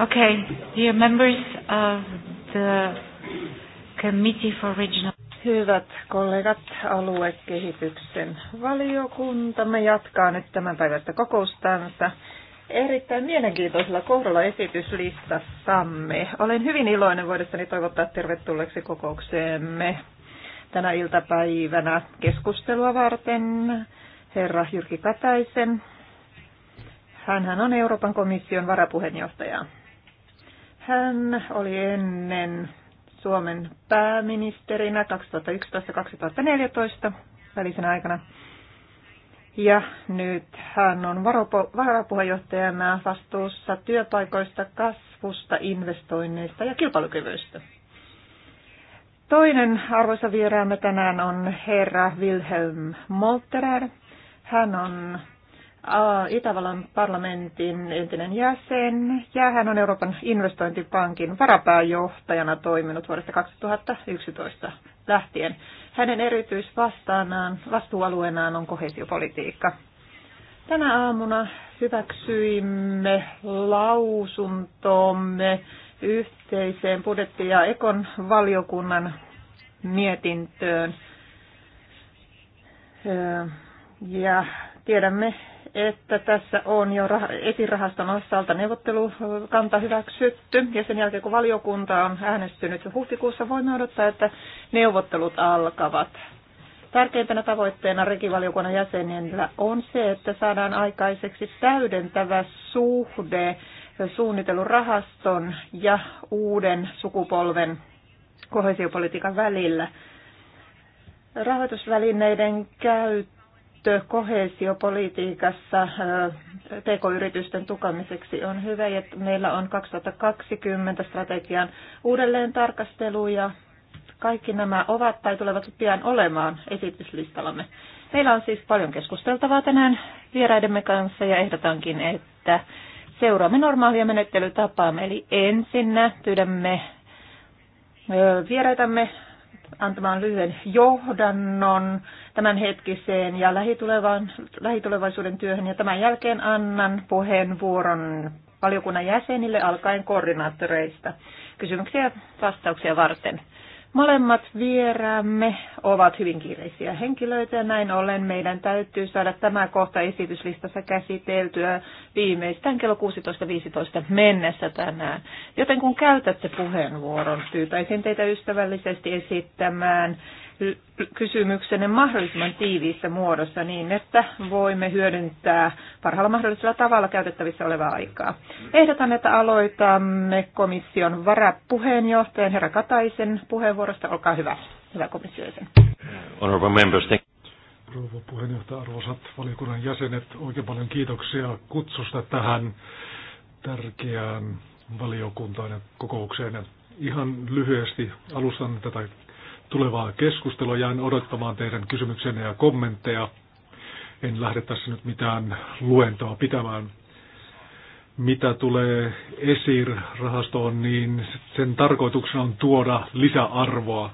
Okay, dear members of the Committee for Regional... Hyvät kollegat, aluekehityksen valiokunta. Me jatkaa nyt tämän päivästä kokoustansa erittäin mielenkiintoisella kohdalla esityslistassamme. Olen hyvin iloinen voidessani toivottaa tervetulleeksi kokoukseemme tänä iltapäivänä keskustelua varten herra Jyrki Kataisen. Hänhän on Euroopan komission varapuheenjohtaja. Hän oli ennen Suomen pääministerinä 2011-2014 välisenä aikana. Ja nyt hän on varapuheenjohtajana vastuussa työpaikoista, kasvusta, investoinneista ja kilpailukyvystä. Toinen arvoisa vieraamme tänään on herra Wilhelm Molterer. Hän on Itävallan parlamentin entinen jäsen ja hän on Euroopan investointipankin varapääjohtajana toiminut vuodesta 2011 lähtien. Hänen erityisvastaanaan, vastuualueenaan on kohesiopolitiikka. Tänä aamuna hyväksyimme lausuntomme yhteiseen budjetti- ja ekon valiokunnan mietintöön. Ja tiedämme, että tässä on jo esirahaston osalta neuvottelukanta hyväksytty ja sen jälkeen kun valiokunta on äänestynyt huhtikuussa, voimme odottaa, että neuvottelut alkavat. Tärkeimpänä tavoitteena rekivaliokunnan jäsenillä on se, että saadaan aikaiseksi täydentävä suhde suunnitellun rahaston ja uuden sukupolven kohesiopolitiikan välillä. Rahoitusvälineiden käyttö kohesiopolitiikassa äh, pk-yritysten tukamiseksi on hyvä, että meillä on 2020 strategian uudelleen tarkastelu ja kaikki nämä ovat tai tulevat pian olemaan esityslistallamme. Meillä on siis paljon keskusteltavaa tänään vieraidemme kanssa ja ehdotankin, että seuraamme normaalia menettelytapaa. Eli ensinnä pyydämme vieraitamme antamaan lyhyen johdannon tämänhetkiseen ja lähitulevaisuuden työhön. Ja tämän jälkeen annan puheenvuoron valiokunnan jäsenille alkaen koordinaattoreista kysymyksiä ja vastauksia varten. Molemmat vieraamme ovat hyvin kiireisiä henkilöitä ja näin ollen meidän täytyy saada tämä kohta esityslistassa käsiteltyä viimeistään kello 16.15 mennessä tänään. Joten kun käytätte puheenvuoron, pyytäisin teitä ystävällisesti esittämään kysymyksenne mahdollisimman tiiviissä muodossa niin, että voimme hyödyntää parhaalla mahdollisella tavalla käytettävissä olevaa aikaa. Ehdotan, että aloitamme komission varapuheenjohtajan herra Kataisen puheenvuorosta. Olkaa hyvä, hyvä komissiojäsen. Rouva puheenjohtaja, arvoisat valiokunnan jäsenet, oikein paljon kiitoksia kutsusta tähän tärkeään valiokuntaan ja kokoukseen. Ihan lyhyesti alustan tätä tulevaa keskustelua. Jään odottamaan teidän kysymyksenne ja kommentteja. En lähde tässä nyt mitään luentoa pitämään. Mitä tulee ESIR-rahastoon, niin sen tarkoituksena on tuoda lisäarvoa.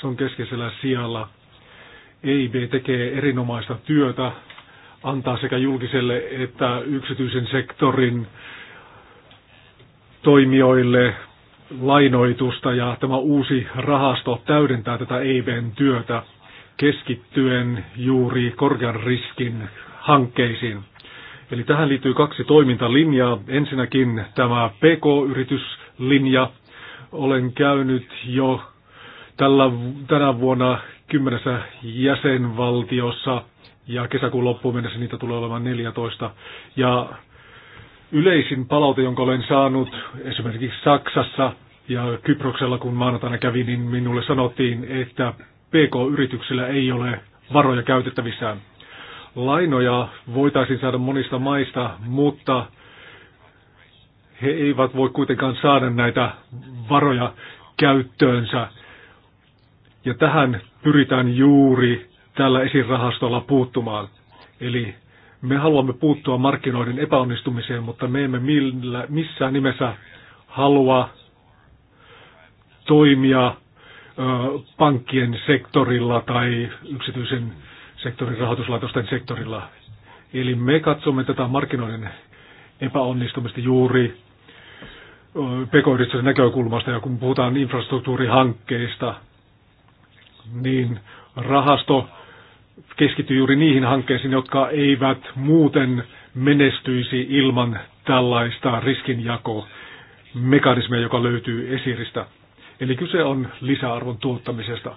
Se on keskeisellä sijalla. EIB tekee erinomaista työtä, antaa sekä julkiselle että yksityisen sektorin toimijoille lainoitusta ja tämä uusi rahasto täydentää tätä EIBn työtä keskittyen juuri korkean riskin hankkeisiin. Eli tähän liittyy kaksi toimintalinjaa. Ensinnäkin tämä PK-yrityslinja. Olen käynyt jo tällä, tänä vuonna kymmenessä jäsenvaltiossa ja kesäkuun loppuun mennessä niitä tulee olemaan 14. Ja Yleisin palaute, jonka olen saanut esimerkiksi Saksassa ja Kyproksella, kun maanantaina kävin, niin minulle sanottiin, että PK-yrityksillä ei ole varoja käytettävissään. Lainoja voitaisiin saada monista maista, mutta he eivät voi kuitenkaan saada näitä varoja käyttöönsä. Ja tähän pyritään juuri tällä esirahastolla puuttumaan. Eli me haluamme puuttua markkinoiden epäonnistumiseen, mutta me emme millä, missään nimessä halua toimia pankkien sektorilla tai yksityisen sektorin rahoituslaitosten sektorilla. Eli me katsomme tätä markkinoiden epäonnistumista juuri pk näkökulmasta ja kun puhutaan infrastruktuurihankkeista, niin rahasto keskittyy juuri niihin hankkeisiin, jotka eivät muuten menestyisi ilman tällaista riskinjakomekanismia, joka löytyy esiristä. Eli kyse on lisäarvon tuottamisesta.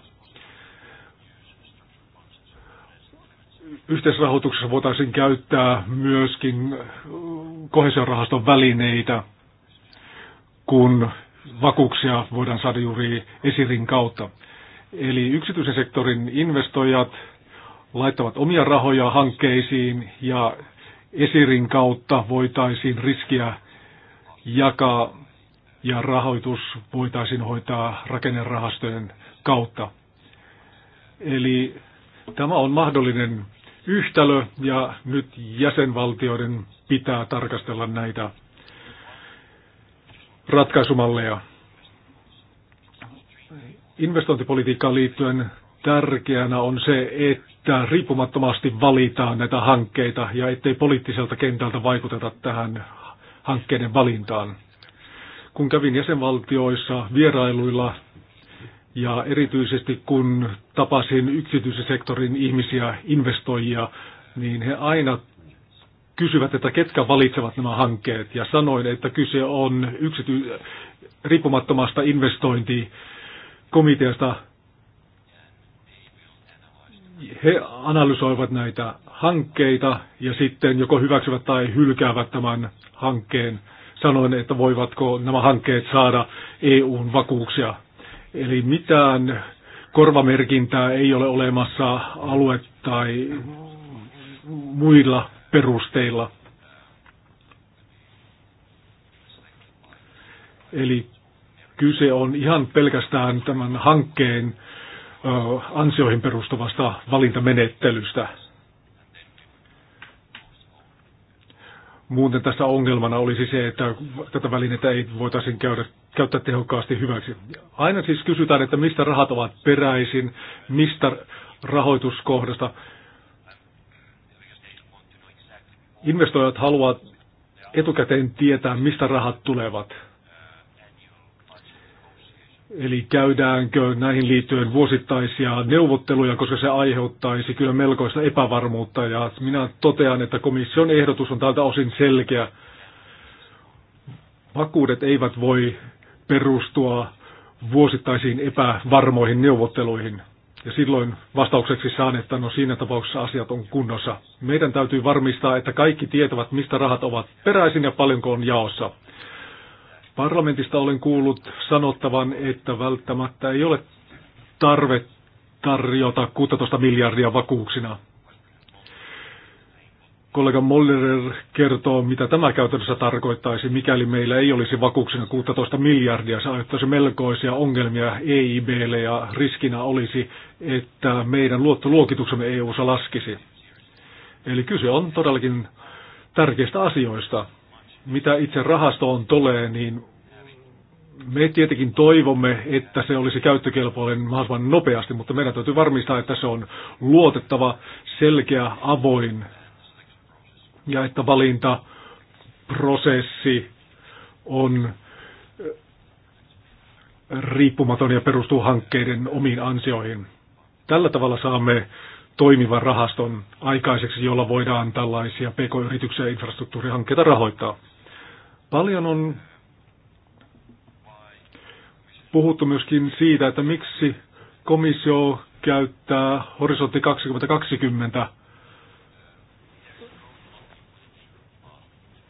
Yhteisrahoituksessa voitaisiin käyttää myöskin kohesiorahaston välineitä, kun vakuuksia voidaan saada juuri esirin kautta. Eli yksityisen sektorin investoijat – laittavat omia rahoja hankkeisiin ja esirin kautta voitaisiin riskiä jakaa ja rahoitus voitaisiin hoitaa rakennerahastojen kautta. Eli tämä on mahdollinen yhtälö ja nyt jäsenvaltioiden pitää tarkastella näitä ratkaisumalleja. Investointipolitiikkaan liittyen tärkeänä on se, että että riippumattomasti valitaan näitä hankkeita ja ettei poliittiselta kentältä vaikuteta tähän hankkeiden valintaan. Kun kävin jäsenvaltioissa vierailuilla ja erityisesti kun tapasin yksityisen sektorin ihmisiä, investoijia, niin he aina kysyvät, että ketkä valitsevat nämä hankkeet. Ja sanoin, että kyse on yksity- riippumattomasta investointikomiteasta, he analysoivat näitä hankkeita ja sitten joko hyväksyvät tai hylkäävät tämän hankkeen. Sanoin, että voivatko nämä hankkeet saada EUn vakuuksia. Eli mitään korvamerkintää ei ole olemassa alue- tai muilla perusteilla. Eli kyse on ihan pelkästään tämän hankkeen ansioihin perustuvasta valintamenettelystä. Muuten tässä ongelmana olisi se, että tätä välinettä ei voitaisiin käydä, käyttää tehokkaasti hyväksi. Aina siis kysytään, että mistä rahat ovat peräisin, mistä rahoituskohdasta. Investoijat haluavat etukäteen tietää, mistä rahat tulevat. Eli käydäänkö näihin liittyen vuosittaisia neuvotteluja, koska se aiheuttaisi kyllä melkoista epävarmuutta. Ja minä totean, että komission ehdotus on tältä osin selkeä. Vakuudet eivät voi perustua vuosittaisiin epävarmoihin neuvotteluihin. Ja silloin vastaukseksi saan, että no siinä tapauksessa asiat on kunnossa. Meidän täytyy varmistaa, että kaikki tietävät, mistä rahat ovat peräisin ja paljonko on jaossa. Parlamentista olen kuullut sanottavan, että välttämättä ei ole tarve tarjota 16 miljardia vakuuksina. Kollega Mollerer kertoo, mitä tämä käytännössä tarkoittaisi, mikäli meillä ei olisi vakuuksina 16 miljardia. Se aiheuttaisi melkoisia ongelmia EIBlle ja riskinä olisi, että meidän luottoluokituksemme EU-ssa laskisi. Eli kyse on todellakin tärkeistä asioista. Mitä itse rahastoon tulee, niin me tietenkin toivomme, että se olisi käyttökelpoinen mahdollisimman nopeasti, mutta meidän täytyy varmistaa, että se on luotettava, selkeä, avoin ja että valintaprosessi on äh, riippumaton ja perustuu hankkeiden omiin ansioihin. Tällä tavalla saamme toimivan rahaston aikaiseksi, jolla voidaan tällaisia pk-yrityksiä ja infrastruktuurihankkeita rahoittaa. Paljon on puhuttu myöskin siitä, että miksi komissio käyttää horisontti 2020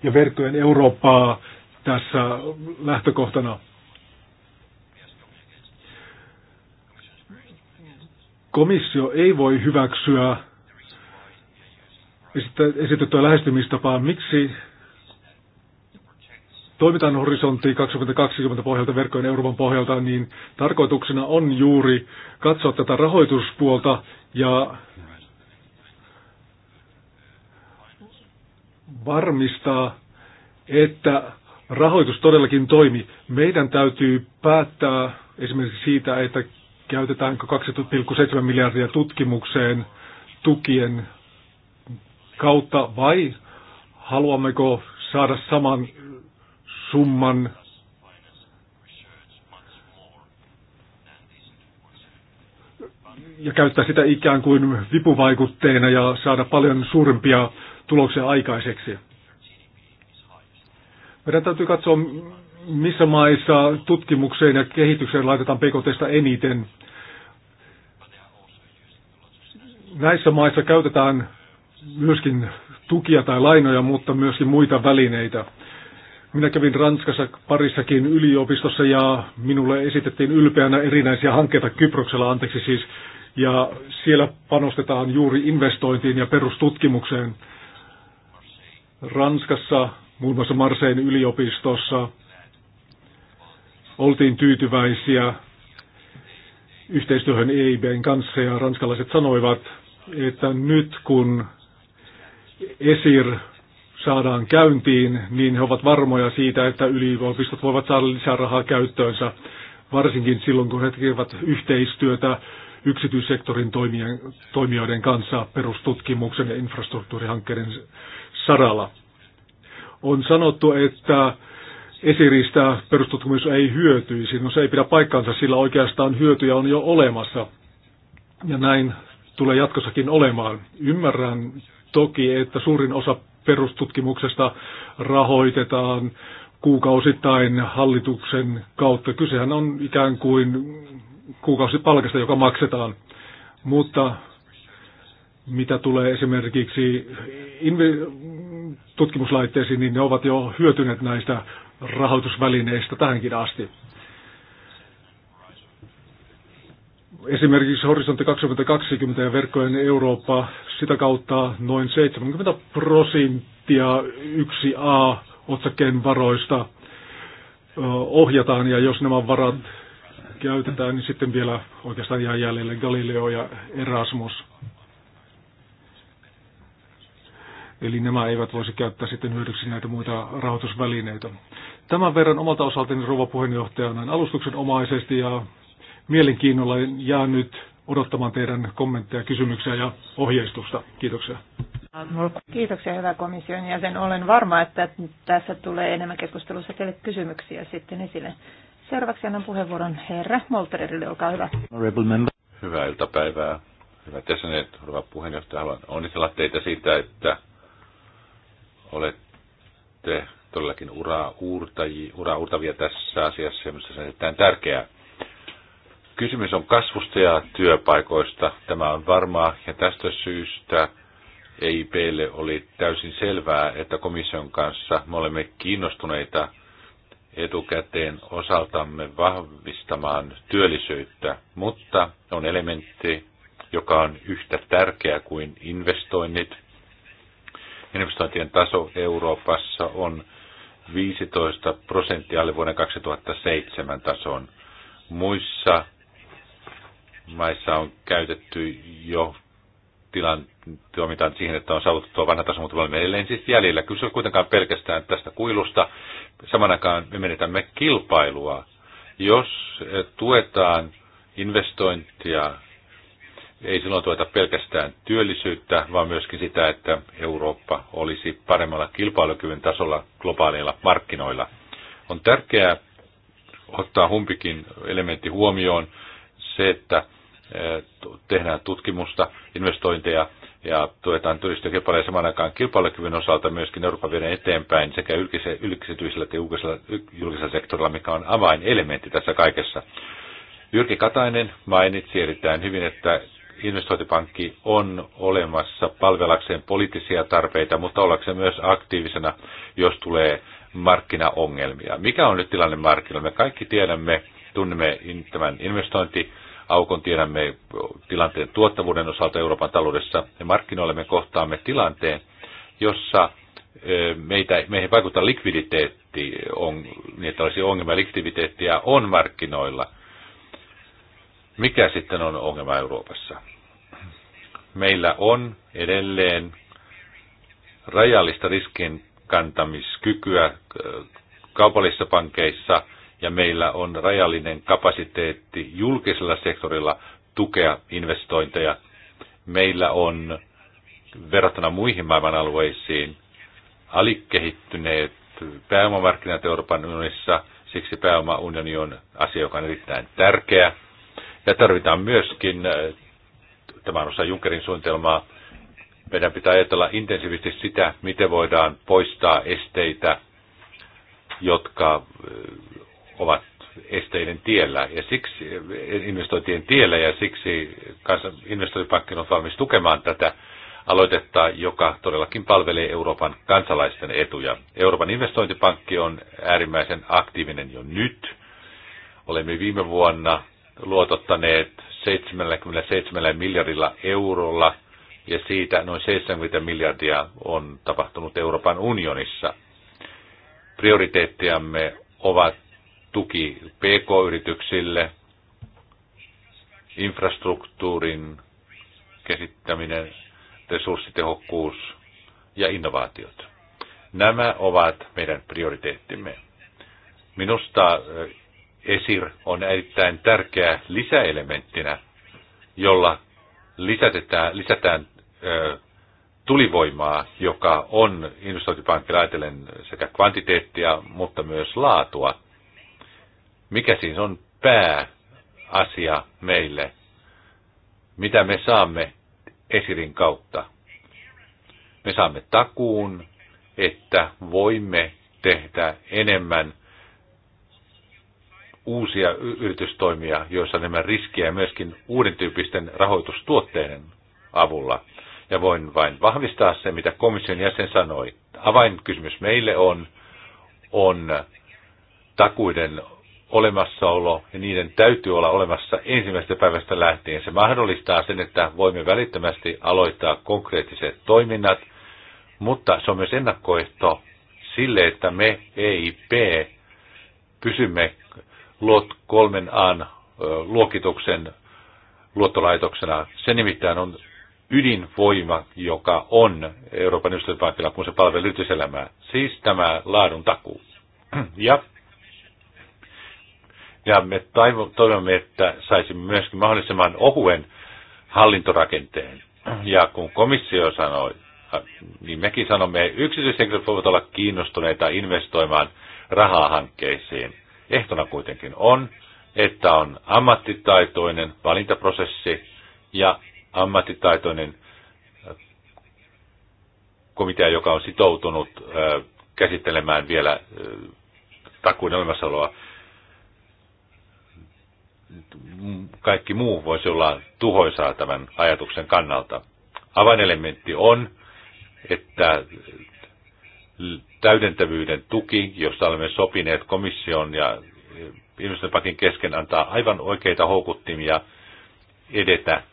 ja verkkojen Eurooppaa tässä lähtökohtana. Komissio ei voi hyväksyä esitettyä lähestymistapaa. Miksi toimitaan horisontti 2020 pohjalta, verkkojen Euroopan pohjalta, niin tarkoituksena on juuri katsoa tätä rahoituspuolta ja varmistaa, että rahoitus todellakin toimi. Meidän täytyy päättää esimerkiksi siitä, että käytetäänkö 2,7 miljardia tutkimukseen tukien kautta vai haluammeko saada saman summan ja käyttää sitä ikään kuin vipuvaikutteena ja saada paljon suurempia tuloksia aikaiseksi. Meidän täytyy katsoa, missä maissa tutkimukseen ja kehitykseen laitetaan PKTstä eniten. Näissä maissa käytetään myöskin tukia tai lainoja, mutta myöskin muita välineitä. Minä kävin Ranskassa parissakin yliopistossa ja minulle esitettiin ylpeänä erinäisiä hankkeita Kyproksella, anteeksi siis, ja siellä panostetaan juuri investointiin ja perustutkimukseen. Ranskassa, muun muassa Marseen yliopistossa, oltiin tyytyväisiä yhteistyöhön EIBn kanssa ja ranskalaiset sanoivat, että nyt kun ESIR saadaan käyntiin, niin he ovat varmoja siitä, että yliopistot voivat saada lisää rahaa käyttöönsä, varsinkin silloin kun he tekevät yhteistyötä yksityissektorin toimijoiden kanssa perustutkimuksen ja infrastruktuurihankkeiden saralla. On sanottu, että esiristä perustutkimus ei hyötyisi. No se ei pidä paikkaansa, sillä oikeastaan hyötyjä on jo olemassa. Ja näin tulee jatkossakin olemaan. Ymmärrän toki, että suurin osa perustutkimuksesta rahoitetaan kuukausittain hallituksen kautta. Kysehän on ikään kuin kuukausipalkasta, joka maksetaan. Mutta mitä tulee esimerkiksi tutkimuslaitteisiin, niin ne ovat jo hyötyneet näistä rahoitusvälineistä tähänkin asti. Esimerkiksi Horisontti 2020 ja verkkojen Eurooppa, sitä kautta noin 70 prosenttia 1A otsakkeen varoista ohjataan ja jos nämä varat käytetään, niin sitten vielä oikeastaan jää jäljelle Galileo ja Erasmus. Eli nämä eivät voisi käyttää sitten hyödyksi näitä muita rahoitusvälineitä. Tämän verran omalta osaltani rouva puheenjohtaja näin alustuksen omaisesti ja Mielenkiinnolla jään nyt odottamaan teidän kommentteja, kysymyksiä ja ohjeistusta. Kiitoksia. Kiitoksia hyvä komission jäsen. Olen varma, että tässä tulee enemmän keskustelussa teille kysymyksiä sitten esille. Seuraavaksi annan puheenvuoron herra Molterille, olkaa hyvä. Hyvää iltapäivää. Hyvät jäsenet, hyvä puheenjohtaja, haluan onnitella teitä siitä, että olette todellakin uraa, uurtaji uraa uurtavia tässä asiassa, ja se on tärkeää. Kysymys on kasvusta ja työpaikoista. Tämä on varmaa ja tästä syystä EIPlle oli täysin selvää, että komission kanssa me olemme kiinnostuneita etukäteen osaltamme vahvistamaan työllisyyttä, mutta on elementti, joka on yhtä tärkeä kuin investoinnit. Investointien taso Euroopassa on 15 prosenttia alle vuoden 2007 tason. Muissa maissa on käytetty jo tilan toimintaan siihen, että on saavutettu tuo vanha taso, mutta me olemme edelleen siis jäljellä. se on kuitenkaan pelkästään tästä kuilusta. aikaan me menetämme kilpailua. Jos eh, tuetaan investointia, ei silloin tueta pelkästään työllisyyttä, vaan myöskin sitä, että Eurooppa olisi paremmalla kilpailukyvyn tasolla globaaleilla markkinoilla. On tärkeää ottaa humpikin elementti huomioon se, että tehdään tutkimusta, investointeja ja tuetaan työllisyyskilpailua ja aikaan kilpailukyvyn osalta myöskin Euroopan viedään eteenpäin sekä yksityisellä että julkisella, julkisella sektorilla, mikä on avainelementti tässä kaikessa. Jyrki Katainen mainitsi erittäin hyvin, että investointipankki on olemassa palvelakseen poliittisia tarpeita, mutta ollakseen myös aktiivisena, jos tulee markkinaongelmia. Mikä on nyt tilanne markkinoilla? Me kaikki tiedämme, tunnemme tämän investointi aukon tiedämme tilanteen tuottavuuden osalta Euroopan taloudessa ja markkinoille me kohtaamme tilanteen, jossa e, meitä, meihin vaikuttaa likviditeetti, on, niin että olisi ongelma likviditeettiä on markkinoilla. Mikä sitten on ongelma Euroopassa? Meillä on edelleen rajallista riskin kantamiskykyä e, kaupallisissa pankeissa – ja meillä on rajallinen kapasiteetti julkisella sektorilla tukea investointeja. Meillä on verrattuna muihin maailman alueisiin alikehittyneet pääomamarkkinat Euroopan unionissa, siksi pääomaunioni on asia, joka on erittäin tärkeä. Ja tarvitaan myöskin, äh, tämä on osa Junckerin suunnitelmaa, meidän pitää ajatella intensiivisesti sitä, miten voidaan poistaa esteitä, jotka äh, ovat esteiden tiellä ja siksi investointien tiellä ja siksi investointipankki on valmis tukemaan tätä aloitetta, joka todellakin palvelee Euroopan kansalaisten etuja. Euroopan investointipankki on äärimmäisen aktiivinen jo nyt. Olemme viime vuonna luotottaneet 77 miljardilla eurolla ja siitä noin 70 miljardia on tapahtunut Euroopan unionissa. Prioriteettiamme ovat tuki PK-yrityksille, infrastruktuurin kehittäminen, resurssitehokkuus ja innovaatiot. Nämä ovat meidän prioriteettimme. Minusta eh, ESIR on erittäin tärkeä lisäelementtinä, jolla lisätetään, lisätään eh, tulivoimaa, joka on investointipankilla ajatellen sekä kvantiteettia, mutta myös laatua. Mikä siis on pääasia meille? Mitä me saamme esirin kautta? Me saamme takuun, että voimme tehdä enemmän uusia yritystoimia, joissa nämä riskiä myöskin uuden tyyppisten rahoitustuotteiden avulla. Ja voin vain vahvistaa se, mitä komission jäsen sanoi. Avainkysymys meille on, on takuiden olemassaolo ja niiden täytyy olla olemassa ensimmäisestä päivästä lähtien. Se mahdollistaa sen, että voimme välittömästi aloittaa konkreettiset toiminnat, mutta se on myös ennakkoehto sille, että me EIP pysymme luot kolmen an luokituksen luottolaitoksena. Se nimittäin on ydinvoima, joka on Euroopan ystävyyspankilla, kun se palvelee yrityselämää. Siis tämä laadun takuu. Ja ja me toivomme, että saisimme myöskin mahdollisimman ohuen hallintorakenteen. Ja kun komissio sanoi, niin mekin sanomme, että yksityishenkilöt voivat olla kiinnostuneita investoimaan rahaa hankkeisiin. Ehtona kuitenkin on, että on ammattitaitoinen valintaprosessi ja ammattitaitoinen äh, komitea, joka on sitoutunut äh, käsittelemään vielä äh, takuun olemassaoloa kaikki muu voisi olla tuhoisaa tämän ajatuksen kannalta. Avainelementti on, että täydentävyyden tuki, josta olemme sopineet komission ja investointipakin kesken, antaa aivan oikeita houkuttimia edetä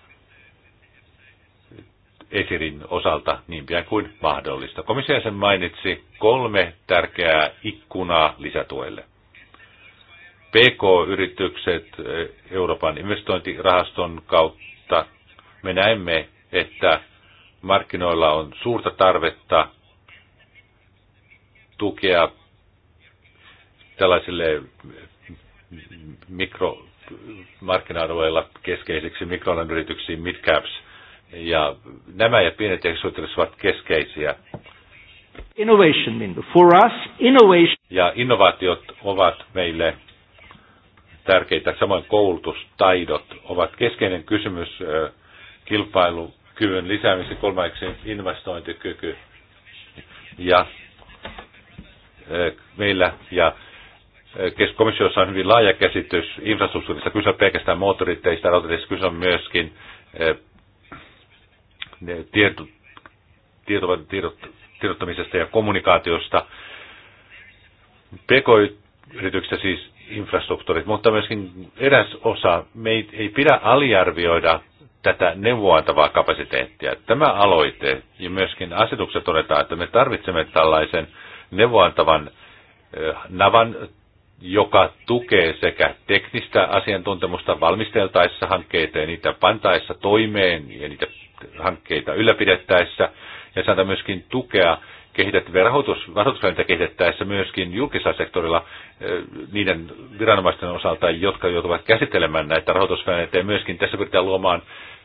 esirin osalta niin pian kuin mahdollista. Komissio sen mainitsi kolme tärkeää ikkunaa lisätuelle. PK-yritykset eh, Euroopan investointirahaston kautta. Me näemme, että markkinoilla on suurta tarvetta tukea tällaisille mikromarkkina-alueilla keskeisiksi mikroalan yrityksiin midcaps. Ja nämä ja pienet eksoittelut ovat keskeisiä. Innovation, for us, innovation. Ja innovaatiot ovat meille tärkeitä. Samoin koulutustaidot ovat keskeinen kysymys kilpailukyvyn lisäämiseksi, kolmaiksi investointikyky. Ja meillä ja komissiossa on hyvin laaja käsitys infrastruktuurista. Kyse on pelkästään moottoriteistä, rautateistä, kyse on myöskin tieto, tieto, tiedot, tiedottamisesta ja kommunikaatiosta. pk siis infrastruktuurit, mutta myöskin eräs osa, me ei, ei pidä aliarvioida tätä neuvoantavaa kapasiteettia. Tämä aloite ja myöskin asetukset todetaan, että me tarvitsemme tällaisen neuvoantavan eh, navan, joka tukee sekä teknistä asiantuntemusta valmisteltaessa hankkeita ja niitä pantaessa toimeen ja niitä hankkeita ylläpidettäessä ja saada myöskin tukea kehitettävä rahoitus, rahoitusvälineitä kehitettäessä myöskin julkisella sektorilla eh, niiden viranomaisten osalta, jotka joutuvat käsittelemään näitä rahoitusvälineitä ja myöskin tässä pyritään luomaan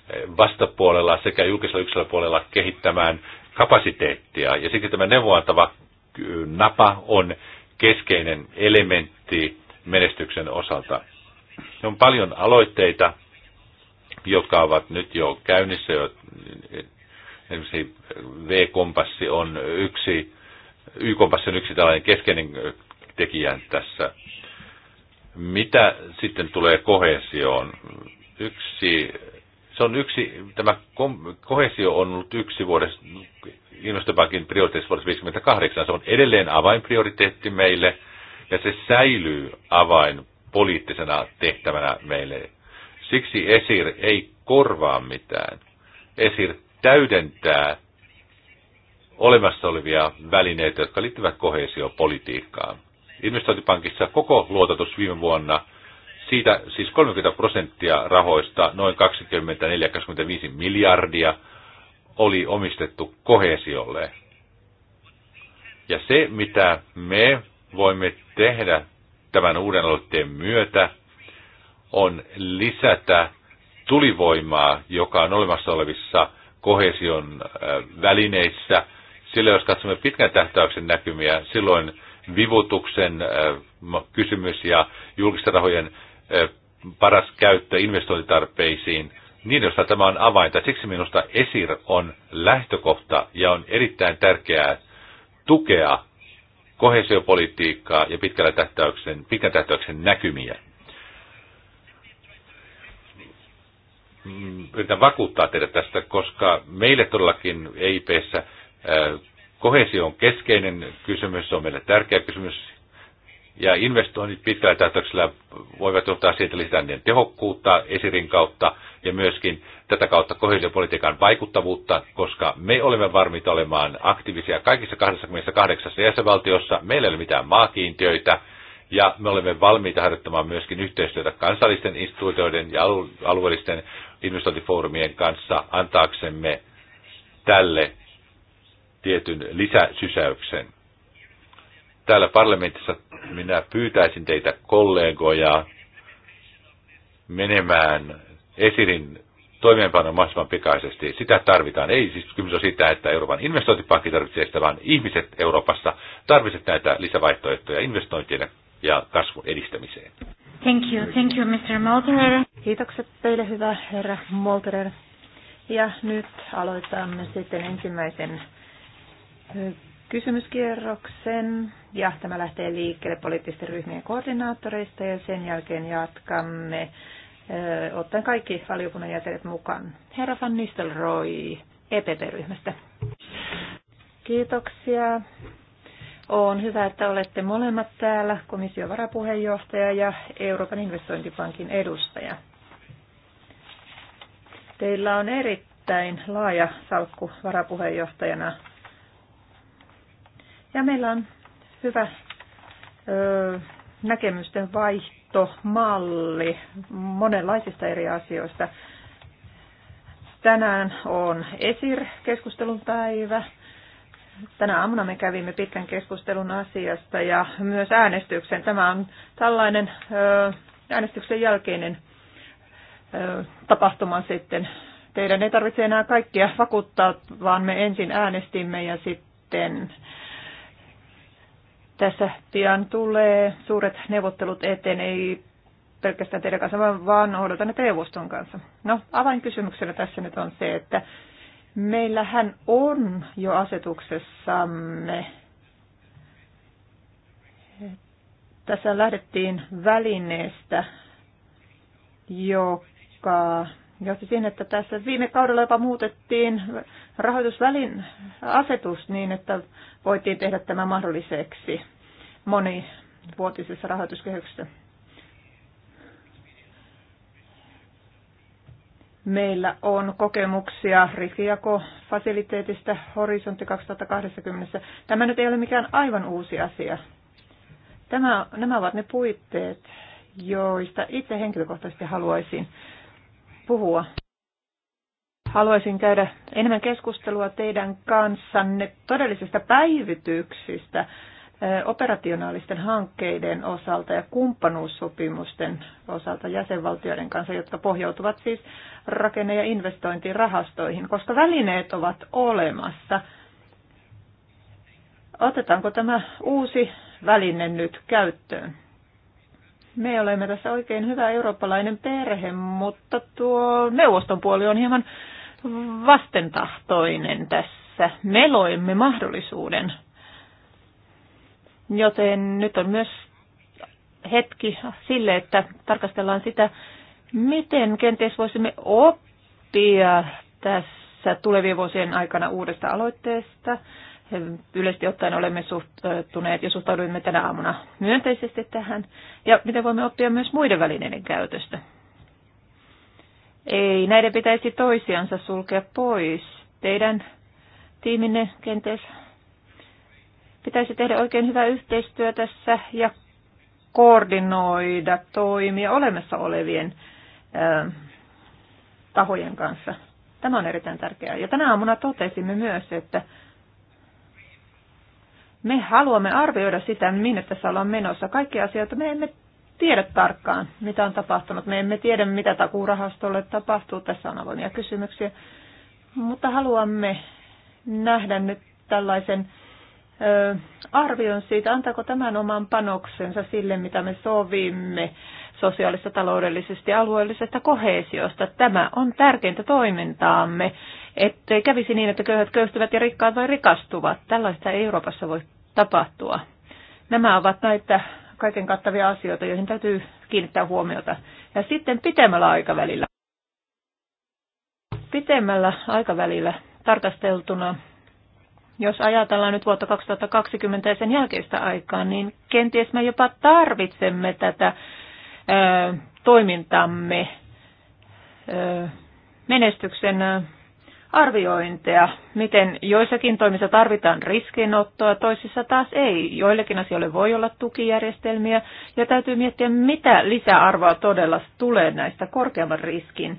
eh, vastapuolella sekä julkisella yksilöllä puolella kehittämään kapasiteettia. Ja siksi tämä neuvoantava eh, napa on keskeinen elementti menestyksen osalta. On paljon aloitteita, jotka ovat nyt jo käynnissä, Esimerkiksi V-kompassi on yksi, Y-kompassi on yksi tällainen keskeinen tekijä tässä. Mitä sitten tulee kohesioon? Yksi, se on yksi, tämä kohesio on ollut yksi vuodessa, Ilmastopankin prioriteetti vuodessa 58. Se on edelleen avainprioriteetti meille ja se säilyy avain poliittisena tehtävänä meille. Siksi Esir ei korvaa mitään. Esir täydentää olemassa olevia välineitä, jotka liittyvät kohesiopolitiikkaan. Investointipankissa koko luototus viime vuonna, siitä siis 30 prosenttia rahoista, noin 24-25 miljardia, oli omistettu kohesiolle. Ja se, mitä me voimme tehdä tämän uuden aloitteen myötä, on lisätä tulivoimaa, joka on olemassa olevissa – kohesion äh, välineissä. Sillä jos katsomme pitkän tähtäyksen näkymiä, silloin vivutuksen äh, kysymys ja julkisten rahojen äh, paras käyttö investointitarpeisiin, niin josta tämä on avainta. Siksi minusta ESIR on lähtökohta ja on erittäin tärkeää tukea kohesiopolitiikkaa ja pitkällä tähtäyksen, pitkän tähtäyksen näkymiä. yritän vakuuttaa teidät tästä, koska meille todellakin EIPssä kohesio on keskeinen kysymys, se on meille tärkeä kysymys, ja investoinnit pitkällä tähtäyksellä voivat johtaa siitä lisäännien tehokkuutta esirin kautta ja myöskin tätä kautta kohesiopolitiikan vaikuttavuutta, koska me olemme varmiita olemaan aktiivisia kaikissa 28 jäsenvaltiossa. Meillä ei ole mitään maakiintiöitä ja me olemme valmiita harjoittamaan myöskin yhteistyötä kansallisten instituutioiden ja alueellisten investointifoorumien kanssa antaaksemme tälle tietyn lisäsysäyksen. Täällä parlamentissa minä pyytäisin teitä kollegoja menemään esirin toimeenpano mahdollisimman pikaisesti. Sitä tarvitaan. Ei siis kysymys on siitä, että Euroopan investointipankki tarvitsee sitä, vaan ihmiset Euroopassa tarvitsevat näitä lisävaihtoehtoja investointien ja kasvun edistämiseen. Thank you, thank you, Mr. Molterer. Kiitokset teille, hyvä herra Molterer. Ja nyt aloitamme sitten ensimmäisen kysymyskierroksen. Ja tämä lähtee liikkeelle poliittisten ryhmien koordinaattoreista ja sen jälkeen jatkamme ottaen kaikki valiokunnan jäsenet mukaan. Herra Van Nistelrooy, EPP-ryhmästä. Kiitoksia on hyvä, että olette molemmat täällä, komission varapuheenjohtaja ja Euroopan investointipankin edustaja. Teillä on erittäin laaja salkku varapuheenjohtajana. Ja meillä on hyvä ö, näkemysten vaihtomalli monenlaisista eri asioista. Tänään on ESIR-keskustelun päivä Tänä aamuna me kävimme pitkän keskustelun asiasta ja myös äänestyksen. Tämä on tällainen äänestyksen jälkeinen tapahtuma sitten. Teidän ei tarvitse enää kaikkia vakuuttaa, vaan me ensin äänestimme ja sitten tässä pian tulee suuret neuvottelut eteen, ei pelkästään teidän kanssa, vaan odotan, ne neuvoston kanssa. No, avainkysymyksenä tässä nyt on se, että Meillähän on jo asetuksessamme tässä lähdettiin välineestä, joka johti siihen, että tässä viime kaudella jopa muutettiin rahoitusvälin asetus niin, että voitiin tehdä tämä mahdolliseksi monivuotisessa rahoituskehyksessä. Meillä on kokemuksia Rifiako-fasiliteetista Horisontti 2020. Tämä nyt ei ole mikään aivan uusi asia. Tämä, nämä ovat ne puitteet, joista itse henkilökohtaisesti haluaisin puhua. Haluaisin käydä enemmän keskustelua teidän kanssanne todellisista päivityksistä operationaalisten hankkeiden osalta ja kumppanuussopimusten osalta jäsenvaltioiden kanssa, jotka pohjautuvat siis rakenne- ja investointirahastoihin, koska välineet ovat olemassa. Otetaanko tämä uusi väline nyt käyttöön? Me olemme tässä oikein hyvä eurooppalainen perhe, mutta tuo neuvoston puoli on hieman vastentahtoinen tässä. Me loimme mahdollisuuden Joten nyt on myös hetki sille, että tarkastellaan sitä, miten kenties voisimme oppia tässä tulevien vuosien aikana uudesta aloitteesta. Yleisesti ottaen olemme suhtautuneet ja suhtauduimme tänä aamuna myönteisesti tähän. Ja miten voimme oppia myös muiden välineiden käytöstä. Ei näiden pitäisi toisiansa sulkea pois. Teidän tiiminne kenties Pitäisi tehdä oikein hyvää yhteistyö tässä ja koordinoida toimia olemassa olevien ö, tahojen kanssa. Tämä on erittäin tärkeää. Ja tänä aamuna totesimme myös, että me haluamme arvioida sitä, minne tässä ollaan menossa. Kaikki asiat. me emme tiedä tarkkaan, mitä on tapahtunut. Me emme tiedä, mitä takuurahastolle tapahtuu. Tässä on avoimia kysymyksiä. Mutta haluamme nähdä nyt tällaisen arvion siitä, antaako tämän oman panoksensa sille, mitä me sovimme sosiaalista, taloudellisesti ja alueellisesta kohesiosta. Tämä on tärkeintä toimintaamme, ettei kävisi niin, että köyhät köystyvät ja rikkaat vai rikastuvat. Tällaista ei Euroopassa voi tapahtua. Nämä ovat näitä kaiken kattavia asioita, joihin täytyy kiinnittää huomiota. Ja sitten pitemmällä aikavälillä. Pitemmällä aikavälillä tarkasteltuna jos ajatellaan nyt vuotta 2020 ja sen jälkeistä aikaa, niin kenties me jopa tarvitsemme tätä ö, toimintamme ö, menestyksen arviointeja, miten joissakin toimissa tarvitaan riskinottoa, toisissa taas ei. Joillekin asioille voi olla tukijärjestelmiä ja täytyy miettiä, mitä lisäarvoa todella tulee näistä korkeamman riskin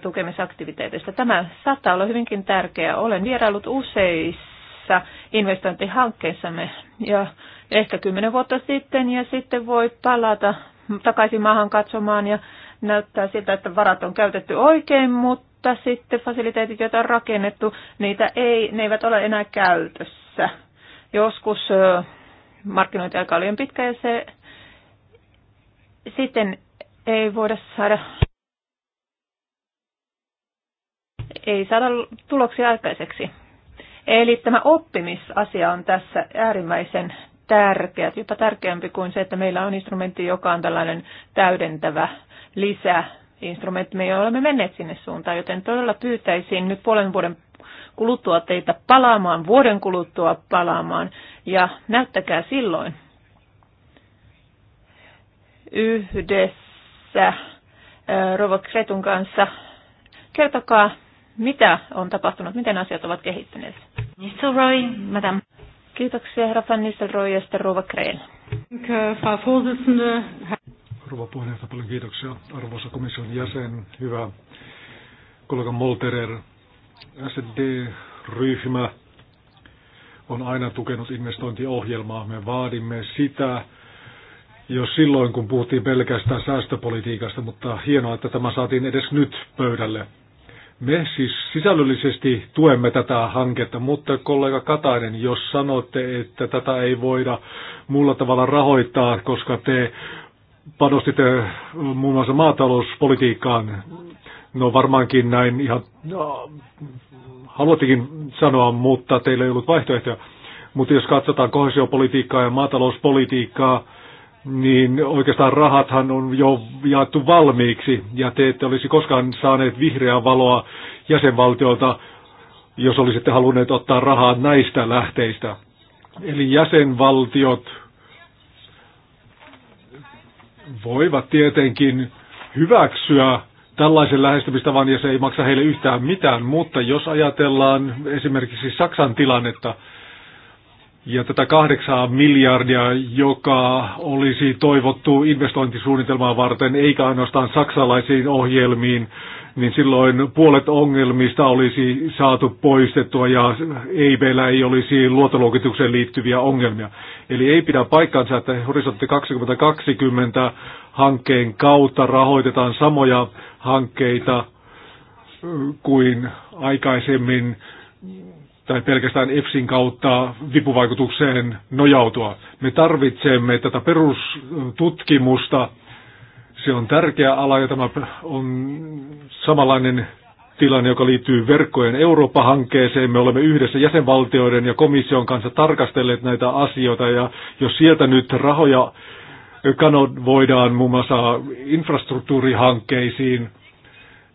tukemisaktiviteeteista. Tämä saattaa olla hyvinkin tärkeää. Olen vierailut useissa omissa investointihankkeissamme. Ja ehkä kymmenen vuotta sitten ja sitten voi palata takaisin maahan katsomaan ja näyttää siltä, että varat on käytetty oikein, mutta sitten fasiliteetit, joita on rakennettu, niitä ei, ne eivät ole enää käytössä. Joskus markkinointiaika oli pitkä ja se sitten ei voida saada ei saada tuloksia aikaiseksi. Eli tämä oppimisasia on tässä äärimmäisen tärkeä, jopa tärkeämpi kuin se, että meillä on instrumentti, joka on tällainen täydentävä lisä instrumentti. Me olemme menneet sinne suuntaan, joten todella pyytäisin nyt puolen vuoden kuluttua teitä palaamaan, vuoden kuluttua palaamaan ja näyttäkää silloin yhdessä Rovo Kretun kanssa. Kertokaa, mitä on tapahtunut, miten asiat ovat kehittyneet. Nistelrooy, madame. Kiitoksia, herra Van Nistelrooy ja sitten Rova Kreen. Rova puheenjohtaja, paljon kiitoksia. Arvoisa komission jäsen, hyvä kollega Molterer, SD-ryhmä on aina tukenut investointiohjelmaa. Me vaadimme sitä jo silloin, kun puhuttiin pelkästään säästöpolitiikasta, mutta hienoa, että tämä saatiin edes nyt pöydälle. Me siis sisällöllisesti tuemme tätä hanketta, mutta kollega Katainen, jos sanotte, että tätä ei voida muulla tavalla rahoittaa, koska te panostitte muun muassa maatalouspolitiikkaan, no varmaankin näin ihan no, haluattekin sanoa, mutta teillä ei ollut vaihtoehtoja. Mutta jos katsotaan kohesiopolitiikkaa ja maatalouspolitiikkaa, niin oikeastaan rahathan on jo jaettu valmiiksi, ja te ette olisi koskaan saaneet vihreää valoa jäsenvaltiolta, jos olisitte halunneet ottaa rahaa näistä lähteistä. Eli jäsenvaltiot voivat tietenkin hyväksyä tällaisen lähestymistavan, ja se ei maksa heille yhtään mitään, mutta jos ajatellaan esimerkiksi Saksan tilannetta, ja tätä kahdeksaa miljardia, joka olisi toivottu investointisuunnitelmaa varten, eikä ainoastaan saksalaisiin ohjelmiin, niin silloin puolet ongelmista olisi saatu poistettua ja EIBllä ei olisi luottoluokitukseen liittyviä ongelmia. Eli ei pidä paikkaansa, että Horisontti 2020 hankkeen kautta rahoitetaan samoja hankkeita kuin aikaisemmin tai pelkästään EFSin kautta vipuvaikutukseen nojautua. Me tarvitsemme tätä perustutkimusta. Se on tärkeä ala ja tämä on samanlainen tilanne, joka liittyy verkkojen Eurooppa-hankkeeseen. Me olemme yhdessä jäsenvaltioiden ja komission kanssa tarkastelleet näitä asioita ja jos sieltä nyt rahoja voidaan muun muassa infrastruktuurihankkeisiin,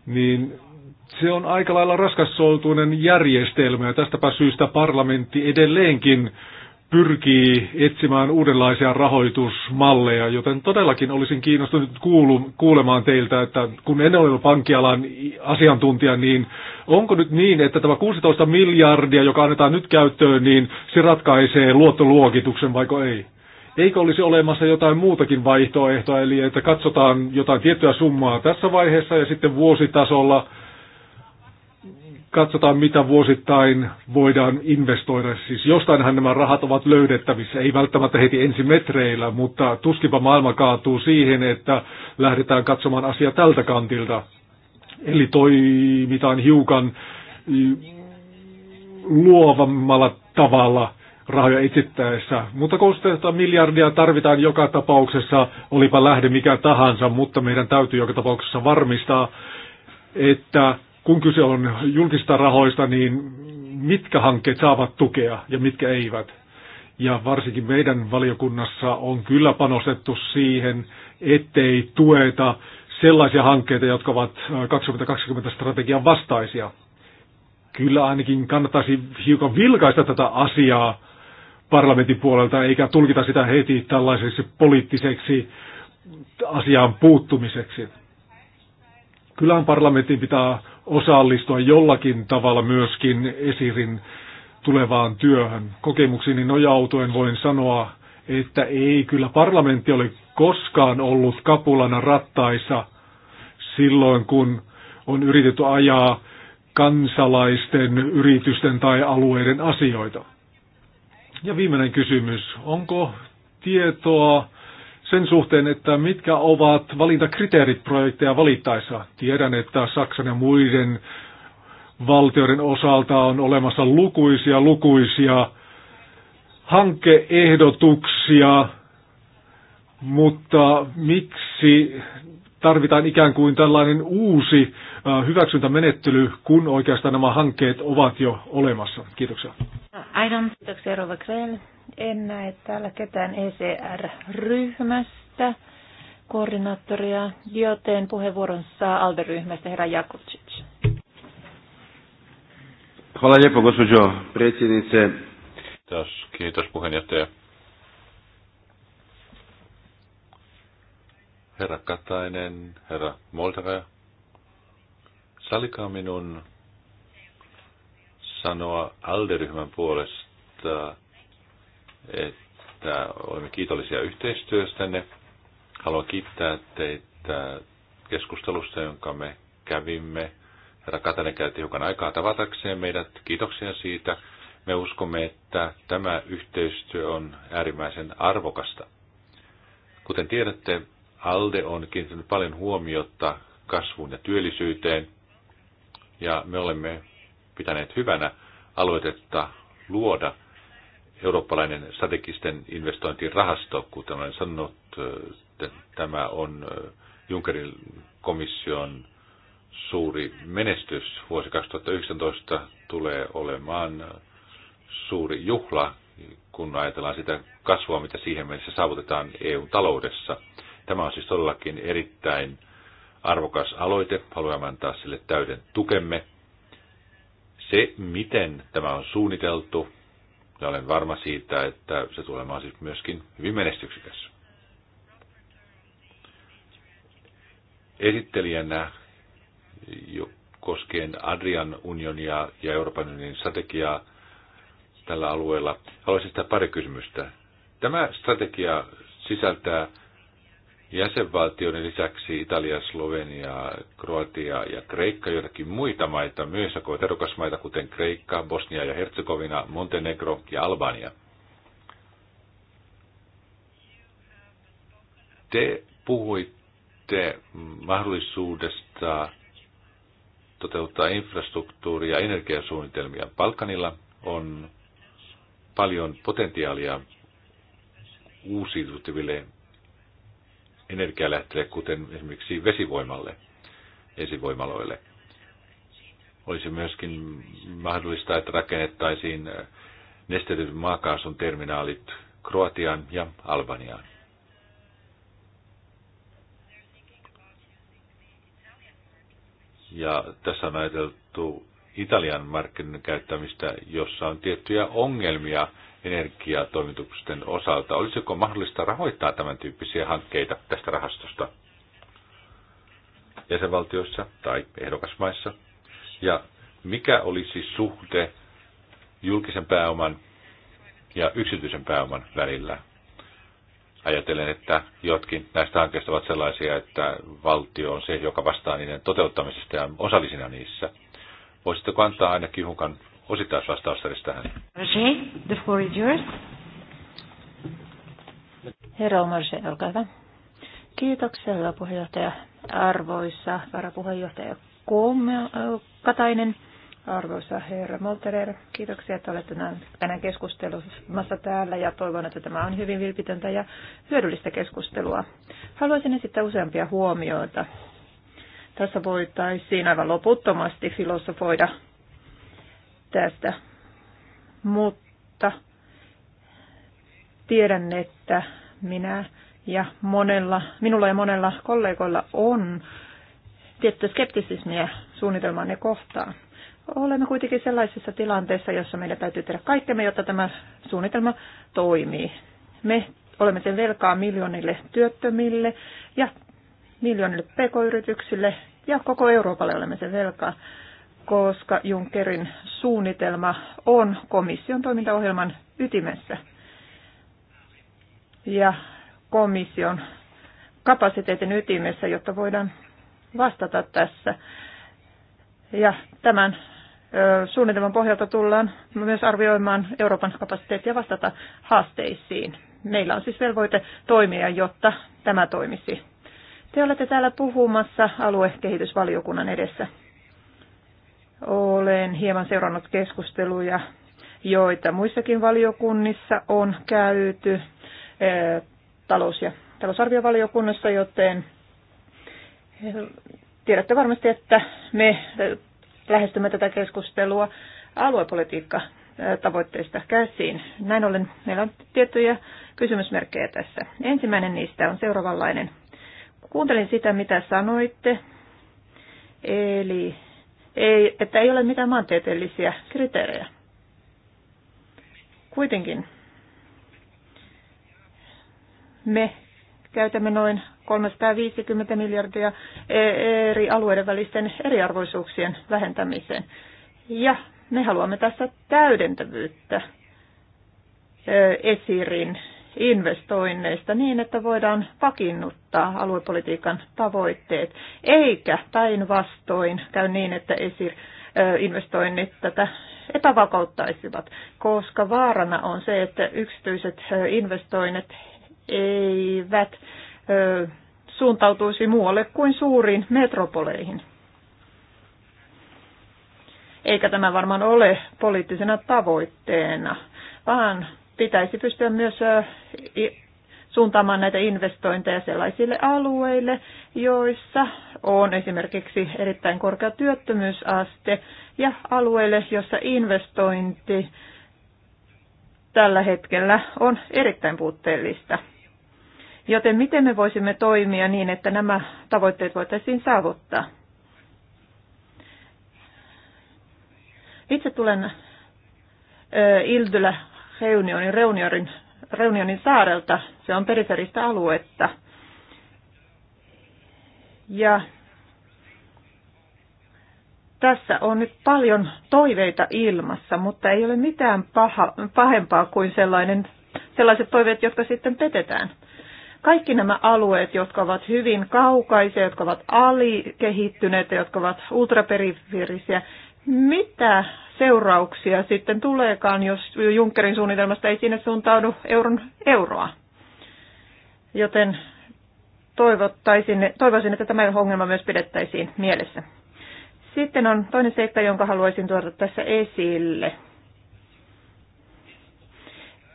niin se on aika lailla raskassoltuinen järjestelmä ja tästäpä syystä parlamentti edelleenkin pyrkii etsimään uudenlaisia rahoitusmalleja, joten todellakin olisin kiinnostunut kuulu, kuulemaan teiltä, että kun en ole pankkialan asiantuntija, niin onko nyt niin, että tämä 16 miljardia, joka annetaan nyt käyttöön, niin se ratkaisee luottoluokituksen vaiko ei? Eikö olisi olemassa jotain muutakin vaihtoehtoa, eli että katsotaan jotain tiettyä summaa tässä vaiheessa ja sitten vuositasolla katsotaan, mitä vuosittain voidaan investoida. Siis jostainhan nämä rahat ovat löydettävissä, ei välttämättä heti ensimetreillä, mutta tuskipa maailma kaatuu siihen, että lähdetään katsomaan asia tältä kantilta. Eli toimitaan hiukan luovammalla tavalla rahoja etsittäessä. Mutta 300 miljardia tarvitaan joka tapauksessa, olipa lähde mikä tahansa, mutta meidän täytyy joka tapauksessa varmistaa, että kun kyse on julkista rahoista, niin mitkä hankkeet saavat tukea ja mitkä eivät. Ja varsinkin meidän valiokunnassa on kyllä panostettu siihen, ettei tueta sellaisia hankkeita, jotka ovat 2020-strategian äh, vastaisia. Kyllä ainakin kannattaisi hiukan vilkaista tätä asiaa parlamentin puolelta, eikä tulkita sitä heti tällaiseksi poliittiseksi asiaan puuttumiseksi. Kyllähän parlamentin pitää osallistua jollakin tavalla myöskin esirin tulevaan työhön. Kokemuksini nojautuen voin sanoa, että ei kyllä parlamentti ole koskaan ollut kapulana rattaissa silloin, kun on yritetty ajaa kansalaisten, yritysten tai alueiden asioita. Ja viimeinen kysymys. Onko tietoa sen suhteen, että mitkä ovat valintakriteerit projekteja valittaessa. Tiedän, että Saksan ja muiden valtioiden osalta on olemassa lukuisia lukuisia hankeehdotuksia, mutta miksi tarvitaan ikään kuin tällainen uusi Äh, hyväksyntämenettely, kun oikeastaan nämä hankkeet ovat jo olemassa. Kiitoksia. Aidan, kiitoksia Rova En näe täällä ketään ECR-ryhmästä koordinaattoria, joten puheenvuoron saa ALDE-ryhmästä herra Jakutsic. Kiitos, kiitos puheenjohtaja. Herra Katainen, herra Moldava, Salikaa minun sanoa Alderyhmän puolesta, että olemme kiitollisia yhteistyöstänne. Haluan kiittää teitä keskustelusta, jonka me kävimme. Herra Katainen käytti hiukan aikaa tavatakseen meidät. Kiitoksia siitä. Me uskomme, että tämä yhteistyö on äärimmäisen arvokasta. Kuten tiedätte, ALDE on kiinnittänyt paljon huomiota kasvuun ja työllisyyteen ja me olemme pitäneet hyvänä aloitetta luoda eurooppalainen strategisten rahasto, kuten olen sanonut, tämä on äh, Junckerin komission suuri menestys. Vuosi 2019 tulee olemaan suuri juhla, kun ajatellaan sitä kasvua, mitä siihen mennessä saavutetaan EU-taloudessa. Tämä on siis todellakin erittäin arvokas aloite, haluamme antaa sille täyden tukemme. Se, miten tämä on suunniteltu, ja olen varma siitä, että se tulee siis myöskin hyvin menestyksikäs. Esittelijänä jo koskien Adrian unionia ja Euroopan unionin strategiaa tällä alueella, haluaisin sitä pari kysymystä. Tämä strategia sisältää jäsenvaltioiden lisäksi Italia, Slovenia, Kroatia ja Kreikka, joitakin muita maita myös, kuin erokasmaita, kuten Kreikka, Bosnia ja Herzegovina, Montenegro ja Albania. Te puhuitte mahdollisuudesta toteuttaa infrastruktuuria ja energiasuunnitelmia. Balkanilla on paljon potentiaalia uusiutuville energialähteelle, kuten esimerkiksi vesivoimalle, esivoimaloille. Olisi myöskin mahdollista, että rakennettaisiin nestetyt maakaasun terminaalit Kroatian ja Albaniaan. Ja tässä on ajateltu Italian markkinoiden käyttämistä, jossa on tiettyjä ongelmia – energiatoimitusten osalta. Olisiko mahdollista rahoittaa tämän tyyppisiä hankkeita tästä rahastosta jäsenvaltioissa tai ehdokasmaissa? Ja mikä olisi suhde julkisen pääoman ja yksityisen pääoman välillä? Ajatellen, että jotkin näistä hankkeista ovat sellaisia, että valtio on se, joka vastaa niiden toteuttamisesta ja osallisina niissä. Voisitteko antaa ainakin hukan osittaisvastaus tähän. Roger, the floor is yours. Herra Omarse, olkaa hyvä. Kiitoksia, hyvä puheenjohtaja. Arvoisa varapuheenjohtaja äh, Katainen, arvoisa herra Molterer, kiitoksia, että olette tänään keskustelussa täällä ja toivon, että tämä on hyvin vilpitöntä ja hyödyllistä keskustelua. Haluaisin esittää useampia huomioita. Tässä voitaisiin aivan loputtomasti filosofoida tästä. Mutta tiedän, että minä ja monella, minulla ja monella kollegoilla on tiettyä skeptisismiä suunnitelmanne kohtaan. Olemme kuitenkin sellaisessa tilanteessa, jossa meidän täytyy tehdä kaikkemme, jotta tämä suunnitelma toimii. Me olemme sen velkaa miljoonille työttömille ja miljoonille pk-yrityksille ja koko Euroopalle olemme sen velkaa koska Junckerin suunnitelma on komission toimintaohjelman ytimessä. Ja komission kapasiteetin ytimessä, jotta voidaan vastata tässä. Ja tämän suunnitelman pohjalta tullaan myös arvioimaan Euroopan kapasiteettia vastata haasteisiin. Meillä on siis velvoite toimia, jotta tämä toimisi. Te olette täällä puhumassa aluekehitysvaliokunnan edessä. Olen hieman seurannut keskusteluja, joita muissakin valiokunnissa on käyty eh, talous- ja talousarviovaliokunnassa, joten eh, tiedätte varmasti, että me eh, lähestymme tätä keskustelua aluepolitiikka tavoitteista käsiin. Näin ollen meillä on tiettyjä kysymysmerkkejä tässä. Ensimmäinen niistä on seuraavanlainen. Kuuntelin sitä, mitä sanoitte, eli ei, että ei ole mitään maantieteellisiä kriteerejä. Kuitenkin me käytämme noin 350 miljardia e- eri alueiden välisten eriarvoisuuksien vähentämiseen. Ja me haluamme tässä täydentävyyttä e- esirin investoinneista niin, että voidaan vakiinnuttaa aluepolitiikan tavoitteet, eikä päinvastoin käy niin, että esir investoinnit tätä epävakauttaisivat, koska vaarana on se, että yksityiset investoinnit eivät suuntautuisi muualle kuin suuriin metropoleihin. Eikä tämä varmaan ole poliittisena tavoitteena, vaan pitäisi pystyä myös suuntaamaan näitä investointeja sellaisille alueille, joissa on esimerkiksi erittäin korkea työttömyysaste ja alueille, joissa investointi tällä hetkellä on erittäin puutteellista. Joten miten me voisimme toimia niin, että nämä tavoitteet voitaisiin saavuttaa? Itse tulen Ildylä Reunionin, Reunionin, Reunionin saarelta. Se on periferistä aluetta. Ja tässä on nyt paljon toiveita ilmassa, mutta ei ole mitään paha, pahempaa kuin sellainen, sellaiset toiveet, jotka sitten petetään. Kaikki nämä alueet, jotka ovat hyvin kaukaisia, jotka ovat alikehittyneitä, jotka ovat ultraperiferisiä, mitä seurauksia sitten tuleekaan, jos Junckerin suunnitelmasta ei sinne suuntaudu euron euroa? Joten toivottaisin, toivoisin, että tämä ongelma myös pidettäisiin mielessä. Sitten on toinen seikka, jonka haluaisin tuoda tässä esille.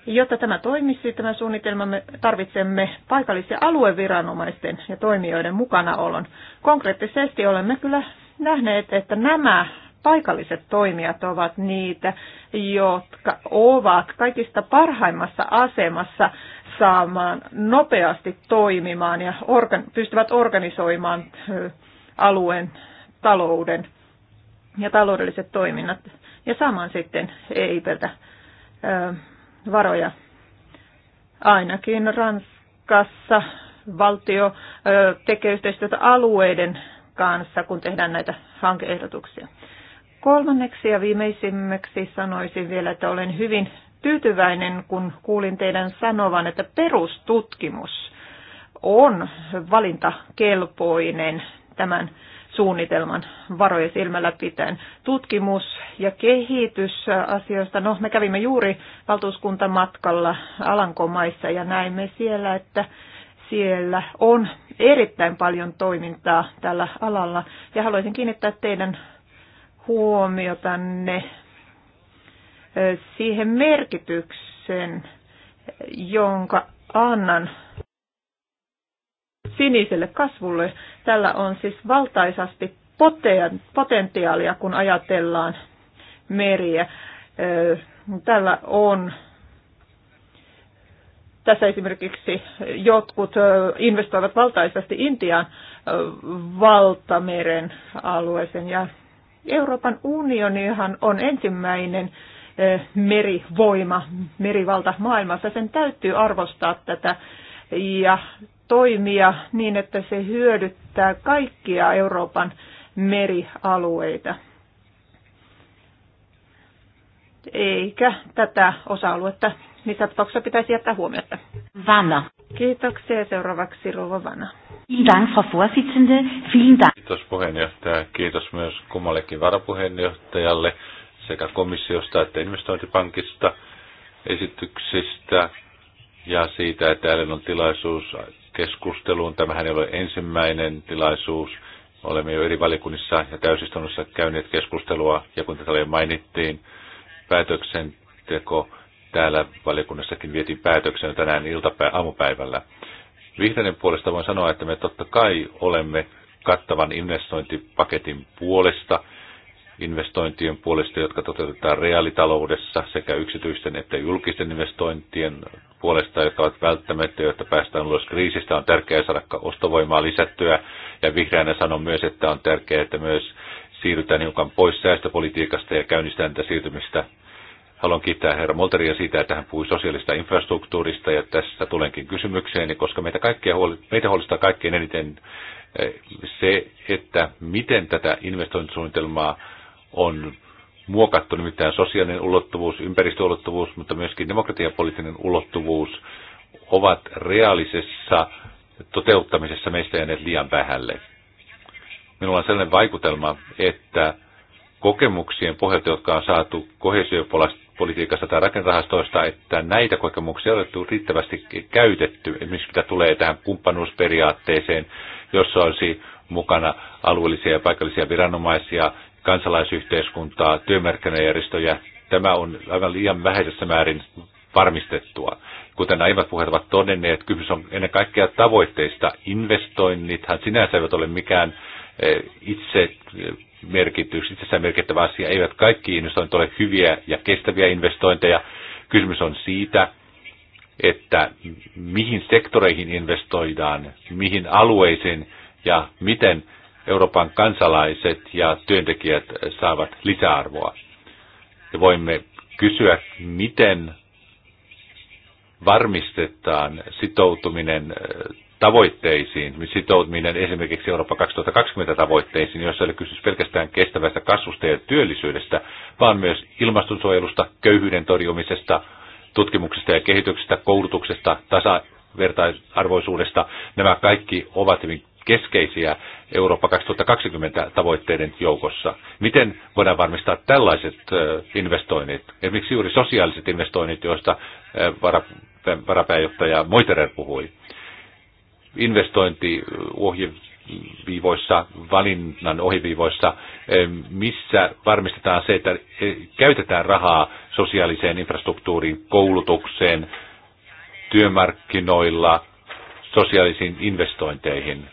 Jotta tämä toimisi, tämä suunnitelma, me tarvitsemme paikallisen alueviranomaisten ja toimijoiden mukanaolon. Konkreettisesti olemme kyllä nähneet, että nämä paikalliset toimijat ovat niitä, jotka ovat kaikista parhaimmassa asemassa saamaan nopeasti toimimaan ja organ, pystyvät organisoimaan alueen talouden ja taloudelliset toiminnat ja saamaan sitten EIPltä varoja. Ainakin Ranskassa valtio tekee yhteistyötä alueiden kanssa, kun tehdään näitä hankeehdotuksia. Kolmanneksi ja viimeisimmäksi sanoisin vielä, että olen hyvin tyytyväinen, kun kuulin teidän sanovan, että perustutkimus on valintakelpoinen tämän suunnitelman varoja silmällä pitäen. Tutkimus ja kehitys asioista, no me kävimme juuri valtuuskuntamatkalla Alankomaissa ja näimme siellä, että siellä on erittäin paljon toimintaa tällä alalla ja haluaisin kiinnittää teidän tänne siihen merkityksen, jonka annan siniselle kasvulle. Tällä on siis valtaisasti potentiaalia, kun ajatellaan meriä. Tällä on tässä esimerkiksi jotkut investoivat valtaisesti Intian valtameren alueeseen ja Euroopan unionihan on ensimmäinen eh, merivoima, merivalta maailmassa. Sen täytyy arvostaa tätä ja toimia niin, että se hyödyttää kaikkia Euroopan merialueita eikä tätä osa-aluetta niissä tapauksissa pitäisi jättää huomiota. Vanna. Kiitoksia. Seuraavaksi Rova Vanna. Kiitos puheenjohtaja. Kiitos myös kummallekin varapuheenjohtajalle sekä komissiosta että investointipankista esityksistä ja siitä, että äänen on tilaisuus keskusteluun. Tämähän ei ole ensimmäinen tilaisuus. Olemme jo eri valikunnissa ja täysistunnossa käyneet keskustelua, ja kun tätä jo mainittiin, päätöksenteko täällä valiokunnassakin vietiin päätöksen tänään iltapä- aamupäivällä. Vihreiden puolesta voin sanoa, että me totta kai olemme kattavan investointipaketin puolesta, investointien puolesta, jotka toteutetaan reaalitaloudessa sekä yksityisten että julkisten investointien puolesta, jotka ovat välttämättä, jotta päästään ulos kriisistä, on tärkeää saada ostovoimaa lisättyä. Ja vihreänä sanon myös, että on tärkeää, että myös siirrytään hiukan pois säästöpolitiikasta ja käynnistään tätä siirtymistä. Haluan kiittää herra Molteria siitä, että hän puhui sosiaalista infrastruktuurista ja tässä tulenkin kysymykseen, koska meitä, kaikkia huoli, meitä huolestaa kaikkein eniten eh, se, että miten tätä investointisuunnitelmaa on muokattu, nimittäin sosiaalinen ulottuvuus, ympäristöulottuvuus, mutta myöskin demokratiapoliittinen ulottuvuus ovat reaalisessa toteuttamisessa meistä jääneet liian vähälle. Minulla on sellainen vaikutelma, että kokemuksien pohjalta, jotka on saatu kohesiopolitiikasta tai rakennerahastoista, että näitä kokemuksia on otettu riittävästi käytetty, esimerkiksi mitä tulee tähän kumppanuusperiaatteeseen, jossa olisi mukana alueellisia ja paikallisia viranomaisia, kansalaisyhteiskuntaa, työmarkkinajärjestöjä. Tämä on aivan liian vähäisessä määrin varmistettua. Kuten aivan puheet ovat todenneet, kysymys on ennen kaikkea tavoitteista. Investoinnithan sinänsä eivät ole mikään itse merkitys, itsessään merkittävä asia. Eivät kaikki investoinnit ole hyviä ja kestäviä investointeja. Kysymys on siitä, että mihin sektoreihin investoidaan, mihin alueisiin ja miten Euroopan kansalaiset ja työntekijät saavat lisäarvoa. Ja voimme kysyä, miten varmistetaan sitoutuminen tavoitteisiin, sitoutuminen esimerkiksi Eurooppa 2020 tavoitteisiin, joissa oli kysymys pelkästään kestävästä kasvusta ja työllisyydestä, vaan myös ilmastonsuojelusta, köyhyyden torjumisesta, tutkimuksesta ja kehityksestä, koulutuksesta, tasavertaisarvoisuudesta. Nämä kaikki ovat hyvin keskeisiä Eurooppa 2020 tavoitteiden joukossa. Miten voidaan varmistaa tällaiset investoinnit, esimerkiksi juuri sosiaaliset investoinnit, joista varapääjohtaja Moiterer puhui? investointiohjeviivoissa, valinnan ohjeviivoissa, eh, missä varmistetaan se, että eh, käytetään rahaa sosiaaliseen infrastruktuuriin, koulutukseen, työmarkkinoilla, sosiaalisiin investointeihin.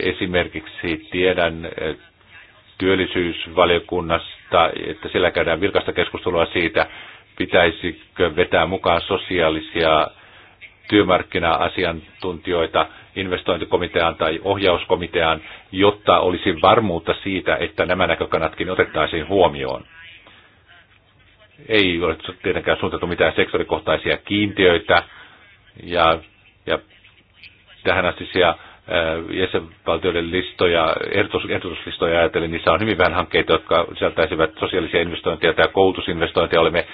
Esimerkiksi tiedän eh, työllisyysvaliokunnasta, että siellä käydään vilkasta keskustelua siitä, pitäisikö vetää mukaan sosiaalisia työmarkkina-asiantuntijoita investointikomiteaan tai ohjauskomiteaan, jotta olisi varmuutta siitä, että nämä näkökannatkin otettaisiin huomioon. Ei ole tietenkään suunniteltu mitään sektorikohtaisia kiintiöitä ja, ja tähän asti siellä jäsenvaltioiden listoja, ehdotuslistoja ajatellen, niin niissä on hyvin vähän hankkeita, jotka sisältäisivät sosiaalisia investointeja tai koulutusinvestointeja. Olemme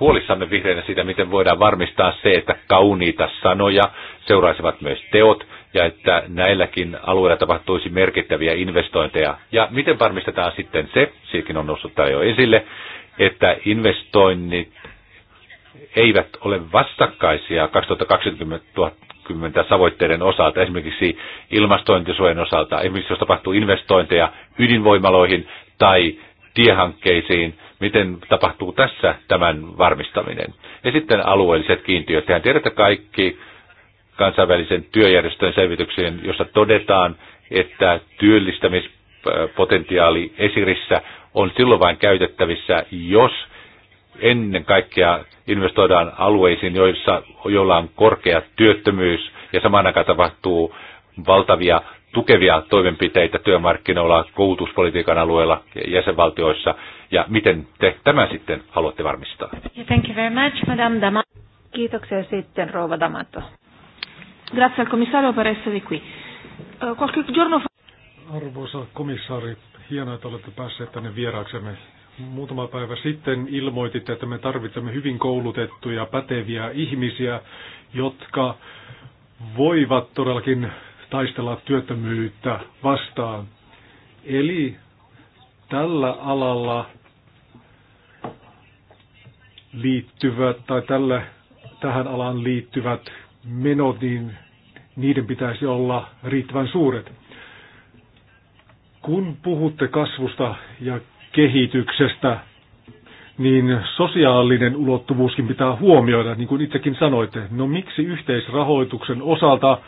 huolissamme vihreänä siitä, miten voidaan varmistaa se, että kauniita sanoja seuraisivat myös teot ja että näilläkin alueilla tapahtuisi merkittäviä investointeja. Ja miten varmistetaan sitten se, siitäkin on noussut täällä jo esille, että investoinnit eivät ole vastakkaisia 2020 20 savoitteiden osalta, esimerkiksi ilmastointisuojen osalta, esimerkiksi jos tapahtuu investointeja ydinvoimaloihin tai tiehankkeisiin Miten tapahtuu tässä tämän varmistaminen? Ja sitten alueelliset kiintiöt. Tehän tiedätte kaikki kansainvälisen työjärjestön selvityksen, jossa todetaan, että työllistämispotentiaali esirissä on silloin vain käytettävissä, jos ennen kaikkea investoidaan alueisiin, joissa, joilla on korkea työttömyys ja samaan aikaan tapahtuu valtavia tukevia toimenpiteitä työmarkkinoilla, koulutuspolitiikan alueella jäsenvaltioissa, ja miten te tämän sitten haluatte varmistaa? Thank you very much, Madame Damato. Kiitoksia sitten, Rouva Damato. Grazie al commissario per essere qui. Eh, qualche giorno fa... Arvoisa komissaari, hienoa, että olette päässeet tänne vieraaksemme. Muutama päivä sitten ilmoititte, että me tarvitsemme hyvin koulutettuja, päteviä ihmisiä, jotka voivat todellakin taistella työttömyyttä vastaan. Eli tällä alalla liittyvät tai tälle tähän alaan liittyvät menot, niin niiden pitäisi olla riittävän suuret. Kun puhutte kasvusta ja kehityksestä, niin sosiaalinen ulottuvuuskin pitää huomioida, niin kuin itsekin sanoitte. No miksi yhteisrahoituksen osalta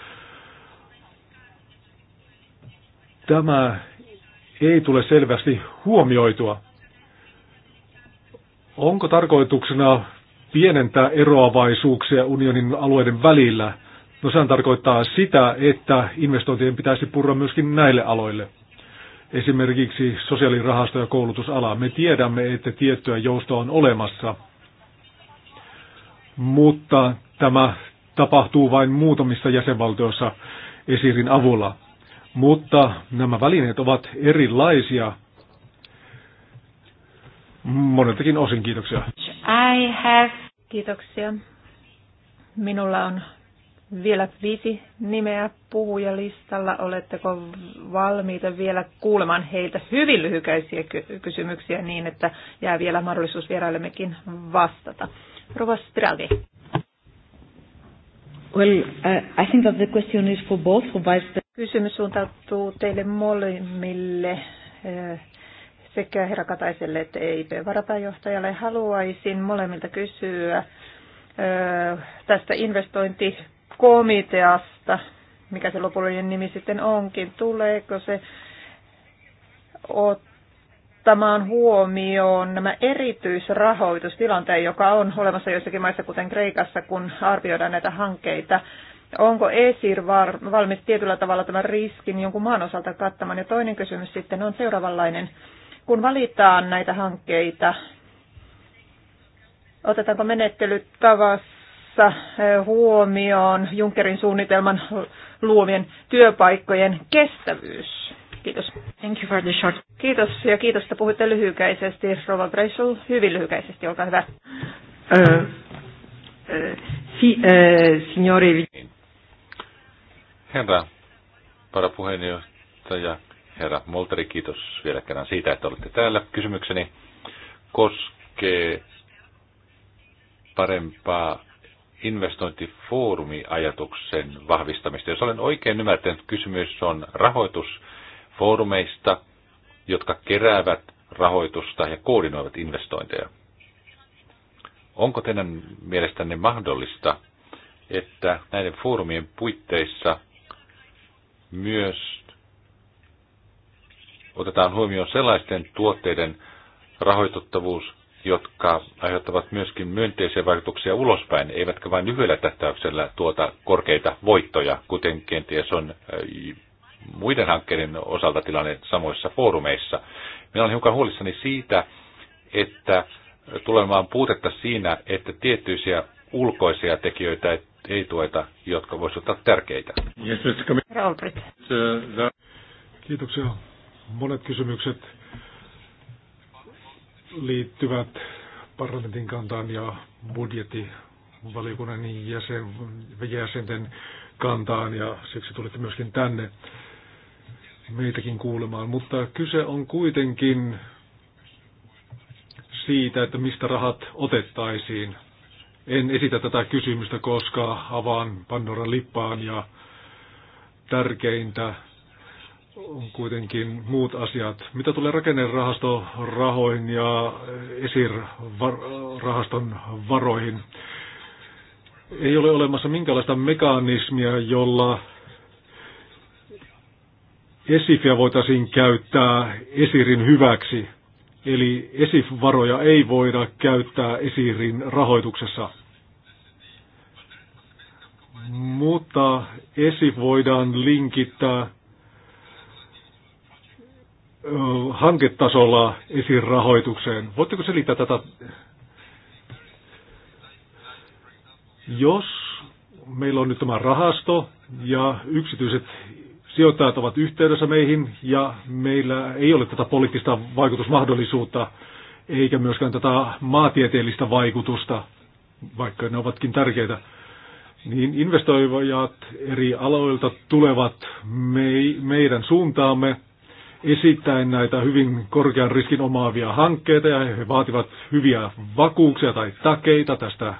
Tämä ei tule selvästi huomioitua. Onko tarkoituksena pienentää eroavaisuuksia unionin alueiden välillä? No sehän tarkoittaa sitä, että investointien pitäisi purra myöskin näille aloille. Esimerkiksi sosiaalirahasto ja koulutusala. Me tiedämme, että tiettyä joustoa on olemassa, mutta tämä tapahtuu vain muutamissa jäsenvaltioissa esirin avulla. Mutta nämä välineet ovat erilaisia moneltakin osin. Kiitoksia. I have... Kiitoksia. Minulla on vielä viisi nimeä puhujalistalla. Oletteko valmiita vielä kuulemaan heiltä hyvin lyhykäisiä kysymyksiä niin, että jää vielä mahdollisuus vierailemmekin vastata? Rova Spiraldi. Well, uh, I think that the question is for both, for vice Kysymys suuntautuu teille molemmille eh, sekä herra Kataiselle että EIP-varapääjohtajalle. Haluaisin molemmilta kysyä eh, tästä investointikomiteasta, mikä se lopullinen nimi sitten onkin. Tuleeko se ottaa ottamaan huomioon nämä erityisrahoitustilanteet, joka on olemassa joissakin maissa, kuten Kreikassa, kun arvioidaan näitä hankkeita? Onko ESIR valmis tietyllä tavalla tämän riskin jonkun maan osalta kattamaan? Ja toinen kysymys sitten on seuraavanlainen. Kun valitaan näitä hankkeita, otetaanko menettelytavassa eh, huomioon Junckerin suunnitelman luomien työpaikkojen kestävyys? Kiitos. Thank you for the short. Kiitos ja kiitos, että puhutte lyhykäisesti. Rova Breisel, hyvin lyhykäisesti, olkaa hyvä. Uh, uh, si, uh, herra, para puheenjohtaja, herra Molteri, kiitos vielä kerran siitä, että olette täällä. Kysymykseni koskee parempaa investointifoorumiajatuksen vahvistamista. Jos olen oikein ymmärtänyt, kysymys on rahoitus foorumeista, jotka keräävät rahoitusta ja koordinoivat investointeja. Onko teidän mielestänne mahdollista, että näiden foorumien puitteissa myös otetaan huomioon sellaisten tuotteiden rahoitettavuus, jotka aiheuttavat myöskin myönteisiä vaikutuksia ulospäin, eivätkä vain lyhyellä tähtäyksellä tuota korkeita voittoja, kuten kenties on muiden hankkeiden osalta tilanne samoissa foorumeissa. Minä olen hiukan huolissani siitä, että tulemaan puutetta siinä, että tiettyisiä ulkoisia tekijöitä ei tueta, jotka voisivat olla tärkeitä. Kiitoksia. Monet kysymykset liittyvät parlamentin kantaan ja budjettivaliokunnan jäsen, jäsenten kantaan ja siksi tulitte myöskin tänne meitäkin kuulemaan, mutta kyse on kuitenkin siitä, että mistä rahat otettaisiin. En esitä tätä kysymystä, koska avaan Pandoran lippaan ja tärkeintä on kuitenkin muut asiat. Mitä tulee rakennerahastorahoin ja esirahaston varoihin, ei ole olemassa minkäänlaista mekanismia, jolla esifiä voitaisiin käyttää esirin hyväksi. Eli esif-varoja ei voida käyttää esirin rahoituksessa. Mutta esif voidaan linkittää hanketasolla rahoitukseen. Voitteko selittää tätä? Jos meillä on nyt tämä rahasto ja yksityiset Sijoittajat ovat yhteydessä meihin ja meillä ei ole tätä poliittista vaikutusmahdollisuutta eikä myöskään tätä maatieteellistä vaikutusta, vaikka ne ovatkin tärkeitä. Niin investoivajat eri aloilta tulevat mei, meidän suuntaamme esittäen näitä hyvin korkean riskin omaavia hankkeita ja he vaativat hyviä vakuuksia tai takeita tästä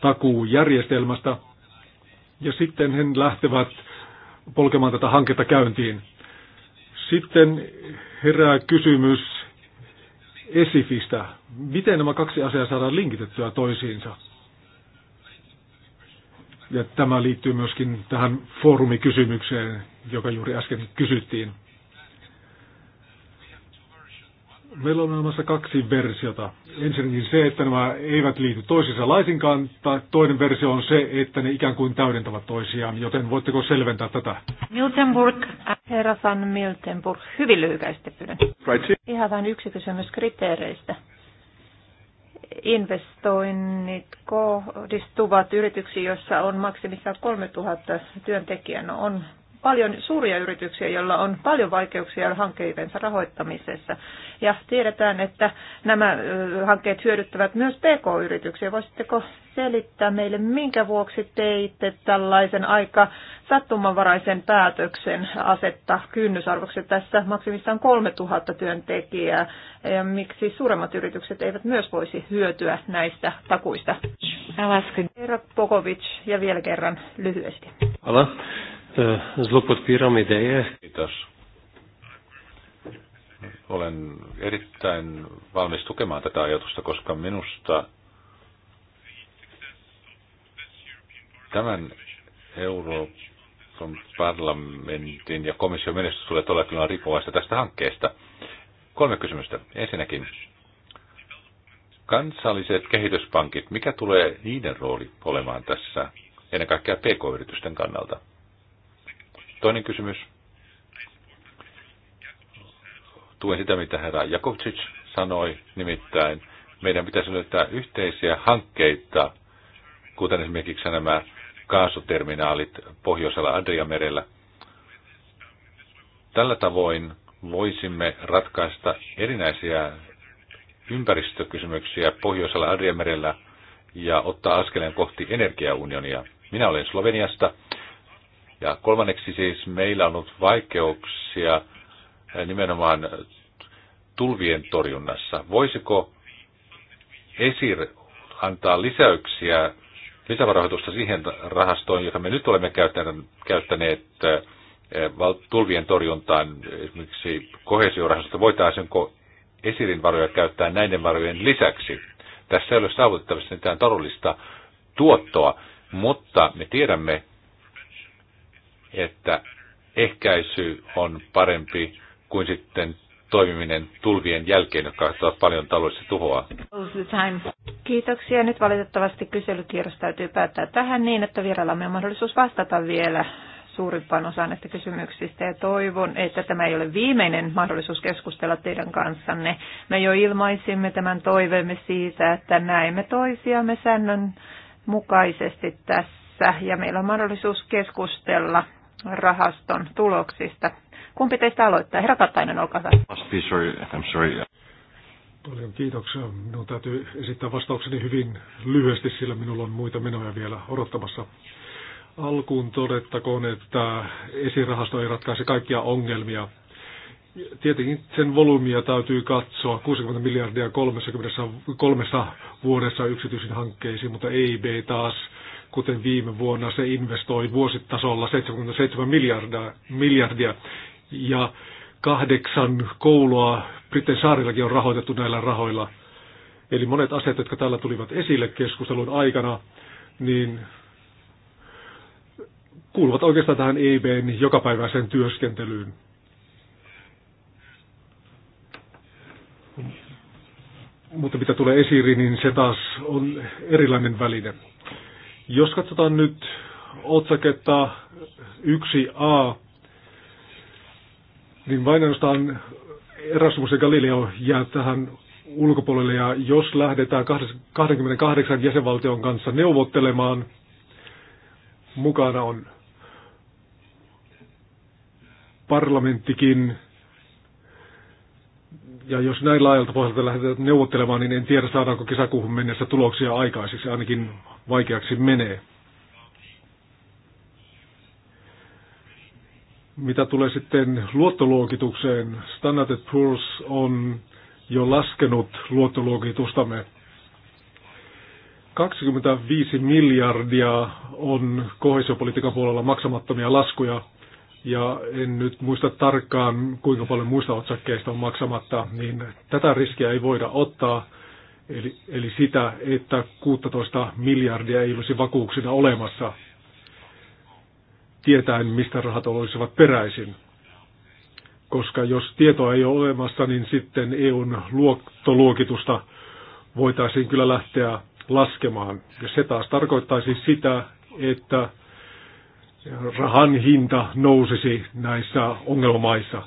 takuujärjestelmästä. Ja sitten he lähtevät polkemaan tätä hanketta käyntiin. Sitten herää kysymys Esifistä. Miten nämä kaksi asiaa saadaan linkitettyä toisiinsa? Ja tämä liittyy myöskin tähän foorumikysymykseen, joka juuri äsken kysyttiin. Meillä on olemassa kaksi versiota. Ensinnäkin se, että nämä eivät liity toisiinsa laisinkaan, tai toinen versio on se, että ne ikään kuin täydentävät toisiaan, joten voitteko selventää tätä? Miltenburg, herra van Miltenburg, hyvin lyhykäisesti pyydän. Ihan vain yksi kysymys kriteereistä. Investoinnit kohdistuvat yrityksiin, joissa on maksimissaan 3000 työntekijää. No on paljon suuria yrityksiä, joilla on paljon vaikeuksia hankkeidensa rahoittamisessa. Ja tiedetään, että nämä hankkeet hyödyttävät myös PK-yrityksiä. Voisitteko selittää meille, minkä vuoksi teitte tällaisen aika sattumanvaraisen päätöksen asetta kynnysarvoksi tässä maksimissaan 3000 työntekijää ja miksi suuremmat yritykset eivät myös voisi hyötyä näistä takuista? Herra Pokovic ja vielä kerran lyhyesti. Hello. E, Zelo podpiram ideje. Kiitos. Olen erittäin valmis tukemaan tätä ajatusta, koska minusta tämän Euroopan parlamentin ja komission menestys tulee todella kyllä riippuvaista tästä hankkeesta. Kolme kysymystä. Ensinnäkin, kansalliset kehityspankit, mikä tulee niiden rooli olemaan tässä ennen kaikkea pk-yritysten kannalta? Toinen kysymys. Tuen sitä, mitä herra Jakovcic sanoi, nimittäin meidän pitäisi löytää yhteisiä hankkeita, kuten esimerkiksi nämä kaasuterminaalit pohjoisella Adriamerellä. Tällä tavoin voisimme ratkaista erinäisiä ympäristökysymyksiä pohjoisella Adriamerellä ja ottaa askeleen kohti energiaunionia. Minä olen Sloveniasta ja kolmanneksi siis meillä on ollut vaikeuksia eh, nimenomaan tulvien torjunnassa. Voisiko ESIR antaa lisäyksiä, lisävarahoitusta siihen rahastoon, jota me nyt olemme käyttäneet eh, eh, tulvien torjuntaan, esimerkiksi kohesiorahastosta, voitaisiinko esirin varoja käyttää näiden varojen lisäksi? Tässä ei ole saavutettavissa mitään taloudellista tuottoa, mutta me tiedämme, että ehkäisy on parempi kuin sitten toimiminen tulvien jälkeen, jotka aiheuttavat paljon taloudellista tuhoa. Kiitoksia. Nyt valitettavasti kyselykierros täytyy päättää tähän niin, että vieraillamme on mahdollisuus vastata vielä suurimpaan osaan näistä kysymyksistä ja toivon, että tämä ei ole viimeinen mahdollisuus keskustella teidän kanssanne. Me jo ilmaisimme tämän toiveemme siitä, että näemme toisiamme säännön mukaisesti tässä ja meillä on mahdollisuus keskustella rahaston tuloksista. Kumpi teistä aloittaa? Herra Katainen, olkaa hyvä. Paljon kiitoksia. Minun täytyy esittää vastaukseni hyvin lyhyesti, sillä minulla on muita menoja vielä odottamassa. Alkuun todettakoon, että esirahasto ei ratkaise kaikkia ongelmia. Tietenkin sen volyymia täytyy katsoa, 60 miljardia 33 vuodessa yksityisiin hankkeisiin, mutta EIB taas kuten viime vuonna se investoi vuositasolla 77 miljardia, miljardia ja kahdeksan koulua Britten saarillakin on rahoitettu näillä rahoilla. Eli monet asiat, jotka täällä tulivat esille keskustelun aikana, niin kuuluvat oikeastaan tähän EIBn jokapäiväiseen työskentelyyn. Mutta mitä tulee esiin, niin se taas on erilainen väline. Jos katsotaan nyt otsaketta 1a, niin vain ainoastaan Erasmus ja Galileo jää tähän ulkopuolelle. Ja jos lähdetään 28 jäsenvaltion kanssa neuvottelemaan, mukana on parlamenttikin ja jos näin laajalta pohjalta lähdetään neuvottelemaan, niin en tiedä saadaanko kesäkuuhun mennessä tuloksia aikaiseksi, ainakin vaikeaksi menee. Mitä tulee sitten luottoluokitukseen, Standard Poor's on jo laskenut luottoluokitustamme 25 miljardia on kohesiopolitiikan puolella maksamattomia laskuja ja en nyt muista tarkkaan, kuinka paljon muista otsakkeista on maksamatta, niin tätä riskiä ei voida ottaa, eli, eli sitä, että 16 miljardia ei olisi vakuuksina olemassa, tietäen mistä rahat olisivat peräisin. Koska jos tietoa ei ole olemassa, niin sitten EUn luottoluokitusta voitaisiin kyllä lähteä laskemaan. Ja se taas tarkoittaisi sitä, että rahan hinta nousisi näissä ongelmaissa.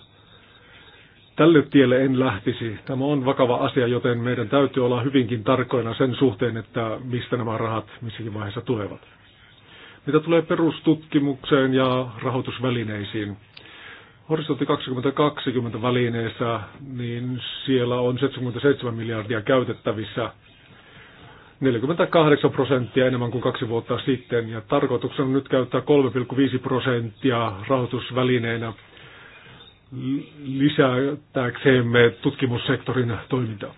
Tälle tielle en lähtisi. Tämä on vakava asia, joten meidän täytyy olla hyvinkin tarkoina sen suhteen, että mistä nämä rahat missäkin vaiheessa tulevat. Mitä tulee perustutkimukseen ja rahoitusvälineisiin? Horisontti 2020 välineessä, niin siellä on 77 miljardia käytettävissä – 48 prosenttia enemmän kuin kaksi vuotta sitten, ja tarkoituksena on nyt käyttää 3,5 prosenttia rahoitusvälineenä lisätäksemme tutkimussektorin toimintaa.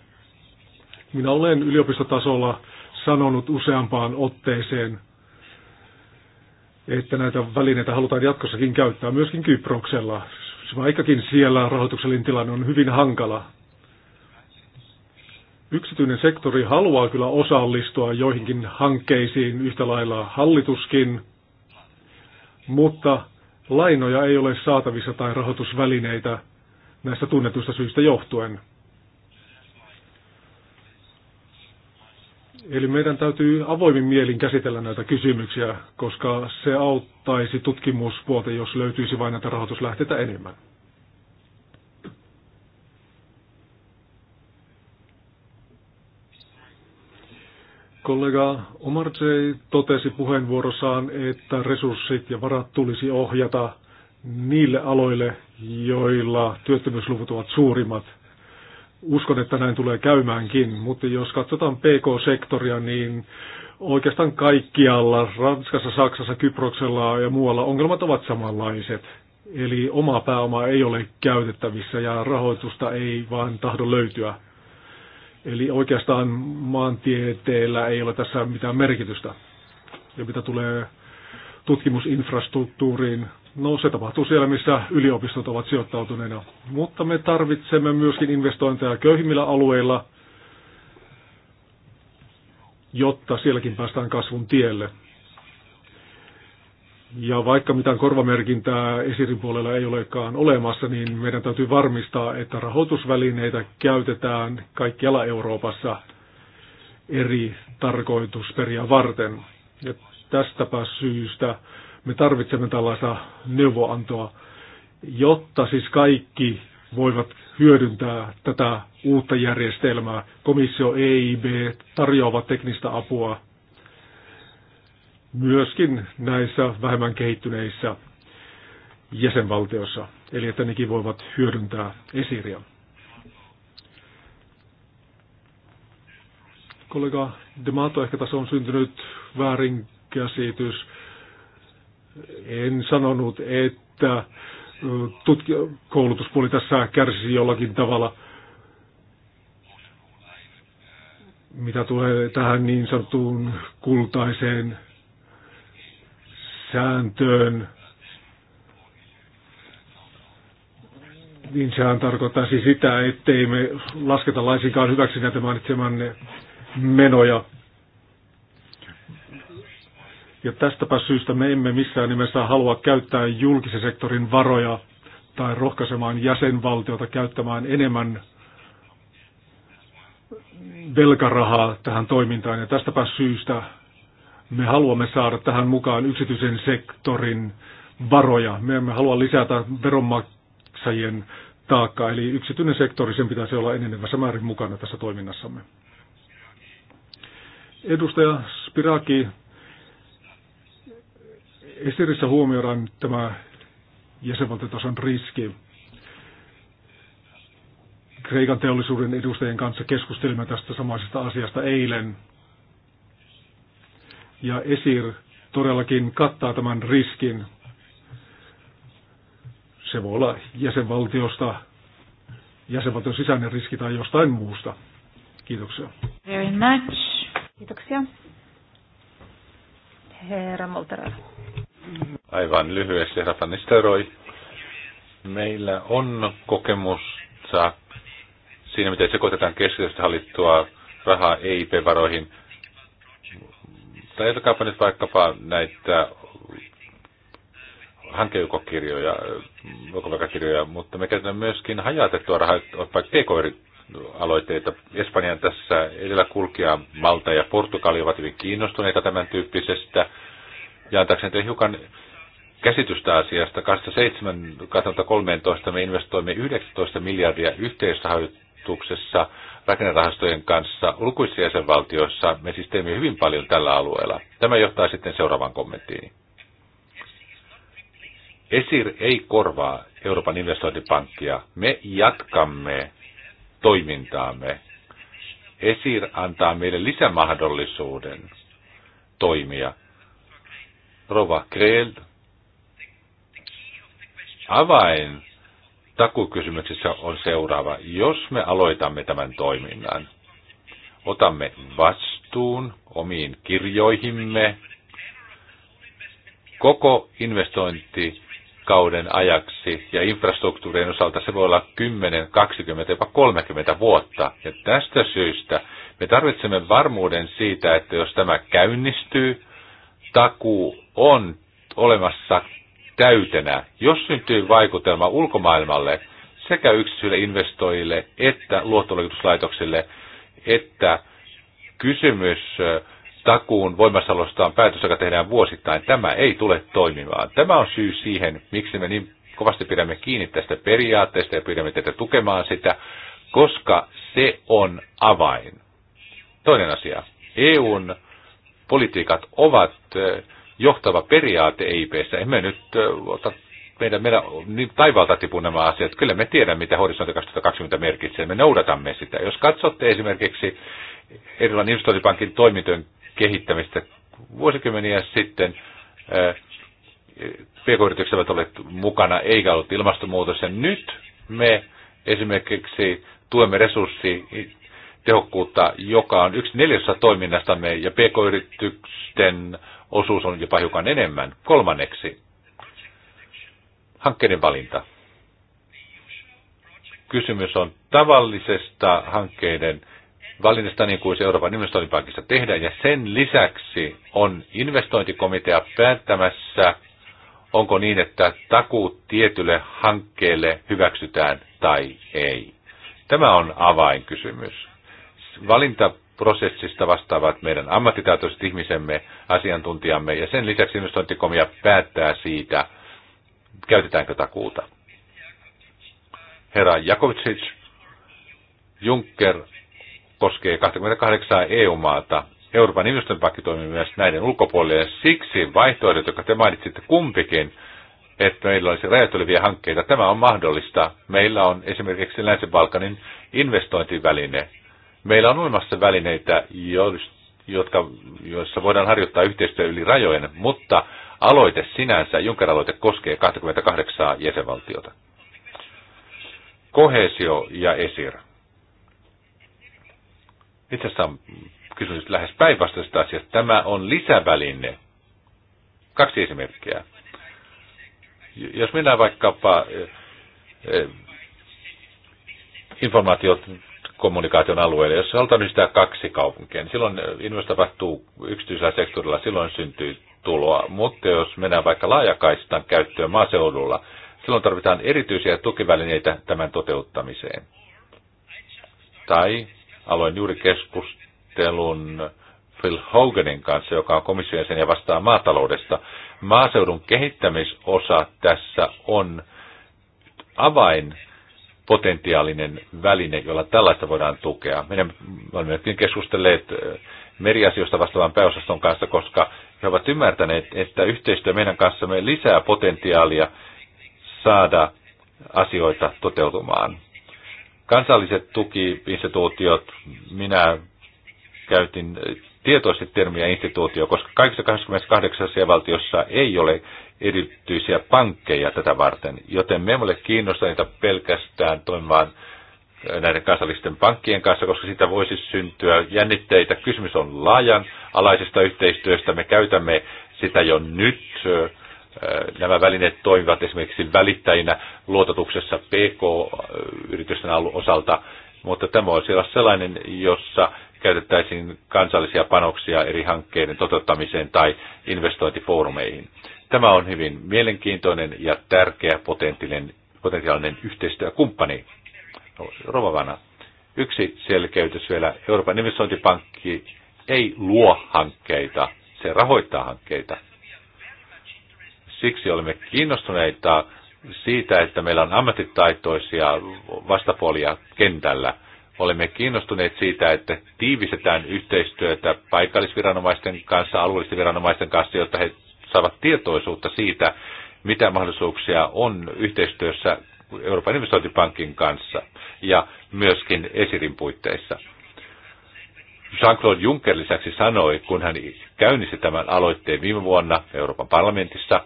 Minä olen yliopistotasolla sanonut useampaan otteeseen, että näitä välineitä halutaan jatkossakin käyttää myöskin Kyproksella, vaikkakin siellä rahoituksellinen tilanne on hyvin hankala. Yksityinen sektori haluaa kyllä osallistua joihinkin hankkeisiin, yhtä lailla hallituskin, mutta lainoja ei ole saatavissa tai rahoitusvälineitä näistä tunnetuista syistä johtuen. Eli meidän täytyy avoimin mielin käsitellä näitä kysymyksiä, koska se auttaisi tutkimuspuolta, jos löytyisi vain näitä rahoituslähteitä enemmän. Kollega J. totesi puheenvuorossaan, että resurssit ja varat tulisi ohjata niille aloille, joilla työttömyysluvut ovat suurimmat. Uskon, että näin tulee käymäänkin, mutta jos katsotaan PK-sektoria, niin oikeastaan kaikkialla, Ranskassa, Saksassa, Kyproksella ja muualla ongelmat ovat samanlaiset. Eli oma pääoma ei ole käytettävissä ja rahoitusta ei vaan tahdo löytyä. Eli oikeastaan maantieteellä ei ole tässä mitään merkitystä. Ja mitä tulee tutkimusinfrastruktuuriin, no se tapahtuu siellä, missä yliopistot ovat sijoittautuneena. Mutta me tarvitsemme myöskin investointeja köyhimmillä alueilla, jotta sielläkin päästään kasvun tielle. Ja vaikka mitään korvamerkintää esirin puolella ei olekaan olemassa, niin meidän täytyy varmistaa, että rahoitusvälineitä käytetään kaikkialla Euroopassa eri tarkoitusperiä varten. Ja tästäpä syystä me tarvitsemme tällaista neuvoantoa, jotta siis kaikki voivat hyödyntää tätä uutta järjestelmää. Komissio EIB tarjoavat teknistä apua myöskin näissä vähemmän kehittyneissä jäsenvaltioissa, eli että nekin voivat hyödyntää esiria. Kollega Demato, ehkä tässä on syntynyt väärinkäsitys. En sanonut, että tutki- koulutuspuoli tässä kärsisi jollakin tavalla. Mitä tulee tähän niin sanottuun kultaiseen sääntöön, niin sehän tarkoittaisi sitä, ettei me lasketa laisinkaan hyväksi näitä mainitsemanne menoja. Ja tästäpä syystä me emme missään nimessä halua käyttää julkisen sektorin varoja tai rohkaisemaan jäsenvaltiota käyttämään enemmän velkarahaa tähän toimintaan. Ja tästäpä syystä me haluamme saada tähän mukaan yksityisen sektorin varoja. Me emme halua lisätä veronmaksajien taakkaa, eli yksityinen sektori, sen pitäisi olla enenevässä määrin mukana tässä toiminnassamme. Edustaja Spiraki, esirissä huomioidaan tämä jäsenvaltiotason riski. Kreikan teollisuuden edustajien kanssa keskustelimme tästä samaisesta asiasta eilen ja ESIR todellakin kattaa tämän riskin. Se voi olla jäsenvaltiosta, jäsenvaltion sisäinen riski tai jostain muusta. Kiitoksia. Very much. Kiitoksia. Herra Moltera. Aivan lyhyesti, herra Fannisteroi. Meillä on kokemusta siinä, miten sekoitetaan keskitystä hallittua rahaa EIP-varoihin Ajatelkaapa nyt vaikkapa näitä hankejoukokirjoja, kirjoja, mutta me käytetään myöskin hajautettua rahaa, pk-aloitteita. Espanjan tässä edelläkulkija Malta ja Portugali ovat hyvin kiinnostuneita tämän tyyppisestä. Ja antaakseni teille hiukan käsitystä asiasta. 2007-2013 me investoimme 19 miljardia yhteisrahoituksessa rakennerahastojen kanssa lukuisissa jäsenvaltioissa. Me siis teemme hyvin paljon tällä alueella. Tämä johtaa sitten seuraavan kommenttiin. ESIR ei korvaa Euroopan investointipankkia. Me jatkamme toimintaamme. ESIR antaa meille lisämahdollisuuden toimia. Rova Kreel, avain takukysymyksessä on seuraava. Jos me aloitamme tämän toiminnan, otamme vastuun omiin kirjoihimme koko investointikauden ajaksi ja infrastruktuurien osalta se voi olla 10, 20, jopa 30 vuotta. Ja tästä syystä me tarvitsemme varmuuden siitä, että jos tämä käynnistyy, takuu on olemassa täytenä. Jos syntyy vaikutelma ulkomaailmalle sekä yksityisille investoijille että luottoluokituslaitoksille, että kysymys takuun voimassaolosta on päätös, joka tehdään vuosittain. Tämä ei tule toimimaan. Tämä on syy siihen, miksi me niin kovasti pidämme kiinni tästä periaatteesta ja pidämme tätä tukemaan sitä, koska se on avain. Toinen asia. EUn politiikat ovat johtava periaate EIPssä. Emme nyt ota meidän, meidän niin taivaalta tipu nämä asiat. Kyllä me tiedämme, mitä horisontti 2020 merkitsee. Me noudatamme sitä. Jos katsotte esimerkiksi erilainen investointipankin toimintojen kehittämistä vuosikymmeniä sitten, pk-yritykset ovat olleet mukana, eikä ollut ilmastonmuutos. Ja nyt me esimerkiksi tuemme resurssi tehokkuutta, joka on yksi neljäsosa toiminnastamme, ja pk-yritysten osuus on jopa hiukan enemmän. Kolmanneksi, hankkeiden valinta. Kysymys on tavallisesta hankkeiden valinnasta, niin kuin se Euroopan investointipankissa tehdään, ja sen lisäksi on investointikomitea päättämässä, onko niin, että takuut tietylle hankkeelle hyväksytään tai ei. Tämä on avainkysymys. Valinta prosessista vastaavat meidän ammattitaitoiset ihmisemme, asiantuntijamme, ja sen lisäksi investointikomia päättää siitä, käytetäänkö takuuta. Herra Jakovic, Juncker koskee 28 EU-maata. Euroopan investointipankki toimii myös näiden ulkopuolelle. Siksi vaihtoehdot, jotka te mainitsitte kumpikin, että meillä olisi rajat hankkeita. Tämä on mahdollista. Meillä on esimerkiksi Länsi-Balkanin investointiväline, Meillä on olemassa välineitä, jotka, joissa voidaan harjoittaa yhteistyö yli rajojen, mutta aloite sinänsä, Juncker aloite koskee 28 jäsenvaltiota. Kohesio ja ESIR. Itse asiassa on kysymys lähes päinvastaisesta asiasta. Tämä on lisäväline. Kaksi esimerkkiä. Jos mennään vaikkapa eh, eh, informaatiot kommunikaation alueelle. Jos halutaan yhdistää kaksi kaupunkia, niin silloin investointi tapahtuu yksityisellä sektorilla, silloin syntyy tuloa. Mutta jos mennään vaikka laajakaistan käyttöön maaseudulla, silloin tarvitaan erityisiä tukivälineitä tämän toteuttamiseen. Tai aloin juuri keskustelun Phil Hoganin kanssa, joka on komission sen ja vastaa maataloudesta. Maaseudun kehittämisosa tässä on avain potentiaalinen väline, jolla tällaista voidaan tukea. Meidän me olemme keskustelleet meriasioista vastaavan pääosaston kanssa, koska he ovat ymmärtäneet, että yhteistyö meidän kanssamme lisää potentiaalia saada asioita toteutumaan. Kansalliset tukiinstituutiot, minä käytin tietoisesti termiä instituutio, koska kaikissa 28 valtiossa ei ole erityisiä pankkeja tätä varten, joten me emme ole kiinnostuneita pelkästään toimimaan näiden kansallisten pankkien kanssa, koska sitä voisi syntyä jännitteitä. Kysymys on laajan alaisesta yhteistyöstä. Me käytämme sitä jo nyt. Nämä välineet toimivat esimerkiksi välittäjinä luototuksessa PK-yritysten osalta, mutta tämä voisi olla sellainen, jossa käytettäisiin kansallisia panoksia eri hankkeiden toteuttamiseen tai investointifoorumeihin. Tämä on hyvin mielenkiintoinen ja tärkeä potentiaalinen, potentiaalinen yhteistyökumppani. Rovavana. Yksi selkeytys vielä. Euroopan investointipankki ei luo hankkeita, se rahoittaa hankkeita. Siksi olemme kiinnostuneita siitä, että meillä on ammattitaitoisia vastapuolia kentällä. Olemme kiinnostuneet siitä, että tiivistetään yhteistyötä paikallisviranomaisten kanssa, alueellisten viranomaisten kanssa, jotta he saavat tietoisuutta siitä, mitä mahdollisuuksia on yhteistyössä Euroopan investointipankin kanssa ja myöskin esirin puitteissa. Jean-Claude Juncker lisäksi sanoi, kun hän käynnisti tämän aloitteen viime vuonna Euroopan parlamentissa,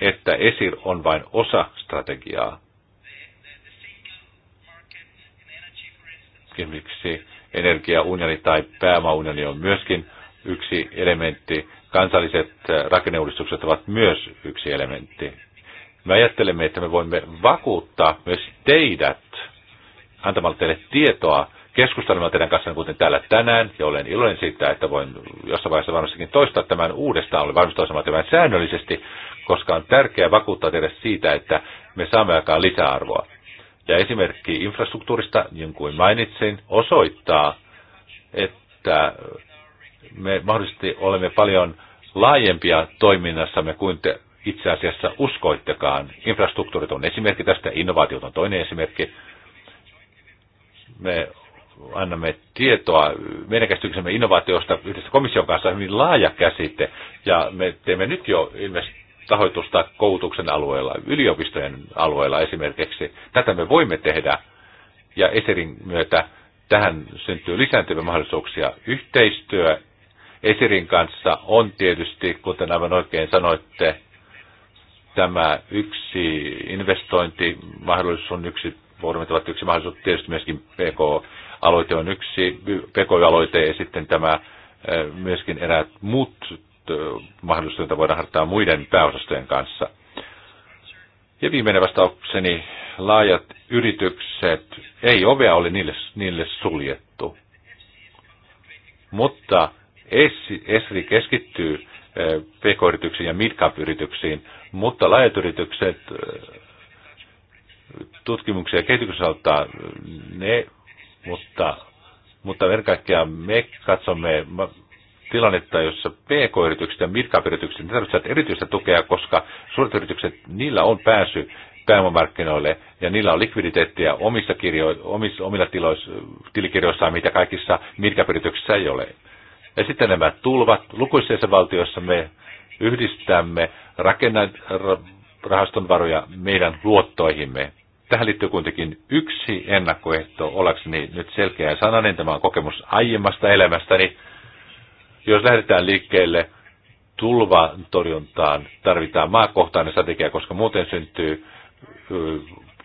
että ESIR on vain osa strategiaa. Esimerkiksi energiaunioni tai pääomaunioni on myöskin yksi elementti kansalliset rakenneuudistukset ovat myös yksi elementti. Me ajattelemme, että me voimme vakuuttaa myös teidät antamalla teille tietoa keskustelemalla teidän kanssa, kuten täällä tänään, ja olen iloinen siitä, että voin jossain vaiheessa varmastikin toistaa tämän uudestaan, olen varmasti toistamaan tämän säännöllisesti, koska on tärkeää vakuuttaa teidät siitä, että me saamme aikaan lisäarvoa. Ja esimerkki infrastruktuurista, niin kuin mainitsin, osoittaa, että me mahdollisesti olemme paljon laajempia toiminnassamme kuin te itse asiassa uskoittekaan. Infrastruktuurit on esimerkki tästä, innovaatiot on toinen esimerkki. Me annamme tietoa meidän käsityksemme innovaatioista yhdessä komission kanssa on hyvin laaja käsite, ja me teemme nyt jo tahoitusta koulutuksen alueella, yliopistojen alueella esimerkiksi. Tätä me voimme tehdä, ja Eserin myötä tähän syntyy lisääntyviä mahdollisuuksia. Yhteistyö Esirin kanssa on tietysti, kuten aivan oikein sanoitte, tämä yksi investointimahdollisuus on yksi, foorumit ovat yksi mahdollisuus, tietysti myöskin PK-aloite on yksi, PK-aloite ja sitten tämä myöskin eräät muut mahdollisuudet, joita voidaan harjoittaa muiden pääosastojen kanssa. Ja viimeinen vastaukseni, laajat yritykset, ei ovea ole niille, niille suljettu. Mutta Esri keskittyy eh, pk-yrityksiin ja midcap-yrityksiin, mutta laajat yritykset eh, tutkimuksia ja kehityksen auttaa eh, ne, mutta, mutta ennen kaikkea me katsomme tilannetta, jossa pk-yritykset ja midcap-yritykset tarvitsevat erityistä tukea, koska suuret yritykset, niillä on pääsy pääomamarkkinoille ja niillä on likviditeettiä omissa kirjo, omissa, omilla tiloissa, tilikirjoissaan, mitä kaikissa midcap-yrityksissä ei ole. Ja sitten nämä tulvat. Lukuisissa valtioissa me yhdistämme rakennerahaston varoja meidän luottoihimme. Tähän liittyy kuitenkin yksi ennakkoehto, ollakseni nyt selkeä ja sananen, tämä on kokemus aiemmasta elämästäni. Jos lähdetään liikkeelle tulvan torjuntaan, tarvitaan maakohtainen strategia, koska muuten syntyy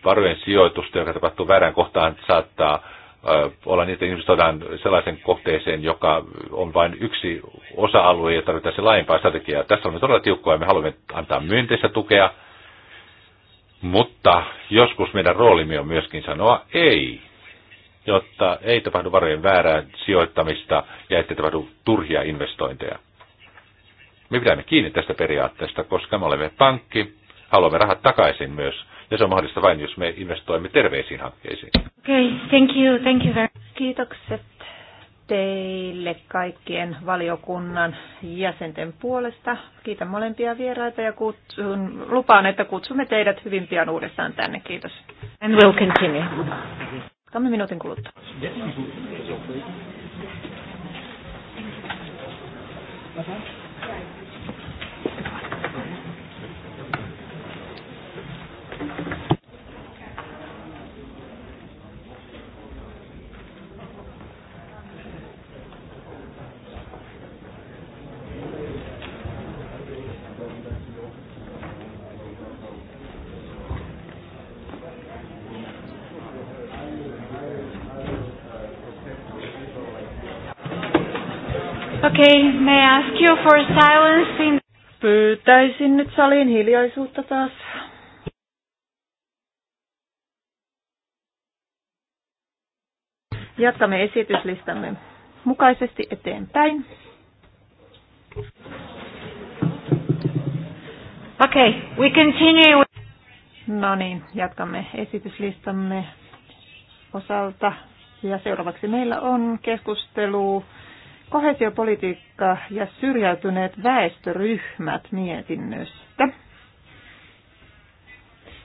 varojen sijoitusta, joka tapahtuu väärään kohtaan, saattaa olla niitä investoidaan sellaisen kohteeseen, joka on vain yksi osa-alue ja tarvitaan se laajempaa strategiaa. Tässä on todella tiukkoa ja me haluamme antaa myönteistä tukea, mutta joskus meidän roolimme on myöskin sanoa ei, jotta ei tapahdu varojen väärää sijoittamista ja ettei tapahdu turhia investointeja. Me pidämme kiinni tästä periaatteesta, koska me olemme pankki, haluamme rahat takaisin myös. Ja se on mahdollista vain, jos me investoimme terveisiin hankkeisiin. Okay, thank you, thank you very much. Kiitokset teille kaikkien valiokunnan jäsenten puolesta. Kiitän molempia vieraita ja kutsun, lupaan, että kutsumme teidät hyvin pian uudestaan tänne. Kiitos. And we'll continue. Kamme minuutin kuluttua. Yes. May I ask you for silence in... Pyytäisin nyt salin hiljaisuutta taas. Jatkamme esityslistamme mukaisesti eteenpäin. Okay, we continue. No niin, jatkamme esityslistamme osalta. Ja seuraavaksi meillä on keskustelu Kohesiopolitiikka ja syrjäytyneet väestöryhmät mietinnöstä.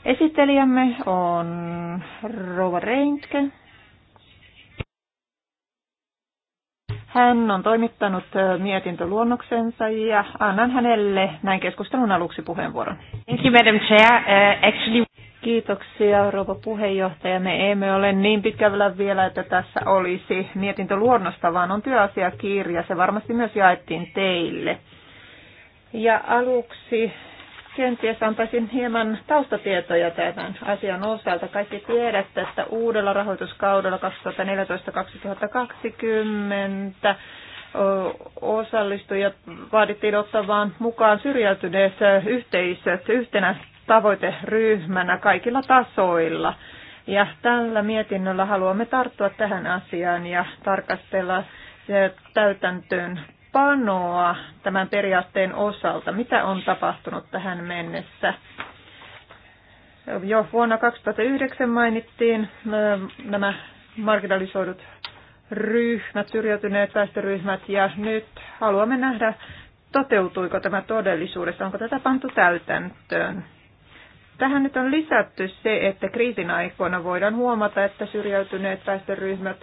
Esittelijämme on Rova Reintke. Hän on toimittanut mietintöluonnoksensa ja annan hänelle näin keskustelun aluksi puheenvuoron. Thank you, Madam Chair. Uh, actually... Kiitoksia, rouva puheenjohtaja. Me emme ole niin pitkällä vielä, että tässä olisi luonnosta vaan on työasiakirja. Se varmasti myös jaettiin teille. Ja aluksi kenties antaisin hieman taustatietoja tämän asian osalta. Kaikki tiedätte, että uudella rahoituskaudella 2014-2020 osallistujat vaadittiin ottamaan mukaan syrjäytyneet yhteisöt yhtenä tavoiteryhmänä kaikilla tasoilla. Ja tällä mietinnöllä haluamme tarttua tähän asiaan ja tarkastella täytäntöön panoa tämän periaatteen osalta. Mitä on tapahtunut tähän mennessä? Jo vuonna 2009 mainittiin nämä marginalisoidut ryhmät, syrjäytyneet väestöryhmät ja nyt haluamme nähdä, toteutuiko tämä todellisuudessa, onko tätä pantu täytäntöön. Tähän nyt on lisätty se, että kriisin aikoina voidaan huomata, että syrjäytyneet väestöryhmät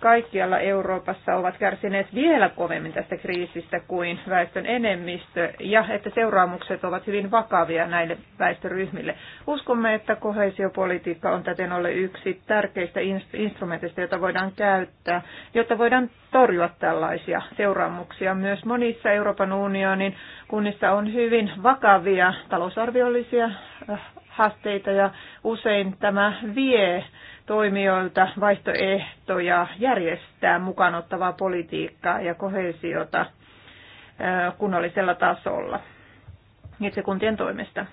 kaikkialla Euroopassa ovat kärsineet vielä kovemmin tästä kriisistä kuin väestön enemmistö ja että seuraamukset ovat hyvin vakavia näille väestöryhmille. Uskomme, että kohesiopolitiikka on täten ollut yksi tärkeistä instrumenteista, jota voidaan käyttää, jotta voidaan torjua tällaisia seuraamuksia. Myös monissa Euroopan unionin kunnissa on hyvin vakavia talousarviollisia äh, haasteita ja usein tämä vie toimijoilta vaihtoehtoja järjestää mukanottavaa politiikkaa ja kohesiota kunnallisella tasolla itse kuntien toimesta.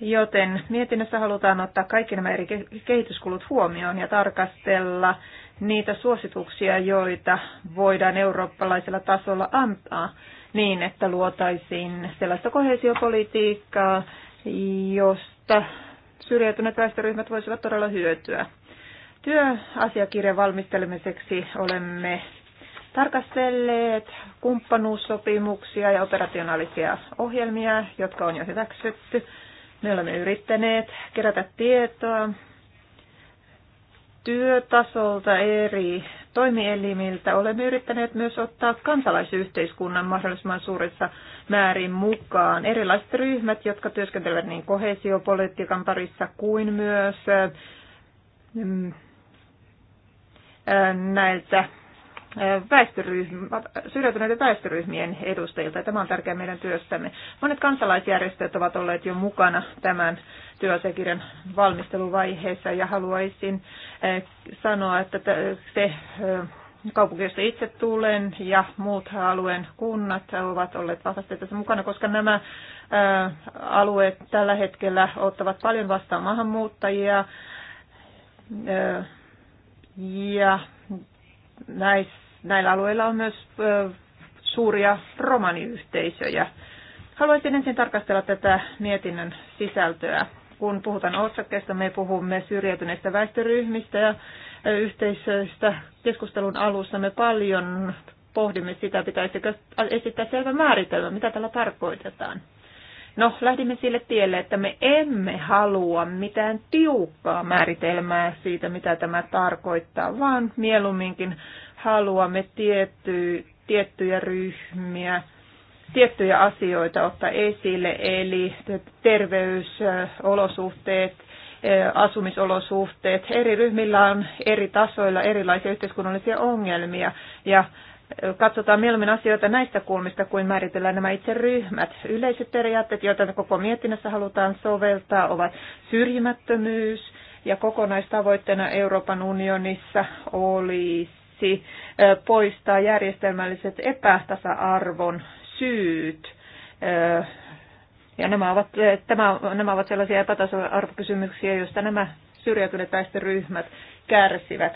Joten mietinnössä halutaan ottaa kaikki nämä eri kehityskulut huomioon ja tarkastella niitä suosituksia, joita voidaan eurooppalaisella tasolla antaa niin, että luotaisiin sellaista kohesiopolitiikkaa, josta syrjäytyneet väestöryhmät voisivat todella hyötyä. Työasiakirjan valmistelemiseksi olemme tarkastelleet kumppanuussopimuksia ja operationaalisia ohjelmia, jotka on jo hyväksytty. Me olemme yrittäneet kerätä tietoa työtasolta eri toimielimiltä olemme yrittäneet myös ottaa kansalaisyhteiskunnan mahdollisimman suurissa määrin mukaan. Erilaiset ryhmät, jotka työskentelevät niin kohesiopolitiikan parissa kuin myös mm, näiltä väestöryhmä, syrjäytyneiden väestöryhmien edustajilta. Tämä on tärkeää meidän työstämme. Monet kansalaisjärjestöt ovat olleet jo mukana tämän työasiakirjan valmisteluvaiheessa ja haluaisin eh, sanoa, että se eh, kaupunki, josta itse tulen ja muut alueen kunnat ovat olleet vahvasti tässä mukana, koska nämä eh, alueet tällä hetkellä ottavat paljon vastaan maahanmuuttajia ja näissä näillä alueilla on myös suuria romaniyhteisöjä. Haluaisin ensin tarkastella tätä mietinnön sisältöä. Kun puhutaan otsakkeesta, me puhumme syrjäytyneistä väestöryhmistä ja yhteisöistä. Keskustelun alussa me paljon pohdimme sitä, pitäisikö esittää selvä määritelmä, mitä tällä tarkoitetaan. No, lähdimme sille tielle, että me emme halua mitään tiukkaa määritelmää siitä, mitä tämä tarkoittaa, vaan mieluumminkin haluamme tietty, tiettyjä ryhmiä, tiettyjä asioita ottaa esille, eli terveysolosuhteet, eh, asumisolosuhteet. Eri ryhmillä on eri tasoilla erilaisia yhteiskunnallisia ongelmia ja eh, katsotaan mieluummin asioita näistä kulmista kuin määritellään nämä itse ryhmät. Yleiset periaatteet, joita koko mietinnössä halutaan soveltaa, ovat syrjimättömyys ja kokonaistavoitteena Euroopan unionissa olisi paitsi poistaa järjestelmälliset epätasa-arvon syyt, ja nämä ovat, tämä, nämä ovat sellaisia epätasa-arvokysymyksiä, joista nämä syrjäytyneet väestöryhmät kärsivät.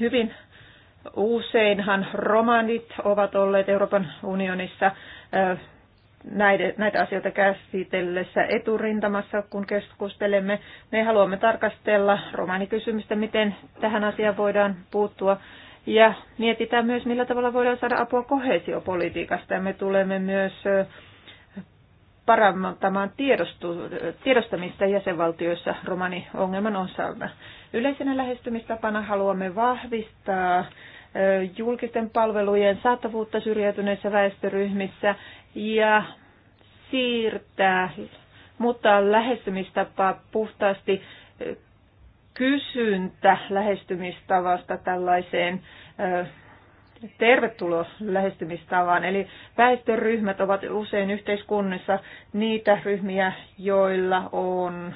Hyvin useinhan romanit ovat olleet Euroopan unionissa näitä asioita käsitellessä eturintamassa, kun keskustelemme. Me haluamme tarkastella romanikysymystä, miten tähän asiaan voidaan puuttua. Ja mietitään myös, millä tavalla voidaan saada apua kohesiopolitiikasta. Ja me tulemme myös parantamaan tiedostamista jäsenvaltioissa romani-ongelman osalta. Yleisenä lähestymistapana haluamme vahvistaa julkisten palvelujen saatavuutta syrjäytyneissä väestöryhmissä ja siirtää, mutta lähestymistapaa puhtaasti kysyntä lähestymistavasta tällaiseen tervetulo lähestymistavaan. Eli väestöryhmät ovat usein yhteiskunnissa niitä ryhmiä, joilla on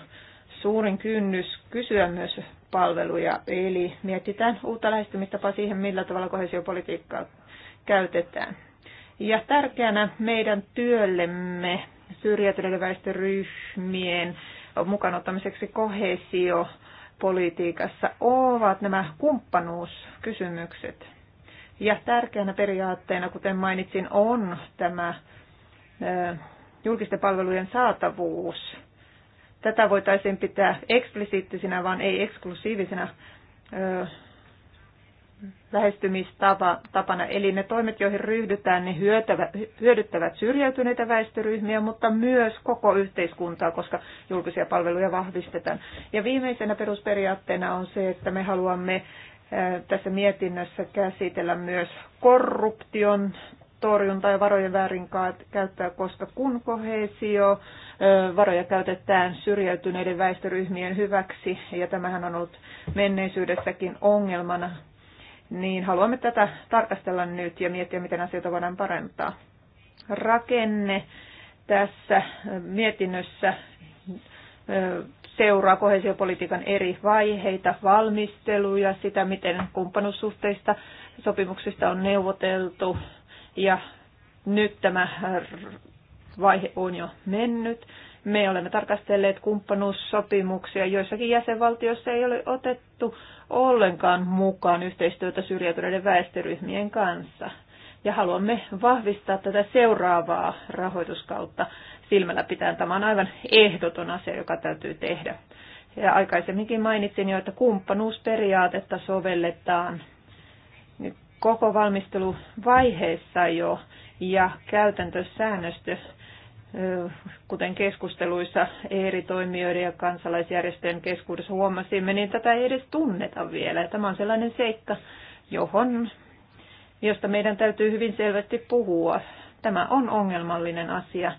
suurin kynnys kysyä myös palveluja, eli mietitään uutta lähestymistapaa siihen, millä tavalla kohesiopolitiikkaa käytetään. Ja tärkeänä meidän työllemme syrjäytyneiden väestöryhmien mukaan ottamiseksi kohesiopolitiikassa ovat nämä kumppanuuskysymykset. Ja tärkeänä periaatteena, kuten mainitsin, on tämä julkisten palvelujen saatavuus tätä voitaisiin pitää eksplisiittisinä, vaan ei eksklusiivisena ö, lähestymistapana. Eli ne toimet, joihin ryhdytään, ne hyödyttävät syrjäytyneitä väestöryhmiä, mutta myös koko yhteiskuntaa, koska julkisia palveluja vahvistetaan. Ja viimeisenä perusperiaatteena on se, että me haluamme tässä mietinnössä käsitellä myös korruption torjunta ja varojen käyttää, koska kun kohesio varoja käytetään syrjäytyneiden väestöryhmien hyväksi, ja tämähän on ollut menneisyydessäkin ongelmana, niin haluamme tätä tarkastella nyt ja miettiä, miten asioita voidaan parantaa. Rakenne tässä mietinnössä seuraa kohesiopolitiikan eri vaiheita, valmisteluja, sitä, miten kumppanuussuhteista sopimuksista on neuvoteltu, ja nyt tämä äh, vaihe on jo mennyt. Me olemme tarkastelleet kumppanuussopimuksia, joissakin jäsenvaltioissa ei ole otettu ollenkaan mukaan yhteistyötä syrjäytyneiden väestöryhmien kanssa. Ja haluamme vahvistaa tätä seuraavaa rahoituskautta silmällä pitäen. Tämä on aivan ehdoton asia, joka täytyy tehdä. Ja aikaisemminkin mainitsin jo, että kumppanuusperiaatetta sovelletaan koko valmisteluvaiheessa jo ja käytäntösäännöstö, kuten keskusteluissa eri toimijoiden ja kansalaisjärjestöjen keskuudessa huomasimme, niin tätä ei edes tunneta vielä. Tämä on sellainen seikka, johon, josta meidän täytyy hyvin selvästi puhua. Tämä on ongelmallinen asia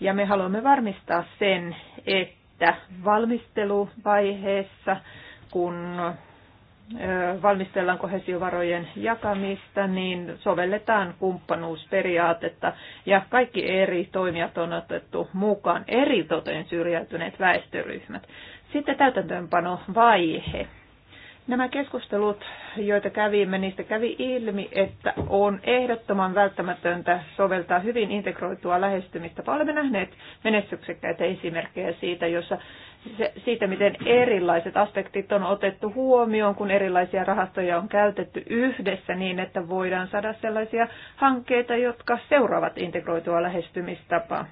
ja me haluamme varmistaa sen, että valmisteluvaiheessa, kun valmistellaan kohesiovarojen jakamista, niin sovelletaan kumppanuusperiaatetta ja kaikki eri toimijat on otettu mukaan eri toteen syrjäytyneet väestöryhmät. Sitten täytäntöönpano vaihe. Nämä keskustelut, joita kävimme, niistä kävi ilmi, että on ehdottoman välttämätöntä soveltaa hyvin integroitua lähestymistä. Olemme nähneet menestyksekkäitä esimerkkejä siitä, jossa se, siitä, miten erilaiset aspektit on otettu huomioon, kun erilaisia rahastoja on käytetty yhdessä niin, että voidaan saada sellaisia hankkeita, jotka seuraavat integroitua lähestymistapaa.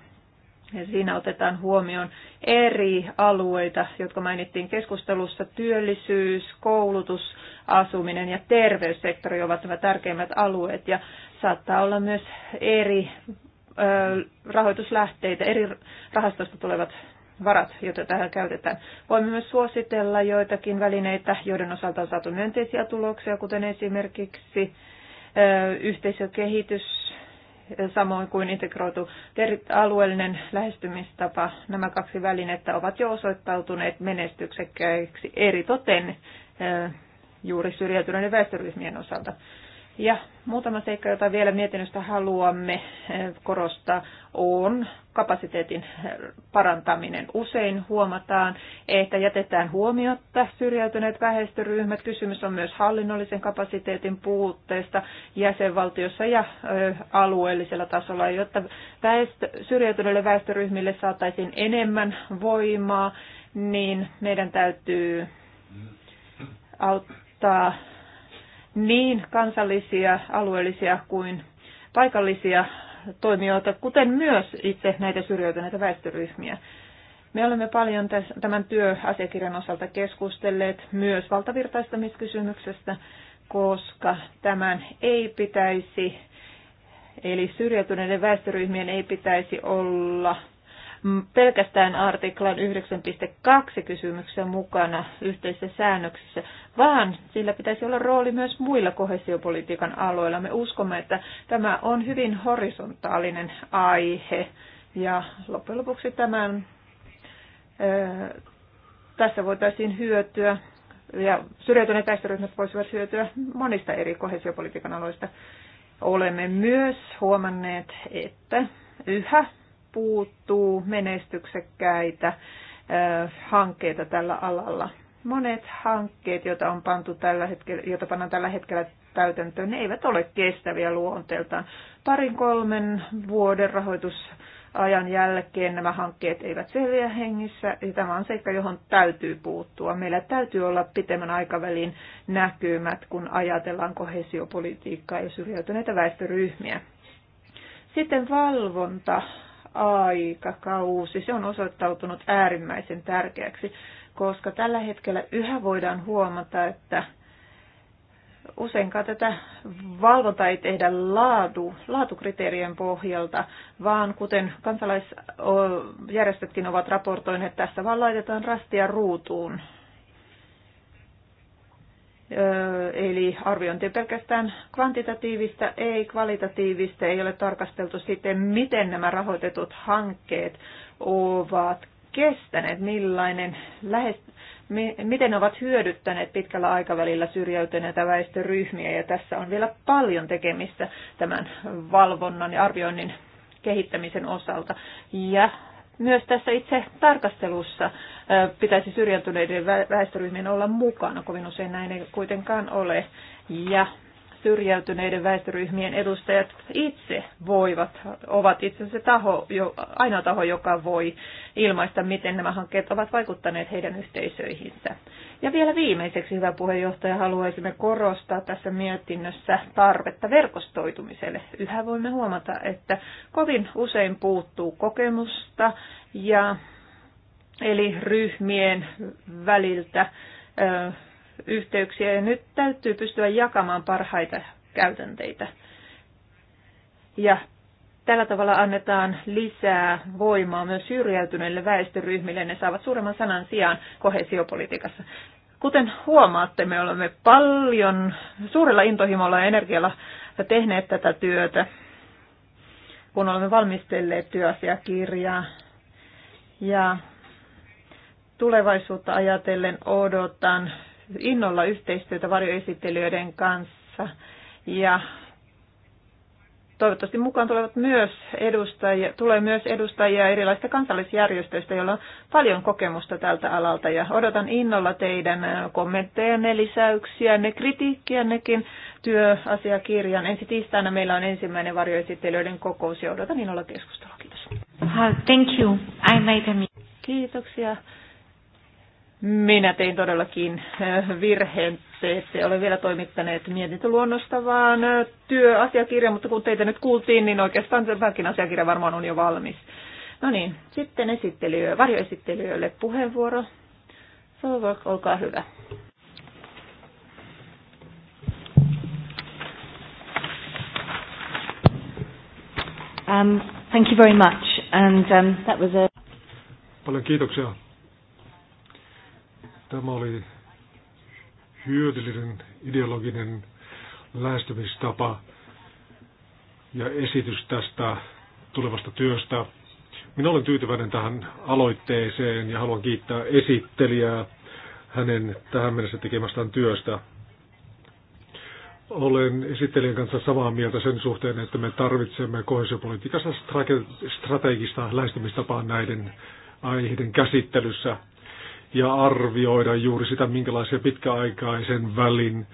Ja siinä otetaan huomioon eri alueita, jotka mainittiin keskustelussa. Työllisyys, koulutus, asuminen ja terveyssektori ovat nämä tärkeimmät alueet. Ja saattaa olla myös eri rahoituslähteitä, eri rahastoista tulevat varat, joita tähän käytetään. Voimme myös suositella joitakin välineitä, joiden osalta on saatu myönteisiä tuloksia, kuten esimerkiksi yhteisökehitys, samoin kuin integroitu alueellinen lähestymistapa. Nämä kaksi välinettä ovat jo osoittautuneet menestyksekkäiksi eri toten juuri syrjäytyneiden väestöryhmien osalta. Ja muutama seikka, jota vielä mietinnöstä haluamme eh, korostaa, on kapasiteetin eh, parantaminen. Usein huomataan, että jätetään huomiotta syrjäytyneet väestöryhmät. Kysymys on myös hallinnollisen kapasiteetin puutteesta jäsenvaltiossa ja eh, alueellisella tasolla, jotta väestö, syrjäytyneille väestöryhmille saataisiin enemmän voimaa, niin meidän täytyy auttaa niin kansallisia, alueellisia kuin paikallisia toimijoita, kuten myös itse näitä syrjäytyneitä väestöryhmiä. Me olemme paljon tämän työasiakirjan osalta keskustelleet myös valtavirtaistamiskysymyksestä, koska tämän ei pitäisi, eli syrjäytyneiden väestöryhmien ei pitäisi olla pelkästään artiklan 9.2 kysymyksen mukana yhteisessä säännöksessä, vaan sillä pitäisi olla rooli myös muilla kohesiopolitiikan aloilla. Me uskomme, että tämä on hyvin horisontaalinen aihe ja loppujen lopuksi tämän, tässä voitaisiin hyötyä ja syrjäytyneet väestöryhmät voisivat hyötyä monista eri kohesiopolitiikan aloista. Olemme myös huomanneet, että yhä puuttuu menestyksekkäitä hankkeita tällä alalla. Monet hankkeet, joita on pantu tällä hetkellä, joita pannaan tällä hetkellä täytäntöön, ne eivät ole kestäviä luonteeltaan. Parin kolmen vuoden rahoitusajan jälkeen nämä hankkeet eivät selviä hengissä, ja tämä on seikka, johon täytyy puuttua. Meillä täytyy olla pitemmän aikavälin näkymät, kun ajatellaan kohesiopolitiikkaa ja syrjäytyneitä väestöryhmiä. Sitten valvonta aikakausi. Se on osoittautunut äärimmäisen tärkeäksi, koska tällä hetkellä yhä voidaan huomata, että useinkaan tätä valvonta ei tehdä laatu, laatukriteerien pohjalta, vaan kuten kansalaisjärjestötkin ovat raportoineet, tässä vaan laitetaan rastia ruutuun Eli arviointi on pelkästään kvantitatiivista, ei kvalitatiivista, ei ole tarkasteltu sitten, miten nämä rahoitetut hankkeet ovat kestäneet, millainen lähes, miten ne ovat hyödyttäneet pitkällä aikavälillä syrjäytyneitä väestöryhmiä, ja tässä on vielä paljon tekemistä tämän valvonnan ja arvioinnin kehittämisen osalta. Ja myös tässä itse tarkastelussa pitäisi syrjäytyneiden väestöryhmien olla mukana. Kovin usein näin ei kuitenkaan ole. Ja syrjäytyneiden väestöryhmien edustajat itse voivat, ovat itse se taho, jo, ainoa taho, joka voi ilmaista, miten nämä hankkeet ovat vaikuttaneet heidän yhteisöihinsä. Ja vielä viimeiseksi, hyvä puheenjohtaja, haluaisimme korostaa tässä mietinnössä tarvetta verkostoitumiselle. Yhä voimme huomata, että kovin usein puuttuu kokemusta ja eli ryhmien väliltä yhteyksiä ja nyt täytyy pystyä jakamaan parhaita käytänteitä. Ja tällä tavalla annetaan lisää voimaa myös syrjäytyneille väestöryhmille. Ne saavat suuremman sanan sijaan kohesiopolitiikassa. Kuten huomaatte, me olemme paljon suurella intohimolla ja energialla tehneet tätä työtä, kun olemme valmistelleet työasiakirjaa. Ja tulevaisuutta ajatellen odotan innolla yhteistyötä varjoesittelijöiden kanssa ja toivottavasti mukaan tulevat myös edustajia, tulee myös edustajia erilaisista kansallisjärjestöistä, joilla on paljon kokemusta tältä alalta ja odotan innolla teidän kommentteja, ne kritiikkiä, nekin työasiakirjan. Ensi tiistaina meillä on ensimmäinen varjoesittelijöiden kokous ja odotan innolla keskustelua. Kiitos. Thank you. I made a... Kiitoksia. Minä tein todellakin äh, virheen. Te ette ole vielä toimittaneet mietintöluonnosta, vaan äh, työasiakirja, mutta kun teitä nyt kuultiin, niin oikeastaan tämäkin asiakirja varmaan on jo valmis. No niin, sitten esittelyö, varjoesittelijöille puheenvuoro. Solvork, olkaa hyvä. Um, thank you very much. And, um, that was a... Paljon kiitoksia. Tämä oli hyödyllinen ideologinen lähestymistapa ja esitys tästä tulevasta työstä. Minä olen tyytyväinen tähän aloitteeseen ja haluan kiittää esittelijää hänen tähän mennessä tekemästään työstä. Olen esittelijän kanssa samaa mieltä sen suhteen, että me tarvitsemme kohesiopolitiikassa strategista lähestymistapaa näiden aiheiden käsittelyssä – ja arvioida juuri sitä, minkälaisia pitkäaikaisen välin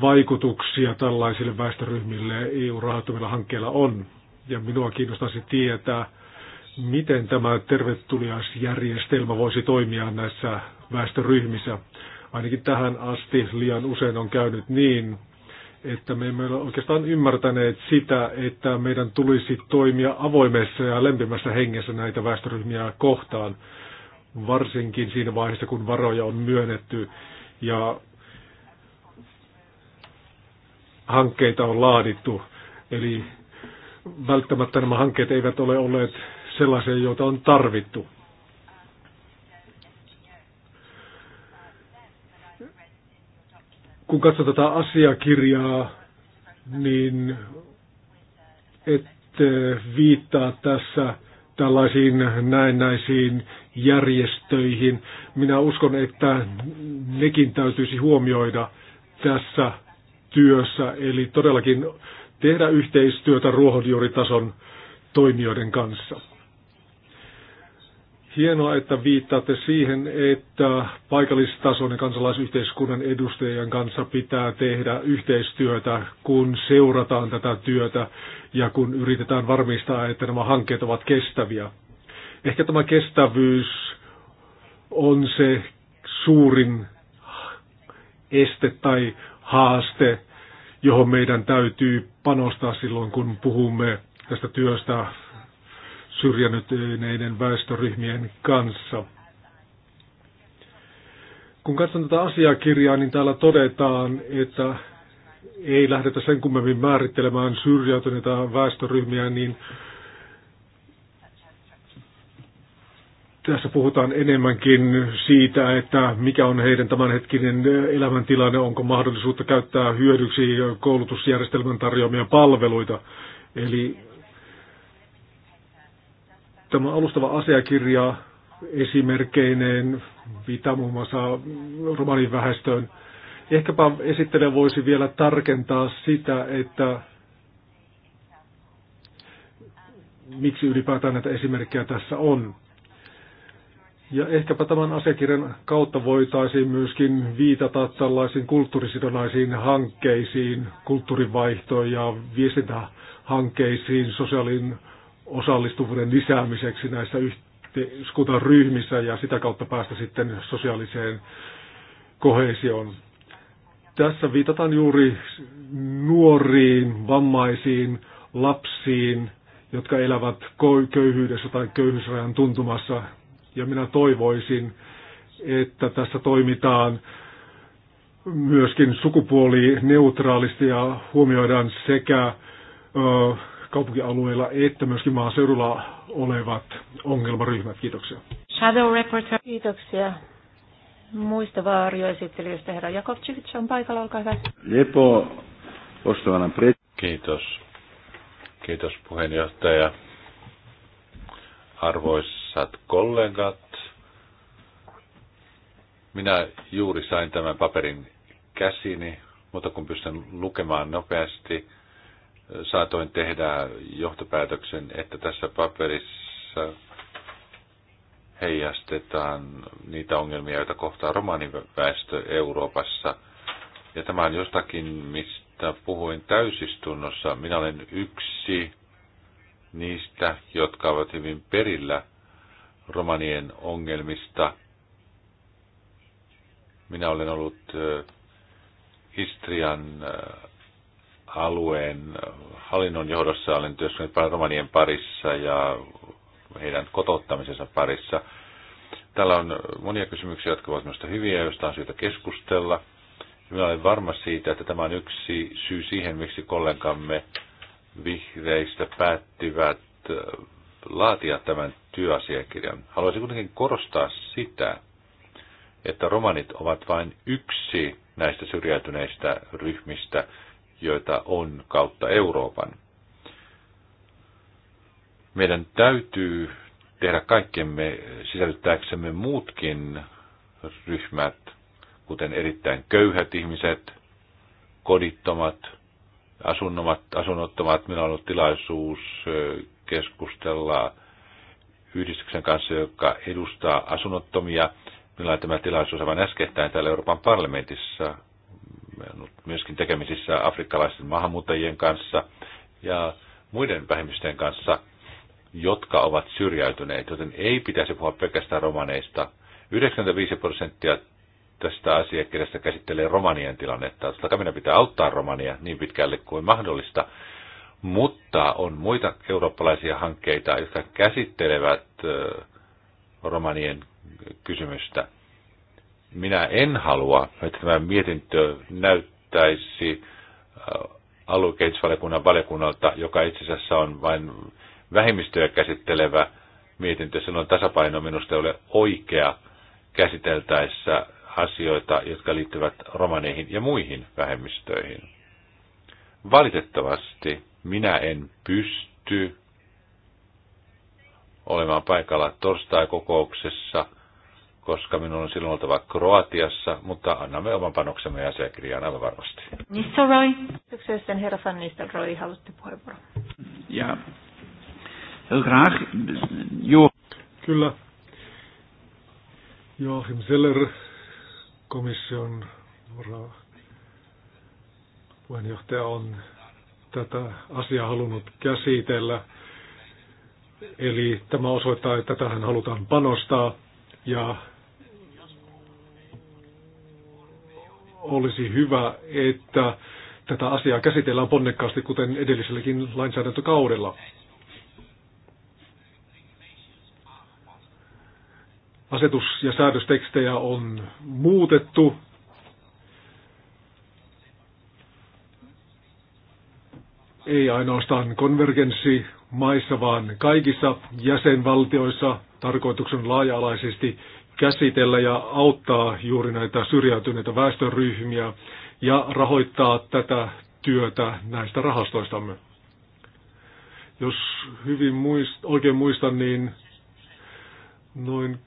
vaikutuksia tällaisille väestöryhmille EU-rahoittamilla hankkeilla on. Ja minua kiinnostaisi tietää, miten tämä tervetuliaisjärjestelmä voisi toimia näissä väestöryhmissä. Ainakin tähän asti liian usein on käynyt niin, että me emme ole oikeastaan ymmärtäneet sitä, että meidän tulisi toimia avoimessa ja lempimässä hengessä näitä väestöryhmiä kohtaan varsinkin siinä vaiheessa, kun varoja on myönnetty ja hankkeita on laadittu. Eli välttämättä nämä hankkeet eivät ole olleet sellaisia, joita on tarvittu. Kun katsoo tätä asiakirjaa, niin et viittaa tässä tällaisiin näennäisiin järjestöihin. Minä uskon, että nekin täytyisi huomioida tässä työssä, eli todellakin tehdä yhteistyötä ruohonjuuritason toimijoiden kanssa. Hienoa, että viittaatte siihen, että paikallistason ja kansalaisyhteiskunnan edustajien kanssa pitää tehdä yhteistyötä, kun seurataan tätä työtä ja kun yritetään varmistaa, että nämä hankkeet ovat kestäviä. Ehkä tämä kestävyys on se suurin este tai haaste, johon meidän täytyy panostaa silloin, kun puhumme tästä työstä syrjänytyneiden väestöryhmien kanssa. Kun katson tätä asiakirjaa, niin täällä todetaan, että ei lähdetä sen kummemmin määrittelemään syrjäytyneitä väestöryhmiä, niin Tässä puhutaan enemmänkin siitä, että mikä on heidän tämänhetkinen elämäntilanne, onko mahdollisuutta käyttää hyödyksi koulutusjärjestelmän tarjoamia palveluita. Eli tämä alustava asiakirja esimerkkeineen viittaa muun muassa romanin vähestöön. Ehkäpä esittelijä voisi vielä tarkentaa sitä, että miksi ylipäätään näitä esimerkkejä tässä on. Ja ehkäpä tämän asiakirjan kautta voitaisiin myöskin viitata tällaisiin kulttuurisidonaisiin hankkeisiin, kulttuurivaihtoon ja viestintähankkeisiin sosiaalin osallistuvuuden lisäämiseksi näissä yhteiskunnan ryhmissä ja sitä kautta päästä sitten sosiaaliseen kohesioon. Tässä viitataan juuri nuoriin, vammaisiin, lapsiin, jotka elävät köyhyydessä tai köyhyysrajan tuntumassa ja minä toivoisin, että tässä toimitaan myöskin sukupuolineutraalisti ja huomioidaan sekä ö, kaupunkialueilla että myöskin maaseudulla olevat ongelmaryhmät. Kiitoksia. Shadow Reporter. Kiitoksia. Muista vaarioesittelijöistä herra Jakovčić on paikalla, olkaa hyvä. Lepo, poštovana Kiitos. Kiitos puheenjohtaja. Arvois arvoisat kollegat. Minä juuri sain tämän paperin käsini, mutta kun pystyn lukemaan nopeasti, saatoin tehdä johtopäätöksen, että tässä paperissa heijastetaan niitä ongelmia, joita kohtaa romaniväestö Euroopassa. Ja tämä on jostakin, mistä puhuin täysistunnossa. Minä olen yksi niistä, jotka ovat hyvin perillä romanien ongelmista. Minä olen ollut Istrian alueen hallinnon johdossa, olen työskennellyt romanien parissa ja heidän kotouttamisensa parissa. Täällä on monia kysymyksiä, jotka ovat minusta hyviä, joista on syytä keskustella. Minä olen varma siitä, että tämä on yksi syy siihen, miksi kollegamme vihreistä päättivät laatia tämän työasiakirjan. Haluaisin kuitenkin korostaa sitä, että romanit ovat vain yksi näistä syrjäytyneistä ryhmistä, joita on kautta Euroopan. Meidän täytyy tehdä kaikkemme sisällyttääksemme muutkin ryhmät, kuten erittäin köyhät ihmiset, kodittomat, asunnottomat. Minulla on ollut tilaisuus keskustella yhdistyksen kanssa, joka edustaa asunnottomia. Meillä on tämä tilaisuus aivan äskettäin täällä Euroopan parlamentissa, myöskin tekemisissä afrikkalaisten maahanmuuttajien kanssa ja muiden vähemmistöjen kanssa, jotka ovat syrjäytyneet, joten ei pitäisi puhua pelkästään romaneista. 95 prosenttia tästä asiakirjasta käsittelee romanien tilannetta. Totta kai meidän pitää auttaa romania niin pitkälle kuin mahdollista, mutta on muita eurooppalaisia hankkeita, jotka käsittelevät romanien kysymystä. Minä en halua, että tämä mietintö näyttäisi aluekehitysvaliokunnan valiokunnalta, joka itse asiassa on vain vähemmistöä käsittelevä mietintö. Silloin tasapaino minusta ei ole oikea käsiteltäessä asioita, jotka liittyvät romaneihin ja muihin vähemmistöihin. Valitettavasti minä en pysty olemaan paikalla torstai-kokouksessa, koska minun on silloin oltava Kroatiassa, mutta annamme oman panoksemme asiakirjaan aivan varmasti. Roy. Successen herra Van Roy halutti puheenvuoro. Ja, graag. Joo. Kyllä. Joachim Zeller, komission vara puheenjohtaja on tätä asiaa halunnut käsitellä. Eli tämä osoittaa, että tähän halutaan panostaa ja olisi hyvä, että tätä asiaa käsitellään ponnekkaasti, kuten edelliselläkin lainsäädäntökaudella. Asetus- ja säädöstekstejä on muutettu ei ainoastaan konvergenssi maissa, vaan kaikissa jäsenvaltioissa tarkoituksen laaja-alaisesti käsitellä ja auttaa juuri näitä syrjäytyneitä väestöryhmiä ja rahoittaa tätä työtä näistä rahastoistamme. Jos hyvin muist, oikein muistan, niin noin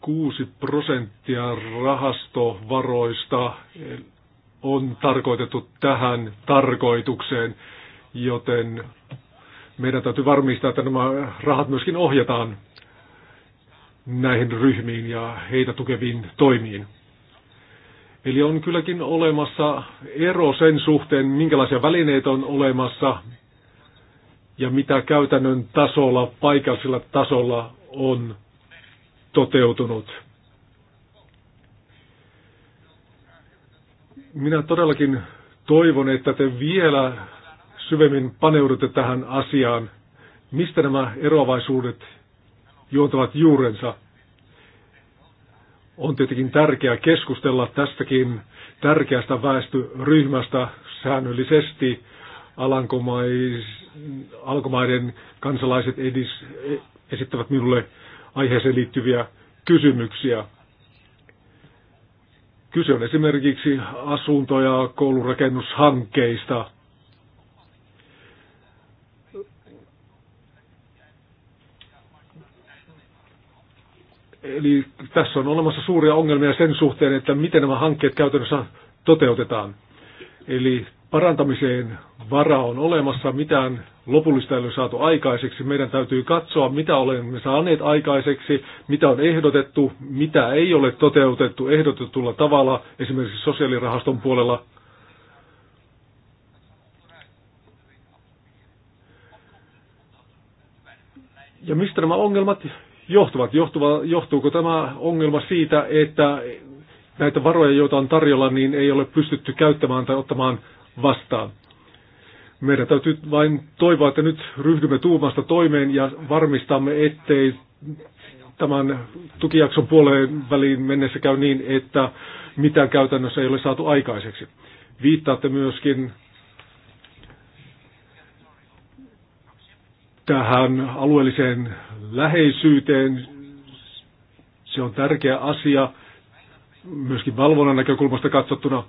6 prosenttia rahastovaroista on tarkoitettu tähän tarkoitukseen joten meidän täytyy varmistaa, että nämä rahat myöskin ohjataan näihin ryhmiin ja heitä tukeviin toimiin. Eli on kylläkin olemassa ero sen suhteen, minkälaisia välineitä on olemassa ja mitä käytännön tasolla, paikallisella tasolla on toteutunut. Minä todellakin toivon, että te vielä syvemmin paneudutte tähän asiaan. Mistä nämä eroavaisuudet juontavat juurensa? On tietenkin tärkeää keskustella tästäkin tärkeästä väestöryhmästä säännöllisesti. alkomaiden kansalaiset edis, esittävät minulle aiheeseen liittyviä kysymyksiä. Kyse on esimerkiksi asunto- ja koulurakennushankkeista. Eli tässä on olemassa suuria ongelmia sen suhteen, että miten nämä hankkeet käytännössä toteutetaan. Eli parantamiseen vara on olemassa, mitään lopullista ei ole saatu aikaiseksi. Meidän täytyy katsoa, mitä olemme saaneet aikaiseksi, mitä on ehdotettu, mitä ei ole toteutettu ehdotetulla tavalla, esimerkiksi sosiaalirahaston puolella. Ja mistä nämä ongelmat johtuvat. Johtuva, johtuuko tämä ongelma siitä, että näitä varoja, joita on tarjolla, niin ei ole pystytty käyttämään tai ottamaan vastaan? Meidän täytyy vain toivoa, että nyt ryhdymme tuumasta toimeen ja varmistamme, ettei tämän tukijakson puoleen väliin mennessä käy niin, että mitään käytännössä ei ole saatu aikaiseksi. Viittaatte myöskin tähän alueelliseen läheisyyteen. Se on tärkeä asia myöskin valvonnan näkökulmasta katsottuna.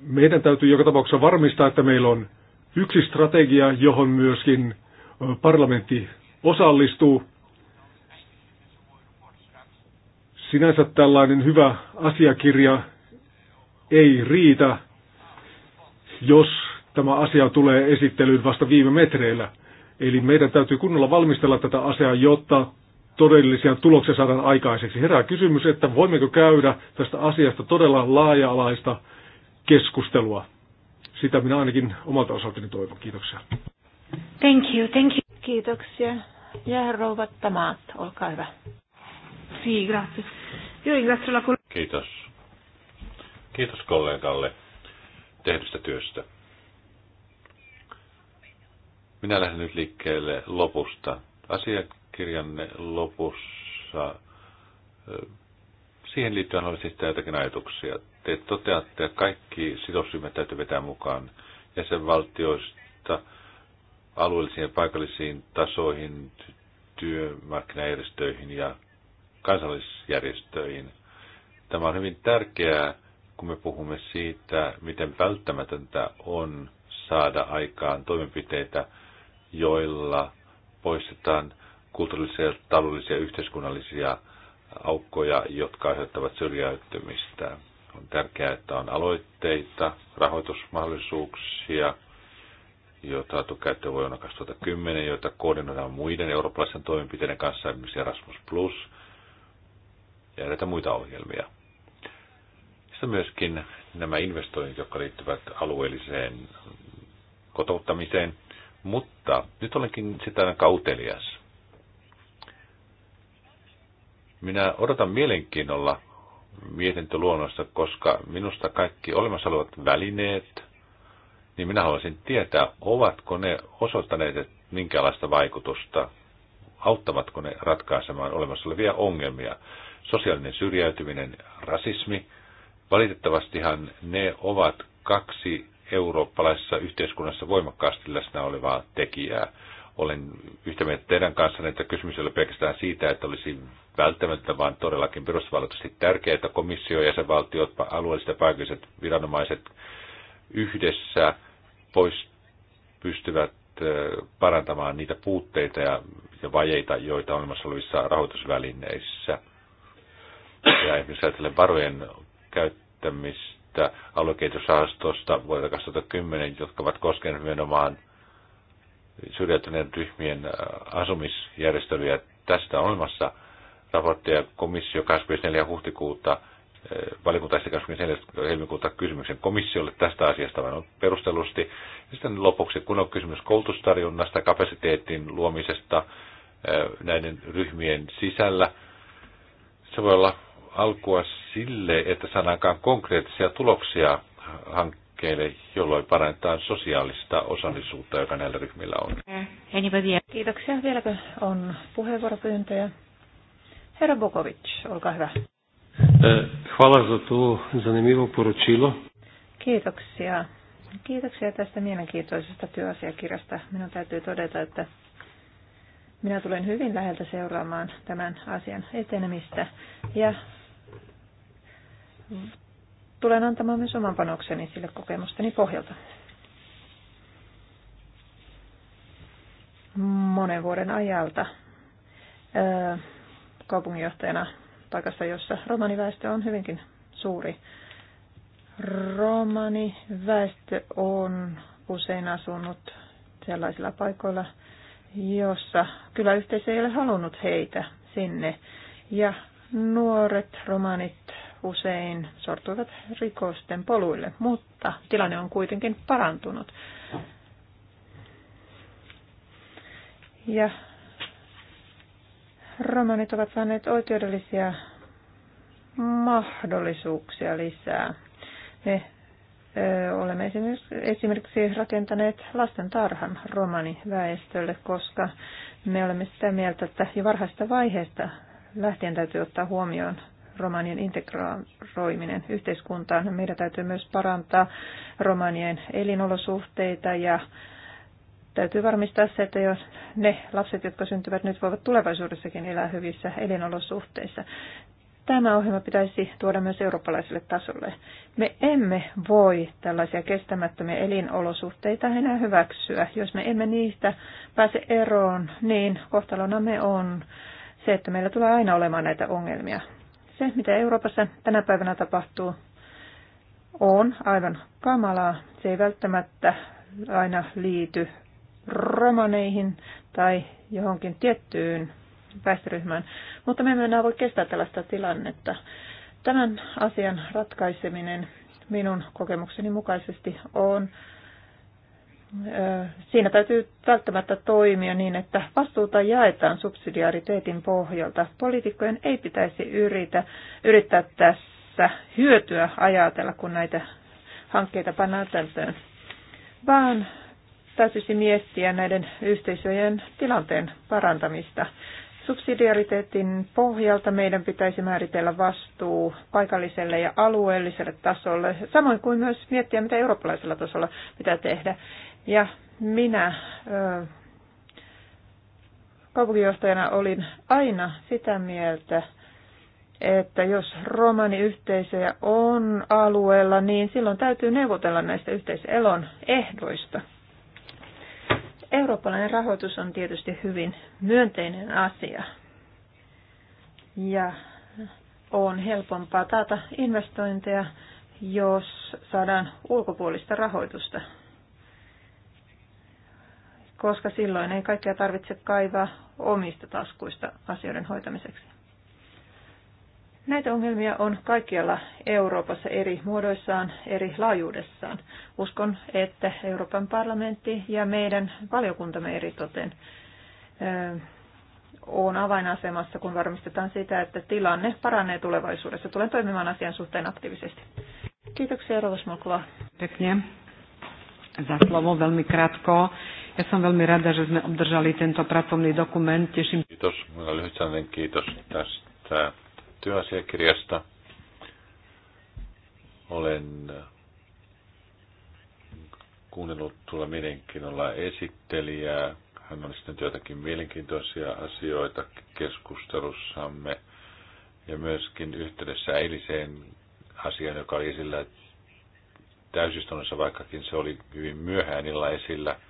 Meidän täytyy joka tapauksessa varmistaa, että meillä on yksi strategia, johon myöskin parlamentti osallistuu. Sinänsä tällainen hyvä asiakirja ei riitä, jos tämä asia tulee esittelyyn vasta viime metreillä. Eli meidän täytyy kunnolla valmistella tätä asiaa, jotta todellisia tuloksia saadaan aikaiseksi. Herää kysymys, että voimmeko käydä tästä asiasta todella laaja-alaista keskustelua. Sitä minä ainakin omalta osaltani toivon. Kiitoksia. Thank you, thank you. Kiitoksia. Ja rouva tämä olkaa hyvä. Sì, grazie. Io ringrazio la Kiitos. Kiitos kollegalle tehdystä työstä. Minä lähden nyt liikkeelle lopusta. Asiakirjanne lopussa. Siihen liittyen olisi sitten jotakin ajatuksia. Te toteatte, että kaikki sidosryhmät täytyy vetää mukaan jäsenvaltioista alueellisiin ja paikallisiin tasoihin, työmarkkinajärjestöihin ja kansallisjärjestöihin. Tämä on hyvin tärkeää, kun me puhumme siitä, miten välttämätöntä on saada aikaan toimenpiteitä, joilla poistetaan kulttuurisia, taloudellisia ja yhteiskunnallisia aukkoja, jotka aiheuttavat syrjäytymistä. On tärkeää, että on aloitteita, rahoitusmahdollisuuksia, joita on käyttöön vuonna 2010, joita koordinoidaan muiden eurooppalaisten toimenpiteiden kanssa, esimerkiksi Erasmus Plus – ja näitä muita ohjelmia. Sitten myöskin nämä investoinnit, jotka liittyvät alueelliseen kotouttamiseen, mutta nyt olenkin sitä kautelias. Minä odotan mielenkiinnolla mietintöluonnosta, koska minusta kaikki olemassa olevat välineet, niin minä haluaisin tietää, ovatko ne osoittaneet että minkälaista vaikutusta, auttavatko ne ratkaisemaan olemassa olevia ongelmia sosiaalinen syrjäytyminen, rasismi. Valitettavastihan ne ovat kaksi eurooppalaisessa yhteiskunnassa voimakkaasti läsnä olevaa tekijää. Olen yhtä mieltä teidän kanssa, että kysymys ei ole pelkästään siitä, että olisi välttämättä, vaan todellakin perustavallisesti tärkeää, että komissio, jäsenvaltiot, alueelliset ja paikalliset viranomaiset yhdessä pois pystyvät parantamaan niitä puutteita ja, ja vajeita, joita on olemassa olevissa rahoitusvälineissä. Ja esimerkiksi ajatellen varojen käyttämistä aluekehitysrahastosta vuodelta 2010, jotka ovat koskeneet nimenomaan syrjäytyneiden ryhmien äh, asumisjärjestelyjä. Tästä on olemassa raportteja komissio 24. huhtikuuta äh, valiokunta esitti 24. helmikuuta kysymyksen komissiolle tästä asiasta vain perustellusti. Ja sitten lopuksi, kun on kysymys koulutustarjonnasta, kapasiteetin luomisesta äh, näiden ryhmien sisällä, se voi olla alkua sille, että saadaankaan konkreettisia tuloksia hankkeille, jolloin parannetaan sosiaalista osallisuutta, joka näillä ryhmillä on. Eh, Kiitoksia. Vieläkö on puheenvuoropyyntöjä? Herra Bokovic, olkaa hyvä. Eh, hvala za to zanimivo poročilo. Kiitoksia. Kiitoksia tästä mielenkiintoisesta työasiakirjasta. Minun täytyy todeta, että minä tulen hyvin läheltä seuraamaan tämän asian etenemistä ja tulen antamaan myös oman panokseni sille kokemusteni pohjalta. Monen vuoden ajalta kaupunginjohtajana paikassa, jossa romaniväestö on hyvinkin suuri. Romaniväestö on usein asunut sellaisilla paikoilla, jossa kyllä yhteisö ei ole halunnut heitä sinne. Ja nuoret romanit usein sortuivat rikosten poluille, mutta tilanne on kuitenkin parantunut. Ja romanit ovat saaneet oikeudellisia mahdollisuuksia lisää. Me ö, olemme esimerkiksi, esimerkiksi rakentaneet lastentarhan romaniväestölle, koska me olemme sitä mieltä, että jo varhaista vaiheesta lähtien täytyy ottaa huomioon romanien integroiminen yhteiskuntaan. Meidän täytyy myös parantaa romanien elinolosuhteita ja täytyy varmistaa se, että jos ne lapset, jotka syntyvät nyt, voivat tulevaisuudessakin elää hyvissä elinolosuhteissa. Tämä ohjelma pitäisi tuoda myös eurooppalaiselle tasolle. Me emme voi tällaisia kestämättömiä elinolosuhteita enää hyväksyä. Jos me emme niistä pääse eroon, niin Me on se, että meillä tulee aina olemaan näitä ongelmia. Se, mitä Euroopassa tänä päivänä tapahtuu, on aivan kamalaa. Se ei välttämättä aina liity romaneihin tai johonkin tiettyyn väestöryhmään, mutta me emme enää voi kestää tällaista tilannetta. Tämän asian ratkaiseminen minun kokemukseni mukaisesti on siinä täytyy välttämättä toimia niin, että vastuuta jaetaan subsidiariteetin pohjalta. Poliitikkojen ei pitäisi yritä, yrittää tässä hyötyä ajatella, kun näitä hankkeita pannaan täyttöön, vaan täytyisi miettiä näiden yhteisöjen tilanteen parantamista. Subsidiariteetin pohjalta meidän pitäisi määritellä vastuu paikalliselle ja alueelliselle tasolle, samoin kuin myös miettiä, mitä eurooppalaisella tasolla pitää tehdä. Ja minä kaupunginjohtajana olin aina sitä mieltä, että jos romaniyhteisöjä on alueella, niin silloin täytyy neuvotella näistä yhteiselon ehdoista. Eurooppalainen rahoitus on tietysti hyvin myönteinen asia. Ja on helpompaa taata investointeja, jos saadaan ulkopuolista rahoitusta koska silloin ei kaikkea tarvitse kaivaa omista taskuista asioiden hoitamiseksi. Näitä ongelmia on kaikkialla Euroopassa eri muodoissaan, eri laajuudessaan. Uskon, että Euroopan parlamentti ja meidän valiokuntamme eritoten on avainasemassa, kun varmistetaan sitä, että tilanne paranee tulevaisuudessa. Tulen toimimaan asian suhteen aktiivisesti. Kiitoksia, Rovas Mulkova. Pekne. Za slovo veľmi krátko. Ja som veľmi rada, že sme obdržali tento pracovný dokument. Teším. Kiitos. Minulla kiitos tästä työasiakirjasta. Olen äh, kuunnellut tuolla mielenkiinnolla esittelijää. Hän on sitten joitakin mielenkiintoisia asioita keskustelussamme ja myöskin yhteydessä eiliseen asiaan, joka oli esillä täysistunnossa, vaikkakin se oli hyvin myöhään illalla esillä –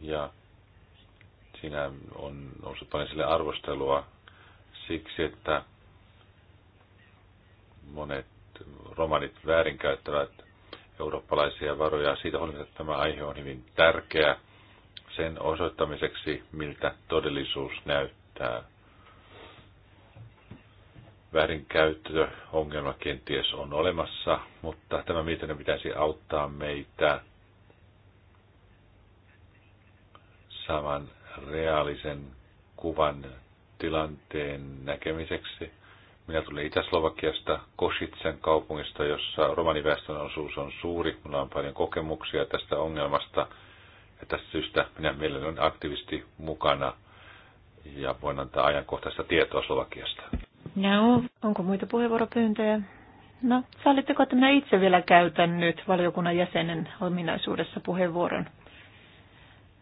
ja siinä on noussut paljon sille arvostelua siksi, että monet romanit väärinkäyttävät eurooppalaisia varoja. Siitä on, että tämä aihe on hyvin tärkeä sen osoittamiseksi, miltä todellisuus näyttää. ongelma kenties on olemassa, mutta tämä mietinnä pitäisi auttaa meitä saamaan reaalisen kuvan tilanteen näkemiseksi. Minä tulin Itä-Slovakiasta, Kositsen kaupungista, jossa romaniväestön osuus on suuri. Minulla on paljon kokemuksia tästä ongelmasta ja tästä syystä minä mielelläni olen aktiivisesti mukana ja voin antaa ajankohtaista tietoa Slovakiasta. No, onko muita puheenvuoropyyntöjä? No, sallitteko, että minä itse vielä käytän nyt valiokunnan jäsenen ominaisuudessa puheenvuoron?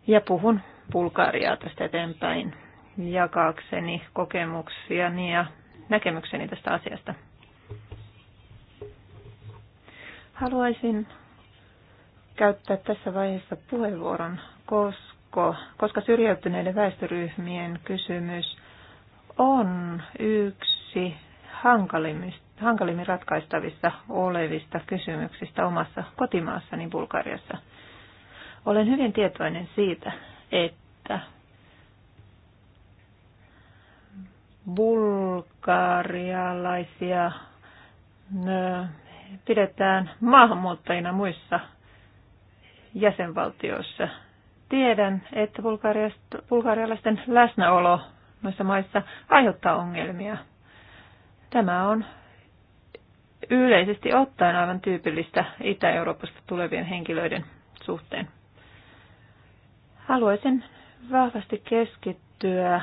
Ja puhun Bulgariaa tästä eteenpäin jakaakseni kokemuksiani ja näkemykseni tästä asiasta. Haluaisin käyttää tässä vaiheessa puheenvuoron, koska, koska syrjäytyneiden väestöryhmien kysymys on yksi hankalimmin ratkaistavissa olevista kysymyksistä omassa kotimaassani Bulgariassa. Olen hyvin tietoinen siitä, että bulgarialaisia pidetään maahanmuuttajina muissa jäsenvaltioissa. Tiedän, että bulgarialaisten läsnäolo noissa maissa aiheuttaa ongelmia. Tämä on yleisesti ottaen aivan tyypillistä Itä-Euroopasta tulevien henkilöiden suhteen. Haluaisin vahvasti keskittyä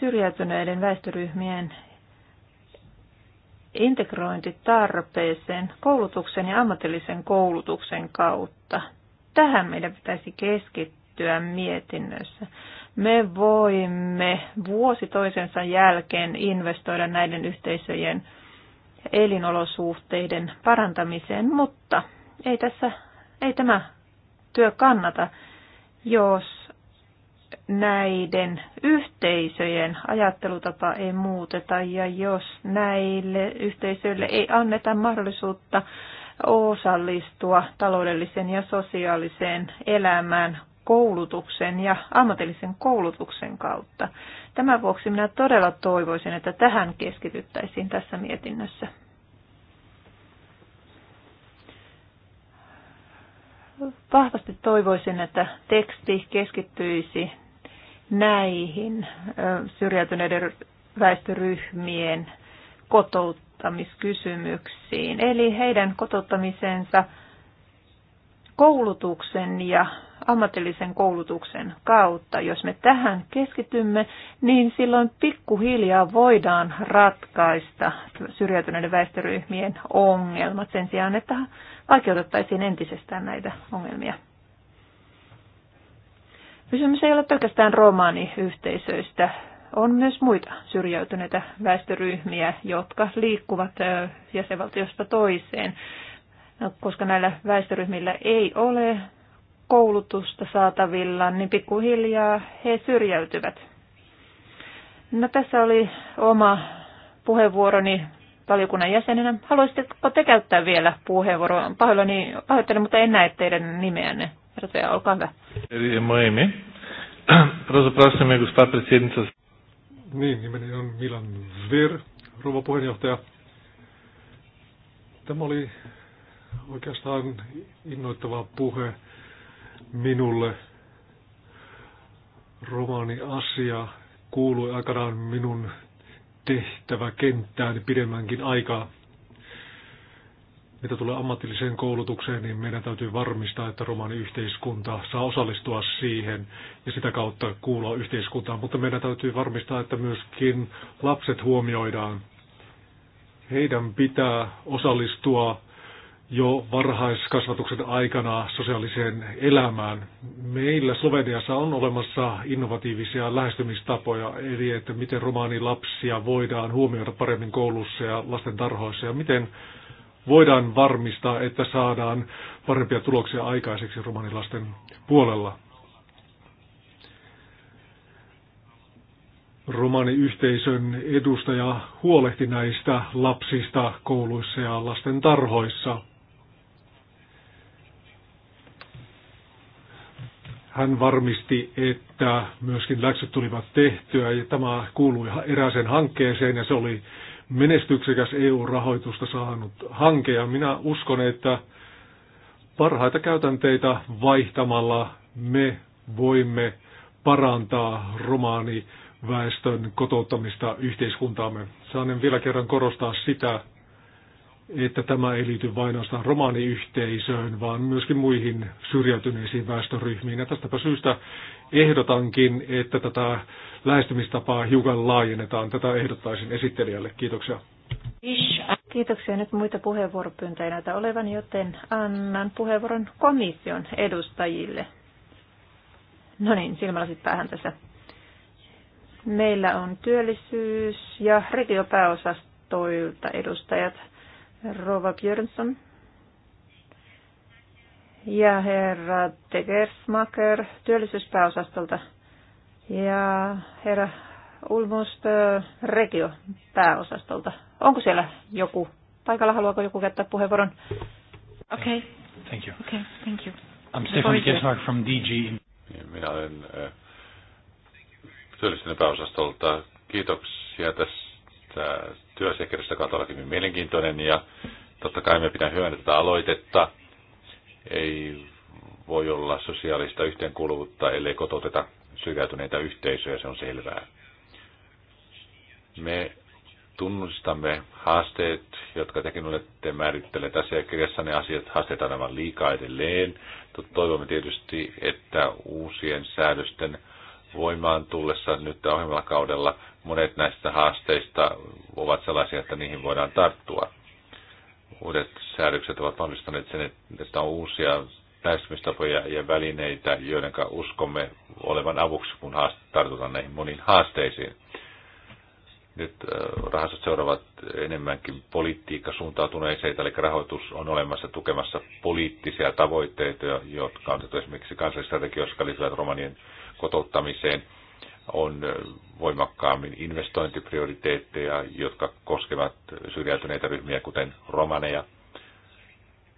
syrjäytyneiden väestöryhmien integrointitarpeeseen koulutuksen ja ammatillisen koulutuksen kautta. Tähän meidän pitäisi keskittyä mietinnössä. Me voimme vuosi toisensa jälkeen investoida näiden yhteisöjen elinolosuhteiden parantamiseen, mutta ei tässä ei tämä työ kannata, jos näiden yhteisöjen ajattelutapa ei muuteta ja jos näille yhteisöille ei anneta mahdollisuutta osallistua taloudelliseen ja sosiaaliseen elämään koulutuksen ja ammatillisen koulutuksen kautta. Tämän vuoksi minä todella toivoisin, että tähän keskityttäisiin tässä mietinnössä. vahvasti toivoisin, että teksti keskittyisi näihin syrjäytyneiden väestöryhmien kotouttamiskysymyksiin, eli heidän kotouttamisensa koulutuksen ja ammatillisen koulutuksen kautta. Jos me tähän keskitymme, niin silloin pikkuhiljaa voidaan ratkaista syrjäytyneiden väestöryhmien ongelmat sen sijaan, että vaikeutettaisiin entisestään näitä ongelmia. Kysymys ei ole pelkästään romaaniyhteisöistä. On myös muita syrjäytyneitä väestöryhmiä, jotka liikkuvat jäsenvaltiosta toiseen no, koska näillä väestöryhmillä ei ole koulutusta saatavilla, niin pikkuhiljaa he syrjäytyvät. No tässä oli oma puheenvuoroni valiokunnan jäsenenä. Haluaisitteko te käyttää vielä puheenvuoroa? Pahoillani, pahoittelen, mutta en näe teidän nimeänne. Edustaja, olkaa hyvä. Eli Moemi. ime. me gospa predsjednica. Niin, nimeni on Milan Zver, rouva puheenjohtaja. Tämä oli oikeastaan innoittava puhe minulle. Romani asia kuului aikanaan minun tehtäväkenttääni pidemmänkin aikaa. Mitä tulee ammatilliseen koulutukseen, niin meidän täytyy varmistaa, että romani-yhteiskunta saa osallistua siihen ja sitä kautta kuulla yhteiskuntaan. Mutta meidän täytyy varmistaa, että myöskin lapset huomioidaan. Heidän pitää osallistua jo varhaiskasvatuksen aikana sosiaaliseen elämään. Meillä Sloveniassa on olemassa innovatiivisia lähestymistapoja, eli että miten romaanilapsia voidaan huomioida paremmin koulussa ja lasten tarhoissa ja miten voidaan varmistaa, että saadaan parempia tuloksia aikaiseksi romaanilasten puolella. Romaniyhteisön edustaja huolehti näistä lapsista kouluissa ja lasten tarhoissa – Hän varmisti, että myöskin läksyt tulivat tehtyä ja tämä kuului erääseen hankkeeseen ja se oli menestyksekäs EU-rahoitusta saanut hanke ja minä uskon, että parhaita käytänteitä vaihtamalla me voimme parantaa romaani väestön kotouttamista yhteiskuntaamme. Saan vielä kerran korostaa sitä, että tämä ei liity vain ainoastaan romaaniyhteisöön, vaan myöskin muihin syrjäytyneisiin väestöryhmiin. Ja tästäpä syystä ehdotankin, että tätä lähestymistapaa hiukan laajennetaan. Tätä ehdottaisin esittelijälle. Kiitoksia. Kiitoksia. Nyt muita puheenvuoropyyntöjä näitä olevan, joten annan puheenvuoron komission edustajille. No niin, silmälasit päähän tässä. Meillä on työllisyys- ja regiopääosastoilta edustajat Rova Björnsson ja herra Tegersmaker työllisyyspääosastolta ja herra Ulmust äh, Regio pääosastolta. Onko siellä joku paikalla? Haluaako joku käyttää puheenvuoron? Okei. Okay. Thank you. Okay, thank you. I'm Stefan Kesmark from DG. Niin, minä olen äh, työllisyyden pääosastolta. Kiitoksia tästä työsekirjasta kautta hyvin mielenkiintoinen ja totta kai me pitää hyödyntää tätä aloitetta. Ei voi olla sosiaalista yhteenkuuluvuutta, ellei kotouteta syrjäytyneitä yhteisöjä, se on selvää. Me tunnustamme haasteet, jotka tekin olette tässä kirjassa, ne asiat haasteet aivan liikaa edelleen. Toivomme tietysti, että uusien säädösten voimaan tullessa nyt ohjelmalla kaudella monet näistä haasteista ovat sellaisia, että niihin voidaan tarttua. Uudet säädökset ovat mahdollistaneet sen, että on uusia lähestymistapoja ja välineitä, joiden uskomme olevan avuksi, kun tartutaan näihin moniin haasteisiin. Nyt rahastot seuraavat enemmänkin politiikka suuntautuneeseen, eli rahoitus on olemassa tukemassa poliittisia tavoitteita, jotka on otettu esimerkiksi kansallistrategioissa, jotka liittyvät romanien kotouttamiseen on voimakkaammin investointiprioriteetteja, jotka koskevat syrjäytyneitä ryhmiä, kuten romaneja.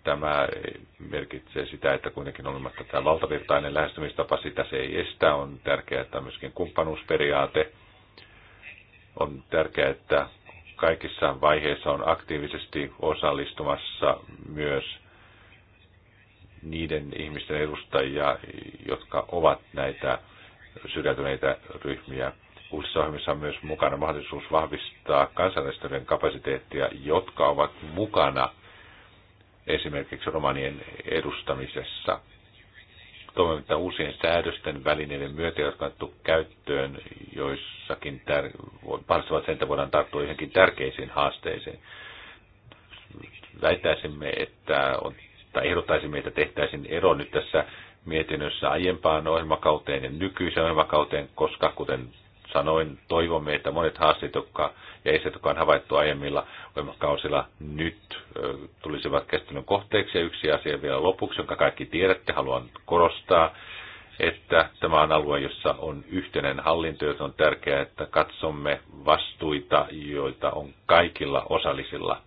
Tämä merkitsee sitä, että kuitenkin olematta tämä valtavirtainen lähestymistapa, sitä se ei estä. On tärkeää, että myöskin kumppanuusperiaate. On tärkeää, että kaikissa vaiheissa on aktiivisesti osallistumassa myös niiden ihmisten edustajia, jotka ovat näitä syrjäytyneitä ryhmiä. Uusissa ohjelmissa on myös mukana mahdollisuus vahvistaa kansanväestöiden kapasiteettia, jotka ovat mukana esimerkiksi romanien edustamisessa. Toivon, että uusien säädösten välineiden myötä, jotka on otettu käyttöön joissakin tär- sen, että voidaan tarttua johonkin tärkeisiin haasteisiin. Väittäisimme, että on, tai ehdottaisimme, että tehtäisiin ero nyt tässä mietinnössä aiempaan ohjelmakauteen ja nykyiseen ohjelmakauteen, koska kuten sanoin, toivomme, että monet haasteet jotka, ja esteet, jotka on havaittu aiemmilla ohjelmakausilla, nyt tulisivat käsittelyn kohteeksi. Ja yksi asia vielä lopuksi, jonka kaikki tiedätte, haluan korostaa, että tämä on alue, jossa on yhteinen hallinto, joten on tärkeää, että katsomme vastuita, joita on kaikilla osallisilla.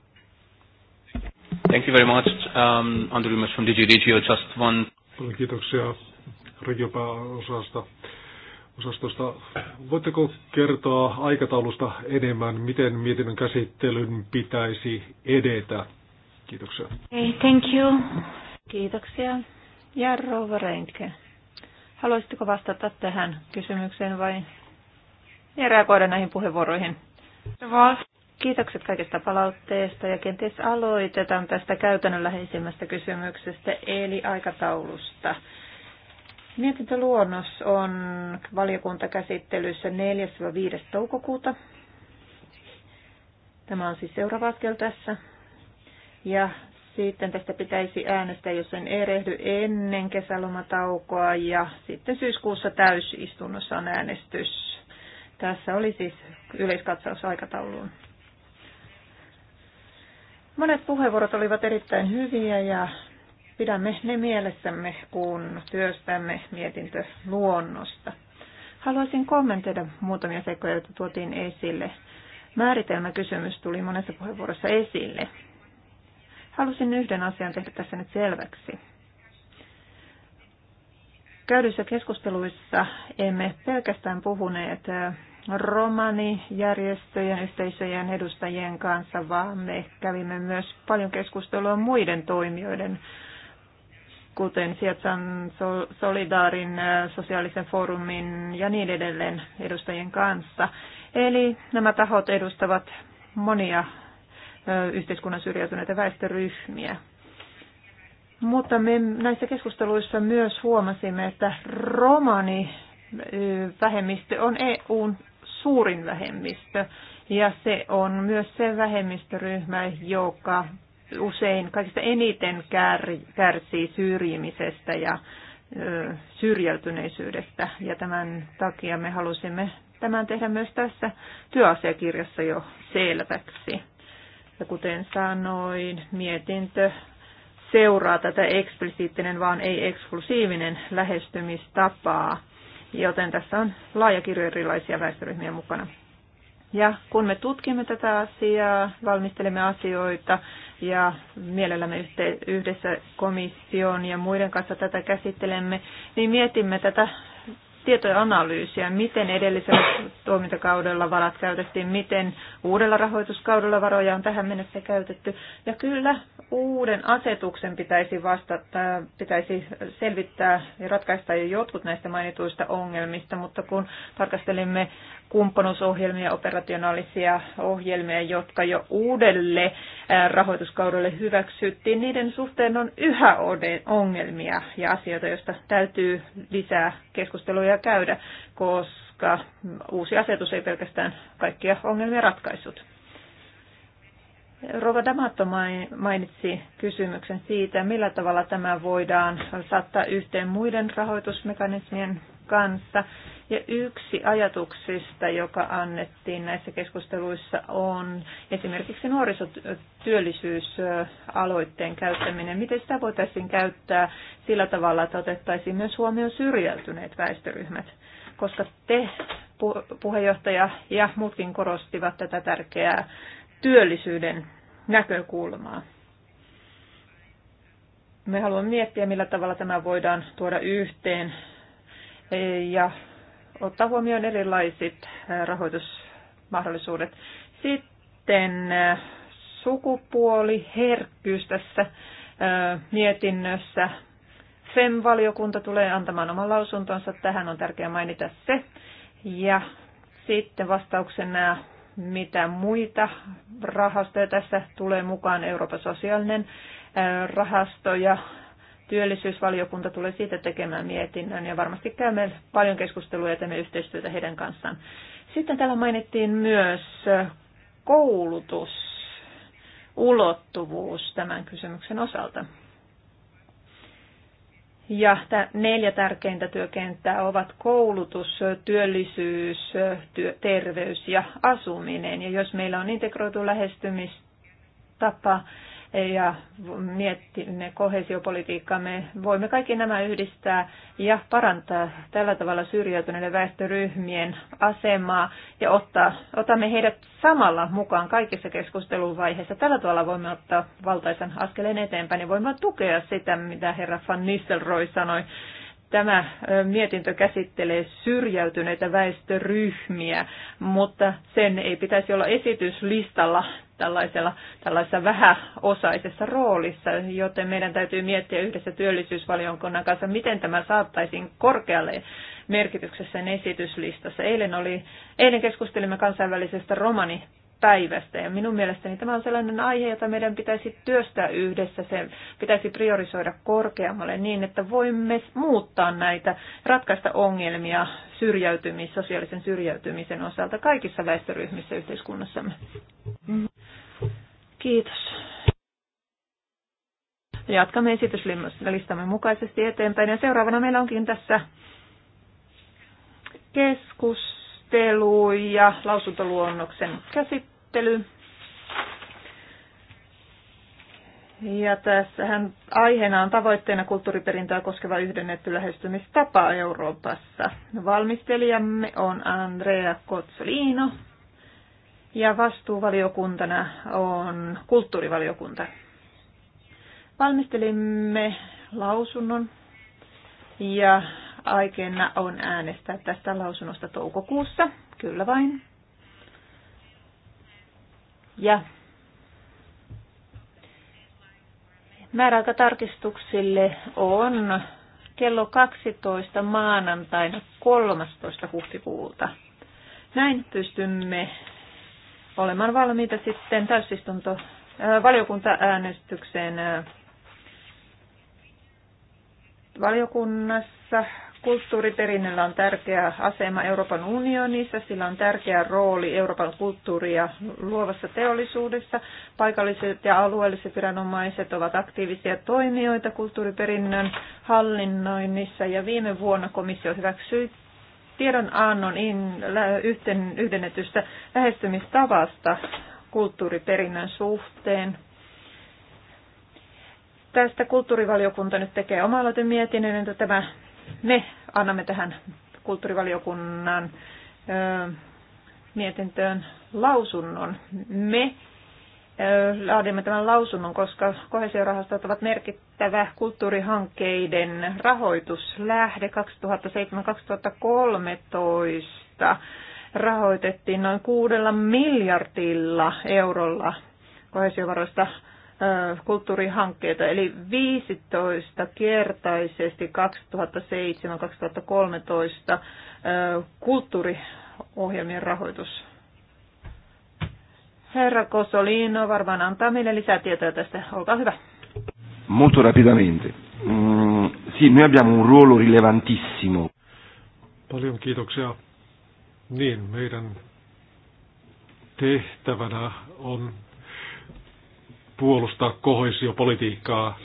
Thank you very much. Um, Andrew from DigiRegio. Just one Paljon kiitoksia regiopääosasta osastosta. Voitteko kertoa aikataulusta enemmän, miten mietinnön käsittelyn pitäisi edetä? Kiitoksia. Okay, thank you. Kiitoksia. Ja Rova Reinke. Haluaisitteko vastata tähän kysymykseen vai ja reagoida näihin puheenvuoroihin? Kiitokset kaikesta palautteesta ja kenties aloitetaan tästä käytännönläheisimmästä kysymyksestä eli aikataulusta. Mietintöluonnos on valiokuntakäsittelyssä 4-5. toukokuuta. Tämä on siis seuraava askel tässä. Ja sitten tästä pitäisi äänestää, jos en erehdy ennen kesälomataukoa ja sitten syyskuussa täysistunnossa on äänestys. Tässä oli siis yleiskatsaus aikatauluun. Monet puheenvuorot olivat erittäin hyviä ja pidämme ne mielessämme, kun työstämme mietintöluonnosta. Haluaisin kommentoida muutamia seikkoja, joita tuotiin esille. Määritelmäkysymys tuli monessa puheenvuorossa esille. Halusin yhden asian tehdä tässä nyt selväksi. Käydyissä keskusteluissa emme pelkästään puhuneet romanijärjestöjen, yhteisöjen edustajien kanssa, vaan me kävimme myös paljon keskustelua muiden toimijoiden, kuten Sietsan Solidaarin, äh, sosiaalisen foorumin ja niin edelleen edustajien kanssa. Eli nämä tahot edustavat monia yhteiskunnan syrjäytyneitä väestöryhmiä. Mutta me näissä keskusteluissa myös huomasimme, että romani vähemmistö on EUn suurin vähemmistö. Ja se on myös se vähemmistöryhmä, joka usein kaikista eniten kärsii syrjimisestä ja syrjäytyneisyydestä. Ja tämän takia me halusimme tämän tehdä myös tässä työasiakirjassa jo selväksi. Ja kuten sanoin, mietintö seuraa tätä eksplisiittinen, vaan ei eksklusiivinen lähestymistapaa joten tässä on laaja kirjo erilaisia väestöryhmiä mukana. Ja kun me tutkimme tätä asiaa, valmistelemme asioita ja mielellämme yhdessä komission ja muiden kanssa tätä käsittelemme, niin mietimme tätä tietoanalyysiä, miten edellisellä toimintakaudella varat käytettiin, miten uudella rahoituskaudella varoja on tähän mennessä käytetty. Ja kyllä uuden asetuksen pitäisi vastata, pitäisi selvittää ja ratkaista jo jotkut näistä mainituista ongelmista, mutta kun tarkastelimme kumppanuusohjelmia, operationaalisia ohjelmia, jotka jo uudelle rahoituskaudelle hyväksyttiin, niiden suhteen on yhä ongelmia ja asioita, joista täytyy lisää keskusteluja käydä, koska uusi asetus ei pelkästään kaikkia ongelmia ratkaissut. Rova Damato mainitsi kysymyksen siitä, millä tavalla tämä voidaan saattaa yhteen muiden rahoitusmekanismien kanssa. Ja yksi ajatuksista, joka annettiin näissä keskusteluissa, on esimerkiksi nuorisotyöllisyysaloitteen käyttäminen. Miten sitä voitaisiin käyttää sillä tavalla, että otettaisiin myös huomioon syrjäytyneet väestöryhmät? Koska te, puheenjohtaja ja muutkin korostivat tätä tärkeää työllisyyden näkökulmaa. Me haluamme miettiä, millä tavalla tämä voidaan tuoda yhteen ja ottaa huomioon erilaiset rahoitusmahdollisuudet. Sitten sukupuoli, herkkyys tässä mietinnössä. FEM-valiokunta tulee antamaan oman lausuntonsa. Tähän on tärkeää mainita se. Ja sitten vastauksena, mitä muita rahastoja tässä tulee mukaan, Euroopan sosiaalinen rahasto ja Työllisyysvaliokunta tulee siitä tekemään mietinnön ja varmasti käymme paljon keskustelua ja teemme yhteistyötä heidän kanssaan. Sitten täällä mainittiin myös koulutus, ulottuvuus tämän kysymyksen osalta. Ja neljä tärkeintä työkenttää ovat koulutus, työllisyys, työ, terveys ja asuminen. Ja jos meillä on integroitu lähestymistapa, ja miettimme kohesiopolitiikkaa, me voimme kaikki nämä yhdistää ja parantaa tällä tavalla syrjäytyneiden väestöryhmien asemaa ja ottaa, otamme heidät samalla mukaan kaikissa keskusteluvaiheissa. Tällä tavalla voimme ottaa valtaisen askeleen eteenpäin ja voimme tukea sitä, mitä herra Van Nistelrooy sanoi Tämä mietintö käsittelee syrjäytyneitä väestöryhmiä, mutta sen ei pitäisi olla esityslistalla tällaisella, tällaisessa vähäosaisessa roolissa, joten meidän täytyy miettiä yhdessä työllisyysvaliokunnan kanssa, miten tämä saattaisiin korkealle merkityksessä esityslistassa. Eilen, oli, eilen keskustelimme kansainvälisestä romani päivästä. Ja minun mielestäni tämä on sellainen aihe, jota meidän pitäisi työstää yhdessä. Se pitäisi priorisoida korkeammalle niin, että voimme muuttaa näitä, ratkaista ongelmia syrjäytymis, sosiaalisen syrjäytymisen osalta kaikissa väestöryhmissä yhteiskunnassamme. Kiitos. Jatkamme esityslistamme mukaisesti eteenpäin. Ja seuraavana meillä onkin tässä keskus valmistelu ja lausuntoluonnoksen käsittely. Ja tässähän aiheena on tavoitteena kulttuuriperintöä koskeva yhdennetty lähestymistapa Euroopassa. Valmistelijamme on Andrea Kozzolino ja vastuuvaliokuntana on kulttuurivaliokunta. Valmistelimme lausunnon ja aikeena on äänestää tästä lausunnosta toukokuussa, kyllä vain. Ja määräaikatarkistuksille on kello 12 maanantaina 13. huhtikuuta. Näin pystymme olemaan valmiita sitten täysistunto äh, valiokuntaäänestykseen äh, valiokunnassa Kulttuuriperinnöllä on tärkeä asema Euroopan unionissa, sillä on tärkeä rooli Euroopan kulttuuria luovassa teollisuudessa. Paikalliset ja alueelliset viranomaiset ovat aktiivisia toimijoita kulttuuriperinnön hallinnoinnissa ja viime vuonna komissio hyväksyi tiedon annon yhten, yhdennetystä lähestymistavasta kulttuuriperinnön suhteen tästä kulttuurivaliokunta nyt tekee oma mietinnön, että tämä me annamme tähän kulttuurivaliokunnan ö, mietintöön lausunnon. Me laadimme tämän lausunnon, koska kohesiorahastot ovat merkittävä kulttuurihankkeiden rahoituslähde 2007-2013. Rahoitettiin noin kuudella miljardilla eurolla kohesiovaroista kulttuurihankkeita, eli 15-kertaisesti 2007-2013 kulttuuriohjelmien rahoitus. Herra Kosolino varmaan antaa meille lisää tietoa tästä. Olkaa hyvä. Molto rapidamente. Mm, sì, noi abbiamo un ruolo rilevantissimo. Paljon kiitoksia. Niin, meidän tehtävänä on puolustaa kohesiopolitiikkaa,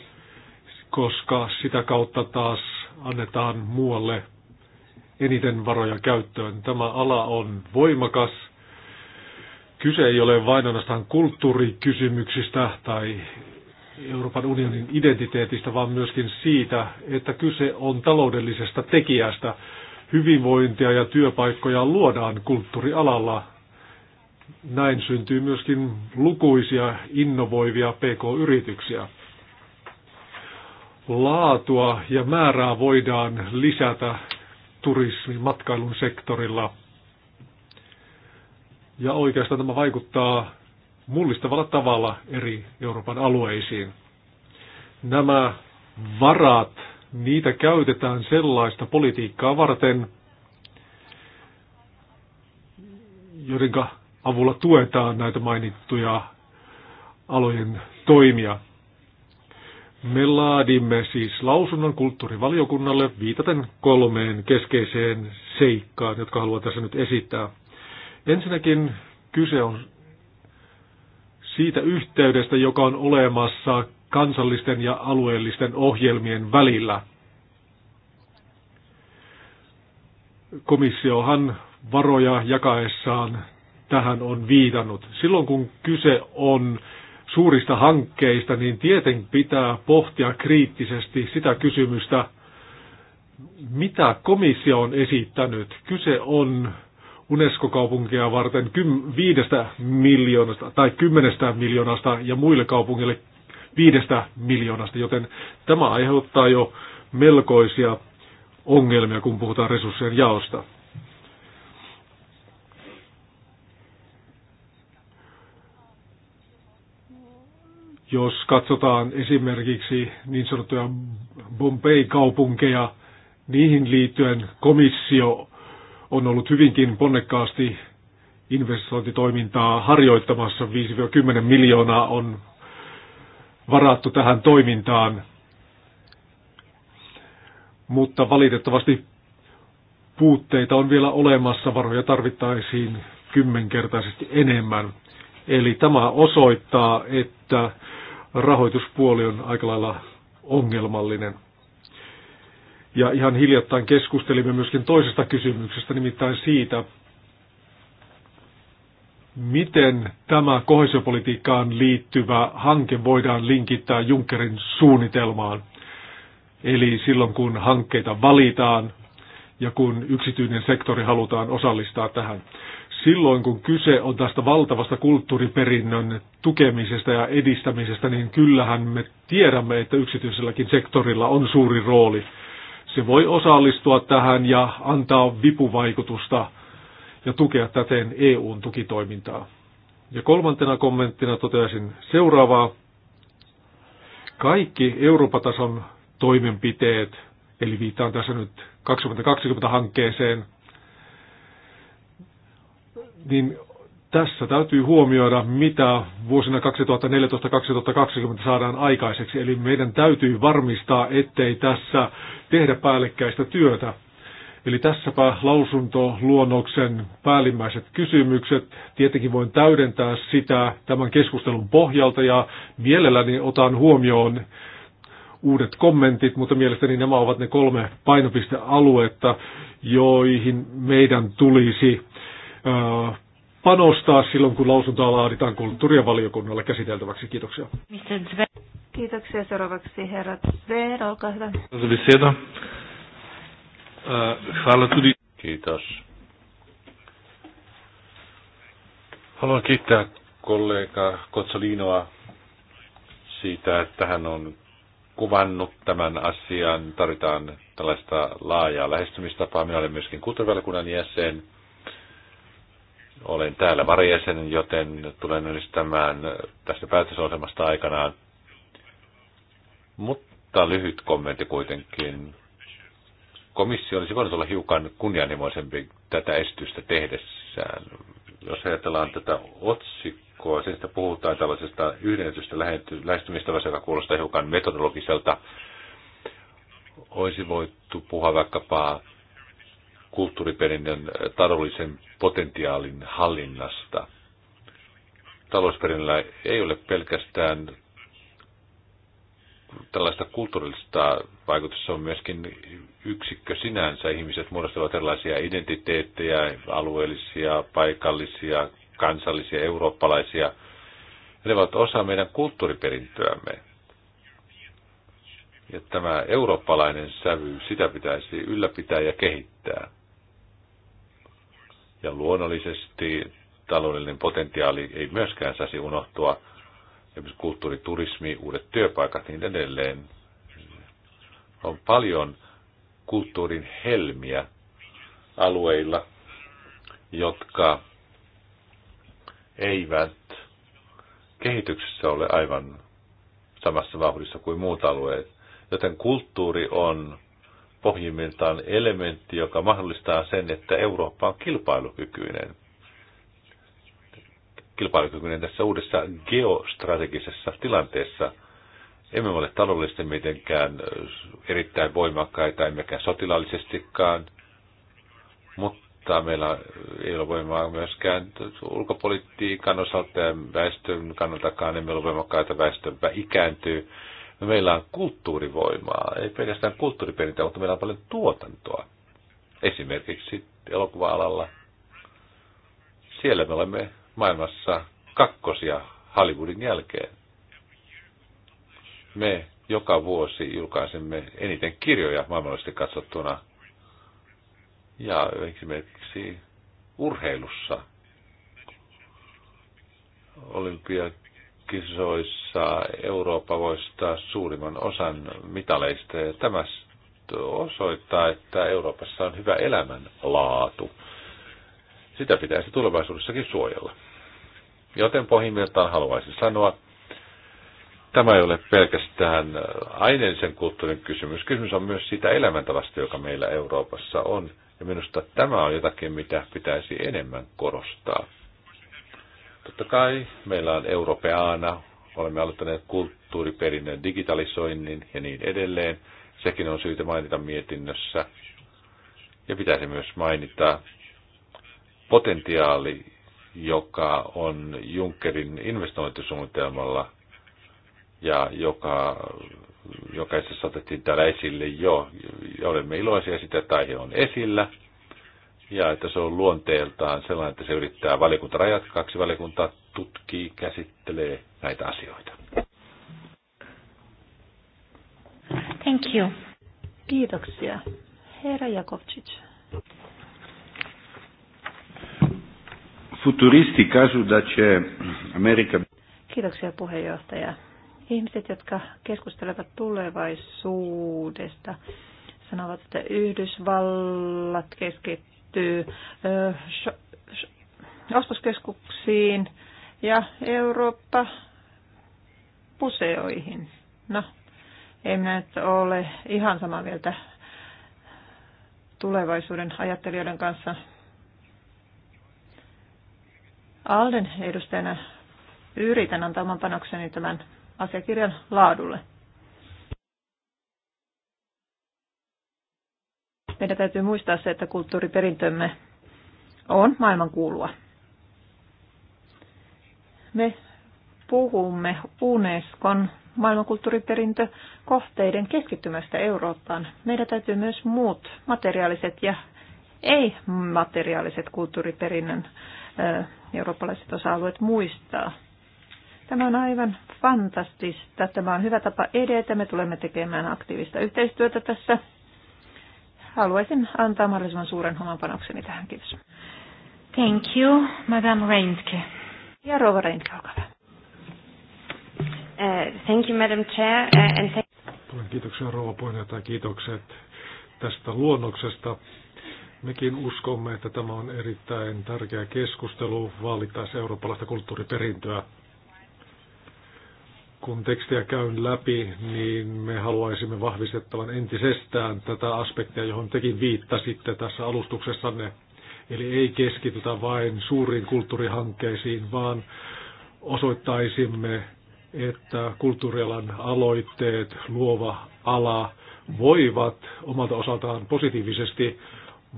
koska sitä kautta taas annetaan muualle eniten varoja käyttöön. Tämä ala on voimakas. Kyse ei ole vain ainoastaan kulttuurikysymyksistä tai Euroopan unionin identiteetistä, vaan myöskin siitä, että kyse on taloudellisesta tekijästä. Hyvinvointia ja työpaikkoja luodaan kulttuurialalla näin syntyy myöskin lukuisia innovoivia pk-yrityksiä. Laatua ja määrää voidaan lisätä turismin matkailun sektorilla. Ja oikeastaan tämä vaikuttaa mullistavalla tavalla eri Euroopan alueisiin. Nämä varat, niitä käytetään sellaista politiikkaa varten, joidenka avulla tuetaan näitä mainittuja alojen toimia. Me laadimme siis lausunnon kulttuurivaliokunnalle viitaten kolmeen keskeiseen seikkaan, jotka haluan tässä nyt esittää. Ensinnäkin kyse on siitä yhteydestä, joka on olemassa kansallisten ja alueellisten ohjelmien välillä. Komissiohan varoja jakaessaan tähän on viitannut. Silloin kun kyse on suurista hankkeista, niin tieten pitää pohtia kriittisesti sitä kysymystä, mitä komissio on esittänyt. Kyse on UNESCO-kaupunkia varten 5 miljoonasta tai 10 miljoonasta ja muille kaupungeille 5 miljoonasta, joten tämä aiheuttaa jo melkoisia ongelmia, kun puhutaan resurssien jaosta. Jos katsotaan esimerkiksi niin sanottuja Bombay-kaupunkeja, niihin liittyen komissio on ollut hyvinkin ponnekkaasti investointitoimintaa harjoittamassa. 5-10 miljoonaa on varattu tähän toimintaan, mutta valitettavasti puutteita on vielä olemassa. Varoja tarvittaisiin kymmenkertaisesti enemmän. Eli tämä osoittaa, että rahoituspuoli on aika lailla ongelmallinen. Ja ihan hiljattain keskustelimme myöskin toisesta kysymyksestä, nimittäin siitä, miten tämä kohesiopolitiikkaan liittyvä hanke voidaan linkittää Junckerin suunnitelmaan. Eli silloin kun hankkeita valitaan ja kun yksityinen sektori halutaan osallistaa tähän silloin kun kyse on tästä valtavasta kulttuuriperinnön tukemisesta ja edistämisestä, niin kyllähän me tiedämme, että yksityiselläkin sektorilla on suuri rooli. Se voi osallistua tähän ja antaa vipuvaikutusta ja tukea täten EUn tukitoimintaa. Ja kolmantena kommenttina toteaisin seuraavaa. Kaikki Euroopatason toimenpiteet, eli viittaan tässä nyt 2020-hankkeeseen, niin tässä täytyy huomioida, mitä vuosina 2014-2020 saadaan aikaiseksi. Eli meidän täytyy varmistaa, ettei tässä tehdä päällekkäistä työtä. Eli tässäpä lausuntoluonnoksen päällimmäiset kysymykset. Tietenkin voin täydentää sitä tämän keskustelun pohjalta ja mielelläni otan huomioon uudet kommentit, mutta mielestäni nämä ovat ne kolme painopistealuetta, joihin meidän tulisi panostaa silloin, kun lausuntoa laaditaan kulttuurien valiokunnalle käsiteltäväksi. Kiitoksia. Kiitoksia. Seuraavaksi herra Sveen, olkaa hyvä. Kiitos. Haluan kiittää kollega Kotsalinoa siitä, että hän on kuvannut tämän asian. Tarvitaan tällaista laajaa lähestymistapaa. Minä olen myöskin kulttuurivaliokunnan jäsen. Olen täällä varjäsen, joten tulen ylistämään tästä päätösohjelmasta aikanaan. Mutta lyhyt kommentti kuitenkin. Komissio olisi voinut olla hiukan kunnianhimoisempi tätä esitystä tehdessään. Jos ajatellaan tätä otsikkoa, siitä puhutaan tällaisesta yhdennetystä lähestymistavasta, joka kuulostaa hiukan metodologiselta. Olisi voitu puhua vaikkapa kulttuuriperinnön eh, taloudellisen potentiaalin hallinnasta. Talousperinnöllä ei ole pelkästään tällaista kulttuurillista vaikutusta, on myöskin yksikkö sinänsä. Ihmiset muodostavat erilaisia identiteettejä, alueellisia, paikallisia, kansallisia, eurooppalaisia. Ne ovat osa meidän kulttuuriperintöämme. Ja tämä eurooppalainen sävy, sitä pitäisi ylläpitää ja kehittää. Ja luonnollisesti taloudellinen potentiaali ei myöskään saisi unohtua. Esimerkiksi kulttuuriturismi, uudet työpaikat, niin edelleen. On paljon kulttuurin helmiä alueilla, jotka eivät kehityksessä ole aivan samassa vauhdissa kuin muut alueet. Joten kulttuuri on pohjimmiltaan elementti, joka mahdollistaa sen, että Eurooppa on kilpailukykyinen. Kilpailukykyinen tässä uudessa geostrategisessa tilanteessa. Emme ole taloudellisesti mitenkään erittäin voimakkaita, emmekä sotilaallisestikaan, mutta meillä ei ole voimaa myöskään ulkopolitiikan osalta ja väestön kannaltakaan, emme ole voimakkaita, väestön ikääntyy Meillä on kulttuurivoimaa, ei pelkästään kulttuuriperintöä, mutta meillä on paljon tuotantoa. Esimerkiksi elokuva-alalla. Siellä me olemme maailmassa kakkosia Hollywoodin jälkeen. Me joka vuosi julkaisemme eniten kirjoja maailmallisesti katsottuna. Ja esimerkiksi urheilussa olympiat kisoissa Eurooppa voistaa suurimman osan mitaleista. Ja tämä osoittaa, että Euroopassa on hyvä elämänlaatu. Sitä pitäisi tulevaisuudessakin suojella. Joten pohjimmiltaan haluaisin sanoa, tämä ei ole pelkästään aineellisen kulttuurin kysymys. Kysymys on myös siitä elämäntavasta, joka meillä Euroopassa on. Ja minusta tämä on jotakin, mitä pitäisi enemmän korostaa. Totta kai meillä on europeana, olemme aloittaneet kulttuuriperinnön digitalisoinnin ja niin edelleen. Sekin on syytä mainita mietinnössä. Ja pitäisi myös mainita potentiaali, joka on Junckerin investointisuunnitelmalla ja joka, joka itse asiassa otettiin täällä esille jo. Olemme iloisia sitä, että aihe on esillä ja että se on luonteeltaan sellainen, että se valiokunta valiokuntarajat. Kaksi valiokuntaa tutkii, käsittelee näitä asioita. Thank you. Kiitoksia. Herra Jakovcic. Futuristi kasu, Amerika... Kiitoksia puheenjohtaja. Ihmiset, jotka keskustelevat tulevaisuudesta, sanovat, että Yhdysvallat keskittyy liittyy ostoskeskuksiin ja Eurooppa museoihin. No, ei minä nyt ole ihan samaa mieltä tulevaisuuden ajattelijoiden kanssa. Alden edustajana yritän antaa oman panokseni tämän asiakirjan laadulle. Meidän täytyy muistaa se, että kulttuuriperintömme on maailmankuulua. Me puhumme Unescon maailmankulttuuriperintökohteiden keskittymästä Eurooppaan. Meidän täytyy myös muut materiaaliset ja ei-materiaaliset kulttuuriperinnön eurooppalaiset osa-alueet muistaa. Tämä on aivan fantastista. Tämä on hyvä tapa edetä. Me tulemme tekemään aktiivista yhteistyötä tässä haluaisin antaa mahdollisimman suuren oman panokseni tähän. Kiitos. Thank you, Madame Reintke. Ja Rova Reintke, olkaa hyvä. Uh, thank you, Madam Chair. Uh, and thank Tulen kiitoksia rouva puheenjohtaja, kiitokset tästä luonnoksesta. Mekin uskomme, että tämä on erittäin tärkeä keskustelu vaalittaessa eurooppalaista kulttuuriperintöä kun tekstiä käyn läpi, niin me haluaisimme vahvistettavan entisestään tätä aspektia, johon tekin viittasitte tässä alustuksessanne. Eli ei keskitytä vain suuriin kulttuurihankkeisiin, vaan osoittaisimme, että kulttuurialan aloitteet, luova ala voivat omalta osaltaan positiivisesti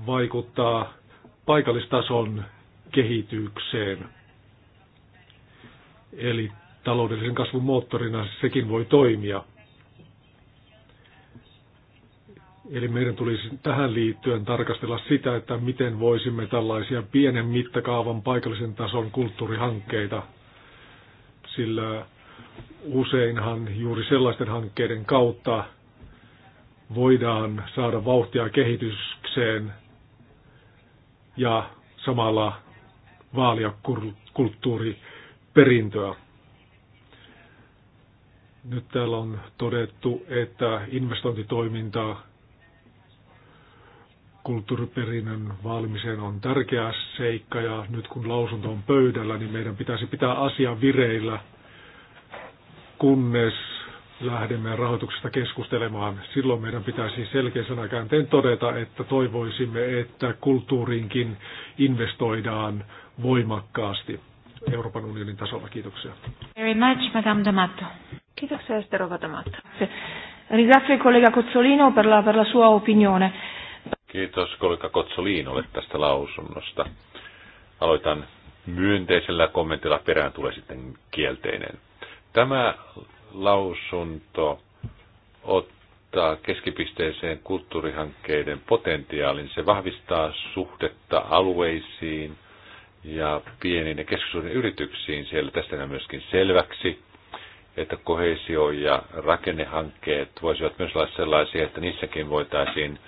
vaikuttaa paikallistason kehitykseen. Eli taloudellisen kasvun moottorina sekin voi toimia. Eli meidän tulisi tähän liittyen tarkastella sitä, että miten voisimme tällaisia pienen mittakaavan paikallisen tason kulttuurihankkeita, sillä useinhan juuri sellaisten hankkeiden kautta voidaan saada vauhtia kehitykseen ja samalla vaalia kulttuuriperintöä. Nyt täällä on todettu, että investointitoiminta kulttuuriperinnön vaalimiseen on tärkeä seikka ja nyt kun lausunto on pöydällä, niin meidän pitäisi pitää asia vireillä, kunnes lähdemme rahoituksesta keskustelemaan. Silloin meidän pitäisi selkeän sanakäänteen todeta, että toivoisimme, että kulttuuriinkin investoidaan voimakkaasti. Euroopan unionin tasolla. Kiitoksia. Very much, Madame D'Amato. Kiitoksia, Esterova D'Amato. Ringrazio il collega Cozzolino per la, per la sua opinione. Kiitos kollega Kotsoliinolle tästä lausunnosta. Aloitan myönteisellä kommentilla, perään tulee sitten kielteinen. Tämä lausunto ottaa keskipisteeseen kulttuurihankkeiden potentiaalin. Se vahvistaa suhdetta alueisiin, ja pieniin ja keskisuuriin yrityksiin. Siellä tästä on myöskin selväksi, että kohesio- ja rakennehankkeet voisivat myös olla sellaisia, että niissäkin voitaisiin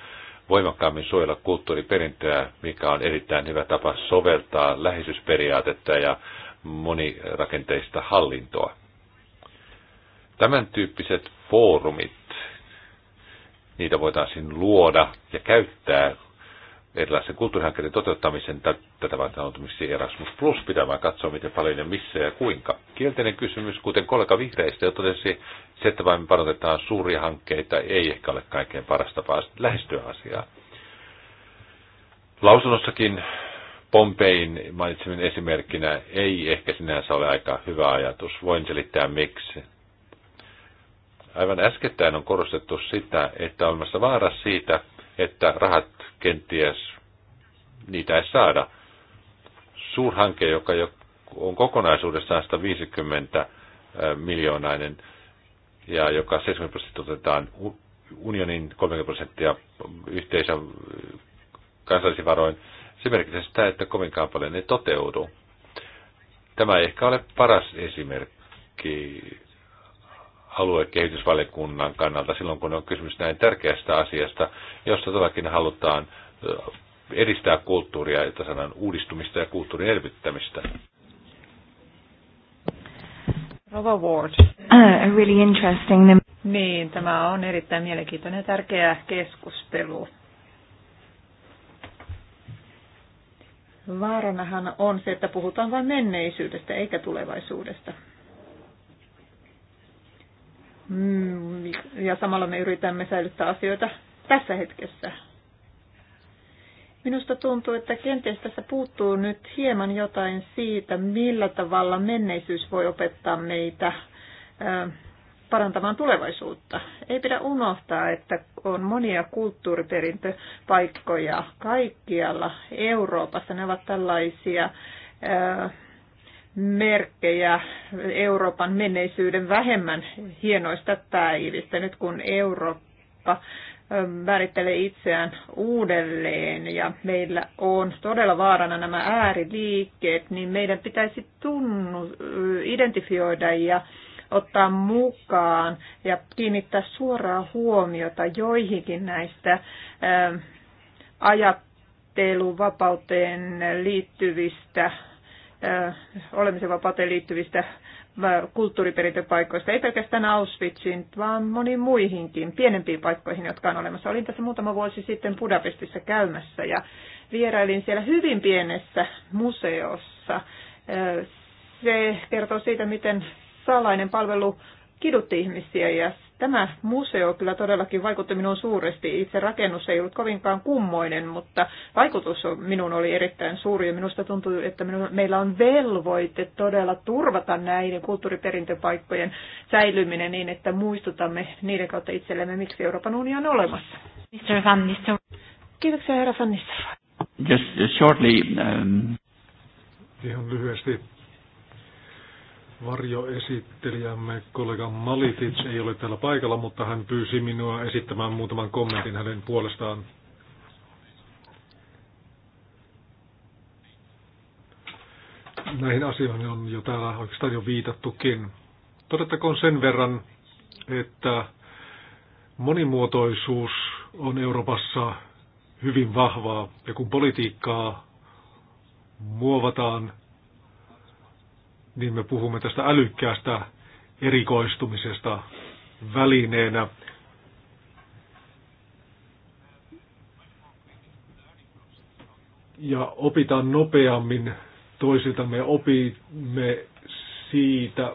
voimakkaammin suojella kulttuuriperintöä, mikä on erittäin hyvä tapa soveltaa läheisyysperiaatetta ja monirakenteista hallintoa. Tämän tyyppiset foorumit, niitä voitaisiin luoda ja käyttää erilaisten kulttuurihankkeiden toteuttamisen. Tätä varten on Erasmus Plus pitämään katsoa, miten paljon ja missä ja kuinka. Kielteinen kysymys, kuten kollega vihreistä jo totesi, se, että vain parotetaan suuria hankkeita, ei ehkä ole kaikkein paras tapa lähestyä asiaa. Lausunnossakin Pompein mainitsemin esimerkkinä ei ehkä sinänsä ole aika hyvä ajatus. Voin selittää miksi. Aivan äskettäin on korostettu sitä, että on olemassa vaara siitä, että rahat kenties niitä ei saada. Suurhanke, joka on kokonaisuudessaan 150 miljoonainen ja joka 70 prosenttia otetaan unionin 30 prosenttia yhteisön kansallisin varoin, se merkitsee sitä, että kovinkaan paljon ei toteudu. Tämä ei ehkä ole paras esimerkki aluekehitysvaliokunnan kannalta silloin, kun on kysymys näin tärkeästä asiasta, josta todellakin halutaan edistää kulttuuria, että sanan uudistumista ja kulttuurin elvyttämistä. Rova Ward. Uh, really interesting. Niin, tämä on erittäin mielenkiintoinen ja tärkeä keskustelu. Vaaranahan on se, että puhutaan vain menneisyydestä eikä tulevaisuudesta. Mm, ja samalla me yritämme säilyttää asioita tässä hetkessä. Minusta tuntuu, että kenties tässä puuttuu nyt hieman jotain siitä, millä tavalla menneisyys voi opettaa meitä parantamaan tulevaisuutta. Ei pidä unohtaa, että on monia kulttuuriperintöpaikkoja kaikkialla Euroopassa. Ne ovat tällaisia merkkejä Euroopan menneisyyden vähemmän hienoista päivistä. Nyt kun Eurooppa määrittelee itseään uudelleen ja meillä on todella vaarana nämä ääriliikkeet, niin meidän pitäisi tunnu, identifioida ja ottaa mukaan ja kiinnittää suoraa huomiota joihinkin näistä ajatteluvapauteen liittyvistä olemisen vapauteen liittyvistä kulttuuriperintöpaikoista, ei pelkästään Auschwitzin, vaan moniin muihinkin, pienempiin paikkoihin, jotka on olemassa. Olin tässä muutama vuosi sitten Budapestissa käymässä ja vierailin siellä hyvin pienessä museossa. Se kertoo siitä, miten salainen palvelu kidutti ihmisiä ja Tämä museo kyllä todellakin vaikutti minuun suuresti. Itse rakennus ei ollut kovinkaan kummoinen, mutta vaikutus minun oli erittäin suuri ja minusta tuntuu, että minun, meillä on velvoite todella turvata näiden kulttuuriperintöpaikkojen säilyminen niin, että muistutamme niiden kautta itsellemme, miksi Euroopan unioni on olemassa. Mr. Van Kiitoksia, herra Van Nistelrooy. Just shortly. Um... Ihan lyhyesti Varjoesittelijämme kollega Malitic ei ole täällä paikalla, mutta hän pyysi minua esittämään muutaman kommentin hänen puolestaan. Näihin asioihin on jo täällä oikeastaan jo viitattukin. Todettakoon sen verran, että monimuotoisuus on Euroopassa hyvin vahvaa ja kun politiikkaa muovataan niin me puhumme tästä älykkäästä erikoistumisesta välineenä. Ja opitaan nopeammin Me opimme siitä,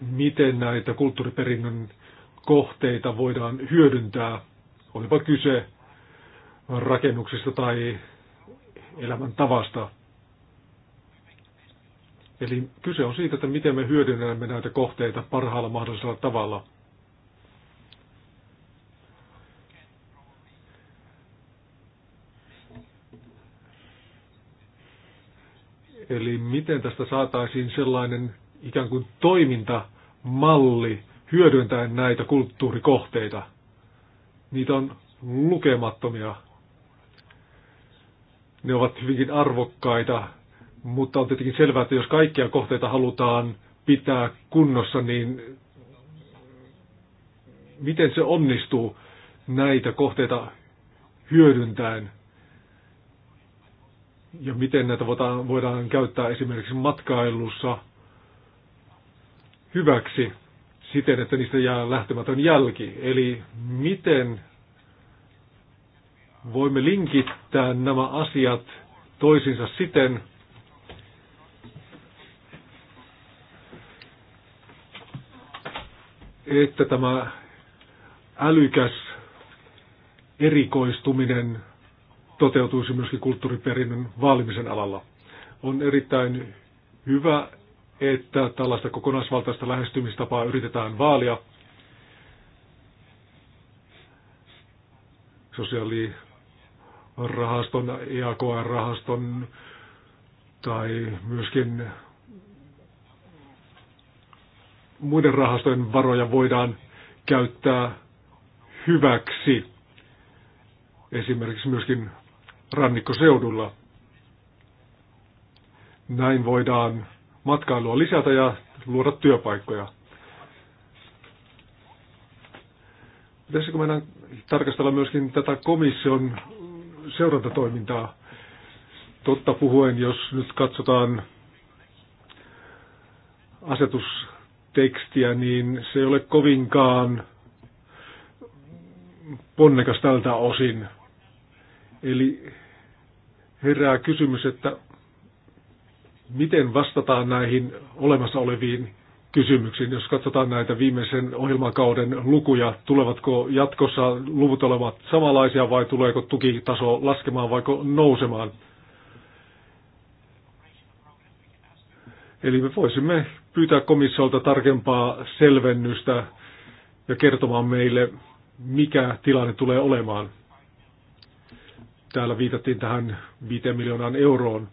miten näitä kulttuuriperinnön kohteita voidaan hyödyntää, olipa kyse rakennuksista tai elämäntavasta. Eli kyse on siitä, että miten me hyödynnämme näitä kohteita parhaalla mahdollisella tavalla. Eli miten tästä saataisiin sellainen ikään kuin toimintamalli hyödyntäen näitä kulttuurikohteita. Niitä on lukemattomia. Ne ovat hyvinkin arvokkaita mutta on tietenkin selvää, että jos kaikkia kohteita halutaan pitää kunnossa, niin miten se onnistuu näitä kohteita hyödyntäen? Ja miten näitä voidaan, voidaan käyttää esimerkiksi matkailussa hyväksi siten, että niistä jää lähtemätön jälki. Eli miten voimme linkittää nämä asiat toisinsa siten, että tämä älykäs erikoistuminen toteutuisi myöskin kulttuuriperinnön vaalimisen alalla. On erittäin hyvä, että tällaista kokonaisvaltaista lähestymistapaa yritetään vaalia. Sosiaalirahaston, EAKR-rahaston tai myöskin muiden rahastojen varoja voidaan käyttää hyväksi, esimerkiksi myöskin rannikkoseudulla. Näin voidaan matkailua lisätä ja luoda työpaikkoja. kun mennään tarkastella myöskin tätä komission seurantatoimintaa? Totta puhuen, jos nyt katsotaan asetus tekstiä, niin se ei ole kovinkaan ponnekas tältä osin. Eli herää kysymys, että miten vastataan näihin olemassa oleviin kysymyksiin, jos katsotaan näitä viimeisen ohjelmakauden lukuja, tulevatko jatkossa luvut olevat samanlaisia vai tuleeko tukitaso laskemaan vai nousemaan? Eli me voisimme pyytää komissiolta tarkempaa selvennystä ja kertomaan meille, mikä tilanne tulee olemaan. Täällä viitattiin tähän 5 miljoonaan euroon.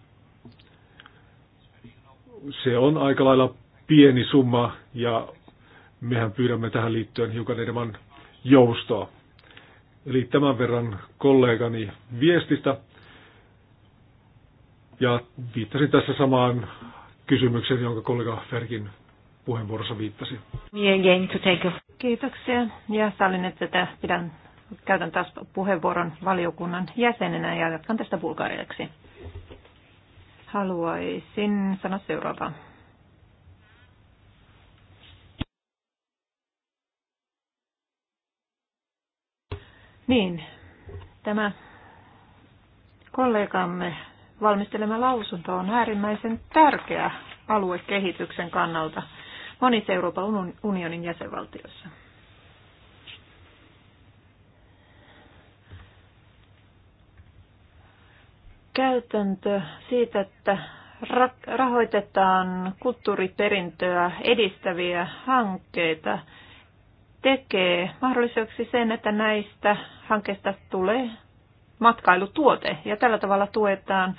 Se on aika lailla pieni summa ja mehän pyydämme tähän liittyen hiukan enemmän joustoa. Eli tämän verran kollegani viestistä. Ja viittasin tässä samaan kysymyksen, jonka kollega Ferkin puheenvuorossa viittasi. Kiitoksia ja sallin, että pidän, käytän taas puheenvuoron valiokunnan jäsenenä ja jatkan tästä bulgariaksi. Haluaisin sanoa seuraavaa. Niin, tämä kollegamme valmistelema lausunto on äärimmäisen tärkeä aluekehityksen kannalta monissa Euroopan unionin jäsenvaltioissa. Käytäntö siitä, että rahoitetaan kulttuuriperintöä edistäviä hankkeita, tekee mahdolliseksi sen, että näistä hankkeista tulee matkailutuote ja tällä tavalla tuetaan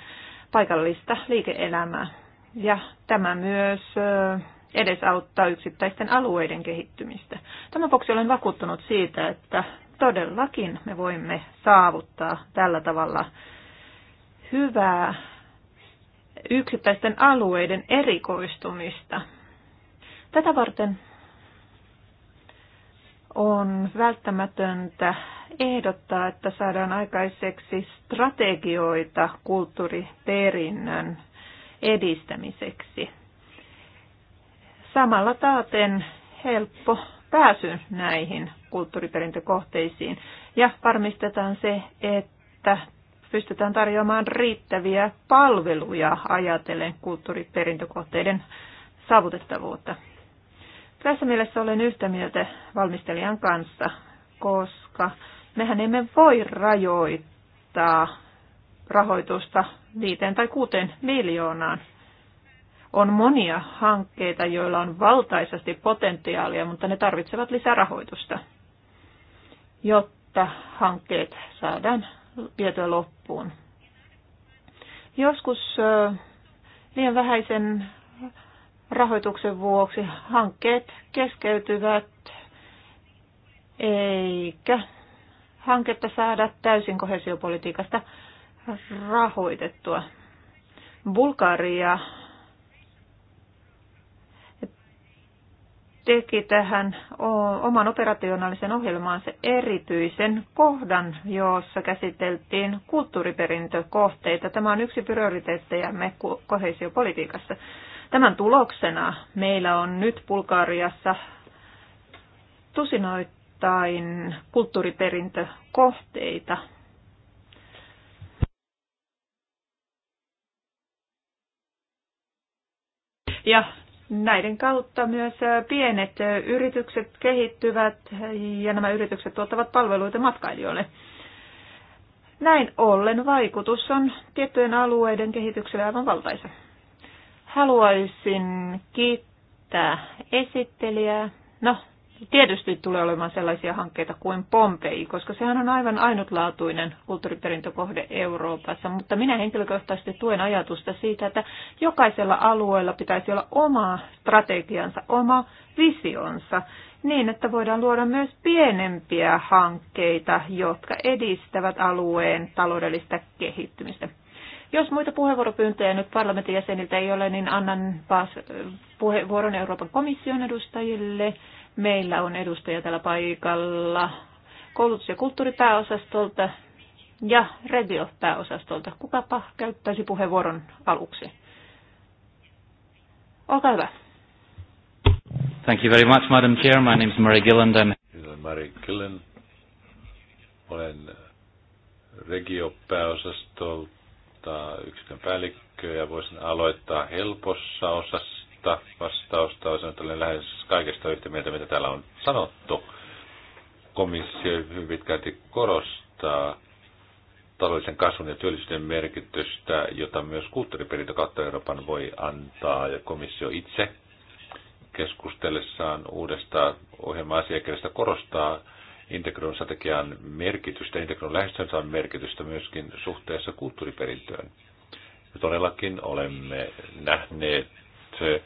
paikallista liike-elämää. Ja tämä myös edesauttaa yksittäisten alueiden kehittymistä. Tämän vuoksi olen vakuuttunut siitä, että todellakin me voimme saavuttaa tällä tavalla hyvää yksittäisten alueiden erikoistumista. Tätä varten on välttämätöntä ehdottaa, että saadaan aikaiseksi strategioita kulttuuriperinnön edistämiseksi. Samalla taaten helppo pääsy näihin kulttuuriperintökohteisiin ja varmistetaan se, että pystytään tarjoamaan riittäviä palveluja ajatellen kulttuuriperintökohteiden saavutettavuutta. Tässä mielessä olen yhtä mieltä valmistelijan kanssa, koska mehän emme voi rajoittaa rahoitusta viiteen tai kuuteen miljoonaan. On monia hankkeita, joilla on valtaisesti potentiaalia, mutta ne tarvitsevat lisärahoitusta, jotta hankkeet saadaan vietyä loppuun. Joskus liian vähäisen rahoituksen vuoksi hankkeet keskeytyvät eikä hanketta saada täysin kohesiopolitiikasta rahoitettua. Bulgaria teki tähän oman operationaalisen ohjelmaansa erityisen kohdan, jossa käsiteltiin kulttuuriperintökohteita. Tämä on yksi prioriteettejamme kohesiopolitiikassa. Tämän tuloksena meillä on nyt Bulgariassa tusinoittain kulttuuriperintökohteita. Ja näiden kautta myös pienet yritykset kehittyvät ja nämä yritykset tuottavat palveluita matkailijoille. Näin ollen vaikutus on tiettyjen alueiden kehitykselle aivan valtaisa. Haluaisin kiittää esittelijää. No, tietysti tulee olemaan sellaisia hankkeita kuin Pompei, koska sehän on aivan ainutlaatuinen kulttuuriperintökohde Euroopassa, mutta minä henkilökohtaisesti tuen ajatusta siitä, että jokaisella alueella pitäisi olla oma strategiansa, oma visionsa, niin että voidaan luoda myös pienempiä hankkeita, jotka edistävät alueen taloudellista kehittymistä. Jos muita puheenvuoropyyntöjä nyt parlamentin jäseniltä ei ole, niin annan taas puheenvuoron Euroopan komission edustajille. Meillä on edustaja täällä paikalla koulutus- ja kulttuuripääosastolta ja regiopääosastolta. Kukapa käyttäisi puheenvuoron aluksi? Olkaa hyvä. Thank you very much, Madam Chair. My name is Murray Gilland. I'm Murray Gilland. Olen regiopääosastolta tota, yksikön päällikkö ja voisin aloittaa helpossa osasta vastausta. Olisin olen lähes kaikesta yhtä mieltä, mitä täällä on sanottu. Komissio hyvin pitkälti korostaa taloudellisen kasvun ja työllisyyden merkitystä, jota myös kulttuuriperintö kautta Euroopan voi antaa. Ja komissio itse keskustellessaan uudesta ohjelma-asiakirjasta korostaa integroon strategian merkitystä, integroon lähestymistavan merkitystä myöskin suhteessa kulttuuriperintöön. Ja todellakin olemme nähneet eh,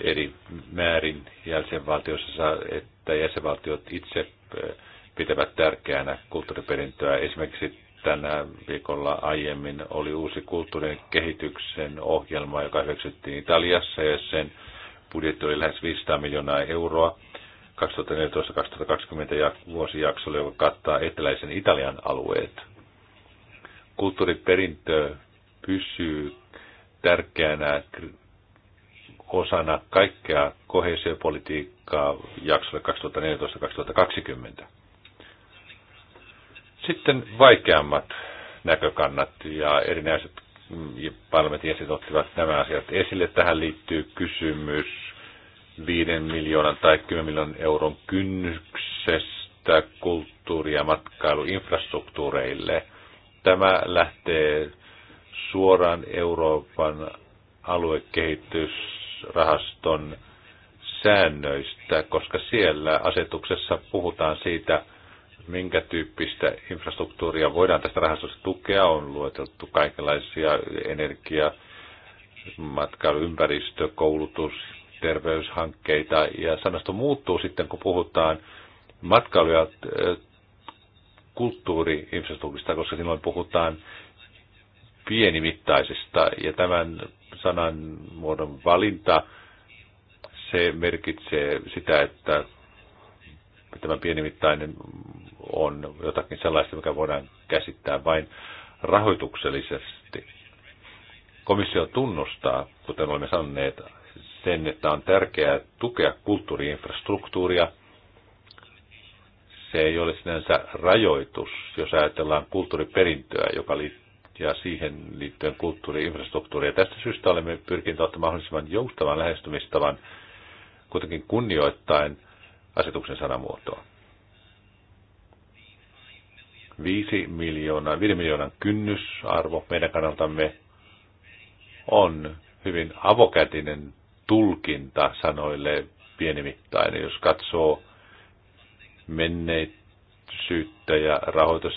eri määrin jäsenvaltioissa, että jäsenvaltiot itse eh, pitävät tärkeänä kulttuuriperintöä. Esimerkiksi tänä viikolla aiemmin oli uusi kulttuurin kehityksen ohjelma, joka hyväksyttiin Italiassa ja sen budjetti oli lähes 500 miljoonaa euroa. 2014-2020 ja vuosijaksolle, joka kattaa eteläisen Italian alueet. Kulttuuriperintö pysyy tärkeänä osana kaikkea kohesiopolitiikkaa jaksolle 2014-2020. Sitten vaikeammat näkökannat ja erinäiset mm, parlamentin jäsenet ottivat nämä asiat esille. Tähän liittyy kysymys 5 miljoonan tai 10 miljoonan euron kynnyksestä kulttuuri- ja matkailuinfrastruktuureille. Tämä lähtee suoraan Euroopan aluekehitysrahaston säännöistä, koska siellä asetuksessa puhutaan siitä, minkä tyyppistä infrastruktuuria voidaan tästä rahastosta tukea. On lueteltu kaikenlaisia energia, matkailu, ympäristö, koulutus, terveyshankkeita ja sanasto muuttuu sitten, kun puhutaan matkailu- ja eh, kulttuuriinfrastruktuurista, koska silloin puhutaan pienimittaisista ja tämän sanan muodon valinta, se merkitsee sitä, että tämä pienimittainen on jotakin sellaista, mikä voidaan käsittää vain rahoituksellisesti. Komissio tunnustaa, kuten olemme sanoneet, sen, että on tärkeää tukea kulttuuriinfrastruktuuria. Se ei ole sinänsä rajoitus, jos ajatellaan kulttuuriperintöä, joka liittyy ja siihen liittyen kulttuuriinfrastruktuuria. Tästä syystä olemme pyrkineet ottamaan mahdollisimman joustavan lähestymistavan, kuitenkin kunnioittain asetuksen sanamuotoa. 5 miljoonaa, 5 miljoonan kynnysarvo meidän kannaltamme on hyvin avokätinen tulkinta sanoille pienimittainen. Jos katsoo menneisyyttä ja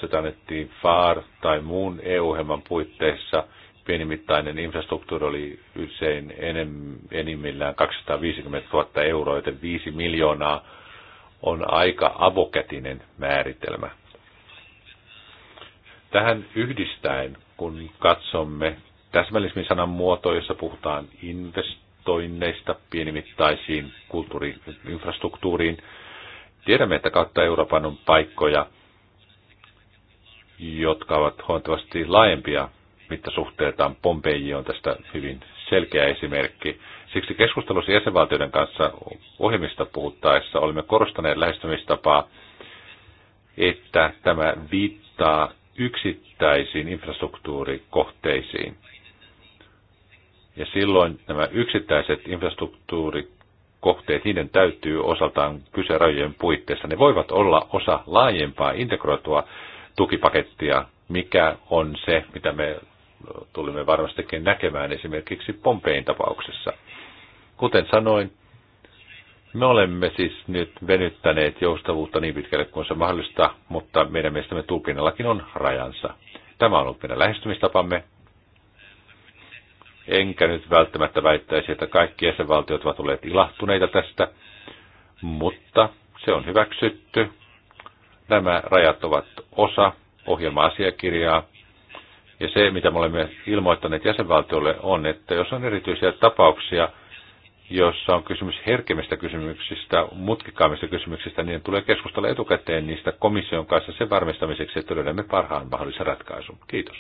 jota annettiin FAR tai muun eu hemman puitteissa, pienimittainen infrastruktuuri oli usein enem, enimmillään 250 000 euroa, joten 5 miljoonaa on aika avokätinen määritelmä. Tähän yhdistäen, kun katsomme täsmällismin sanan muotoa, jossa puhutaan invest investoinneista pienimittaisiin kulttuuriinfrastruktuuriin. Tiedämme, että kautta Euroopan on paikkoja, jotka ovat huomattavasti laajempia mittasuhteeltaan. Pompeji on tästä hyvin selkeä esimerkki. Siksi keskustelussa jäsenvaltioiden kanssa ohjelmista puhuttaessa olemme korostaneet lähestymistapaa, että tämä viittaa yksittäisiin infrastruktuurikohteisiin. Ja silloin nämä yksittäiset infrastruktuurikohteet, niiden täytyy osaltaan kyse rajojen puitteissa. Ne voivat olla osa laajempaa integroitua tukipakettia, mikä on se, mitä me tulimme varmastikin näkemään esimerkiksi Pompein tapauksessa. Kuten sanoin, me olemme siis nyt venyttäneet joustavuutta niin pitkälle kuin se mahdollista, mutta meidän mielestämme tulkinnallakin on rajansa. Tämä on ollut meidän lähestymistapamme enkä nyt välttämättä väittäisi, että kaikki jäsenvaltiot ovat olleet ilahtuneita tästä, mutta se on hyväksytty. Nämä rajat ovat osa ohjelma-asiakirjaa, ja se, mitä me olemme ilmoittaneet jäsenvaltiolle, on, että jos on erityisiä tapauksia, jossa on kysymys herkemmistä kysymyksistä, mutkikkaammista kysymyksistä, niin tulee keskustella etukäteen niistä komission kanssa sen varmistamiseksi, että löydämme parhaan mahdollisen ratkaisun. Kiitos.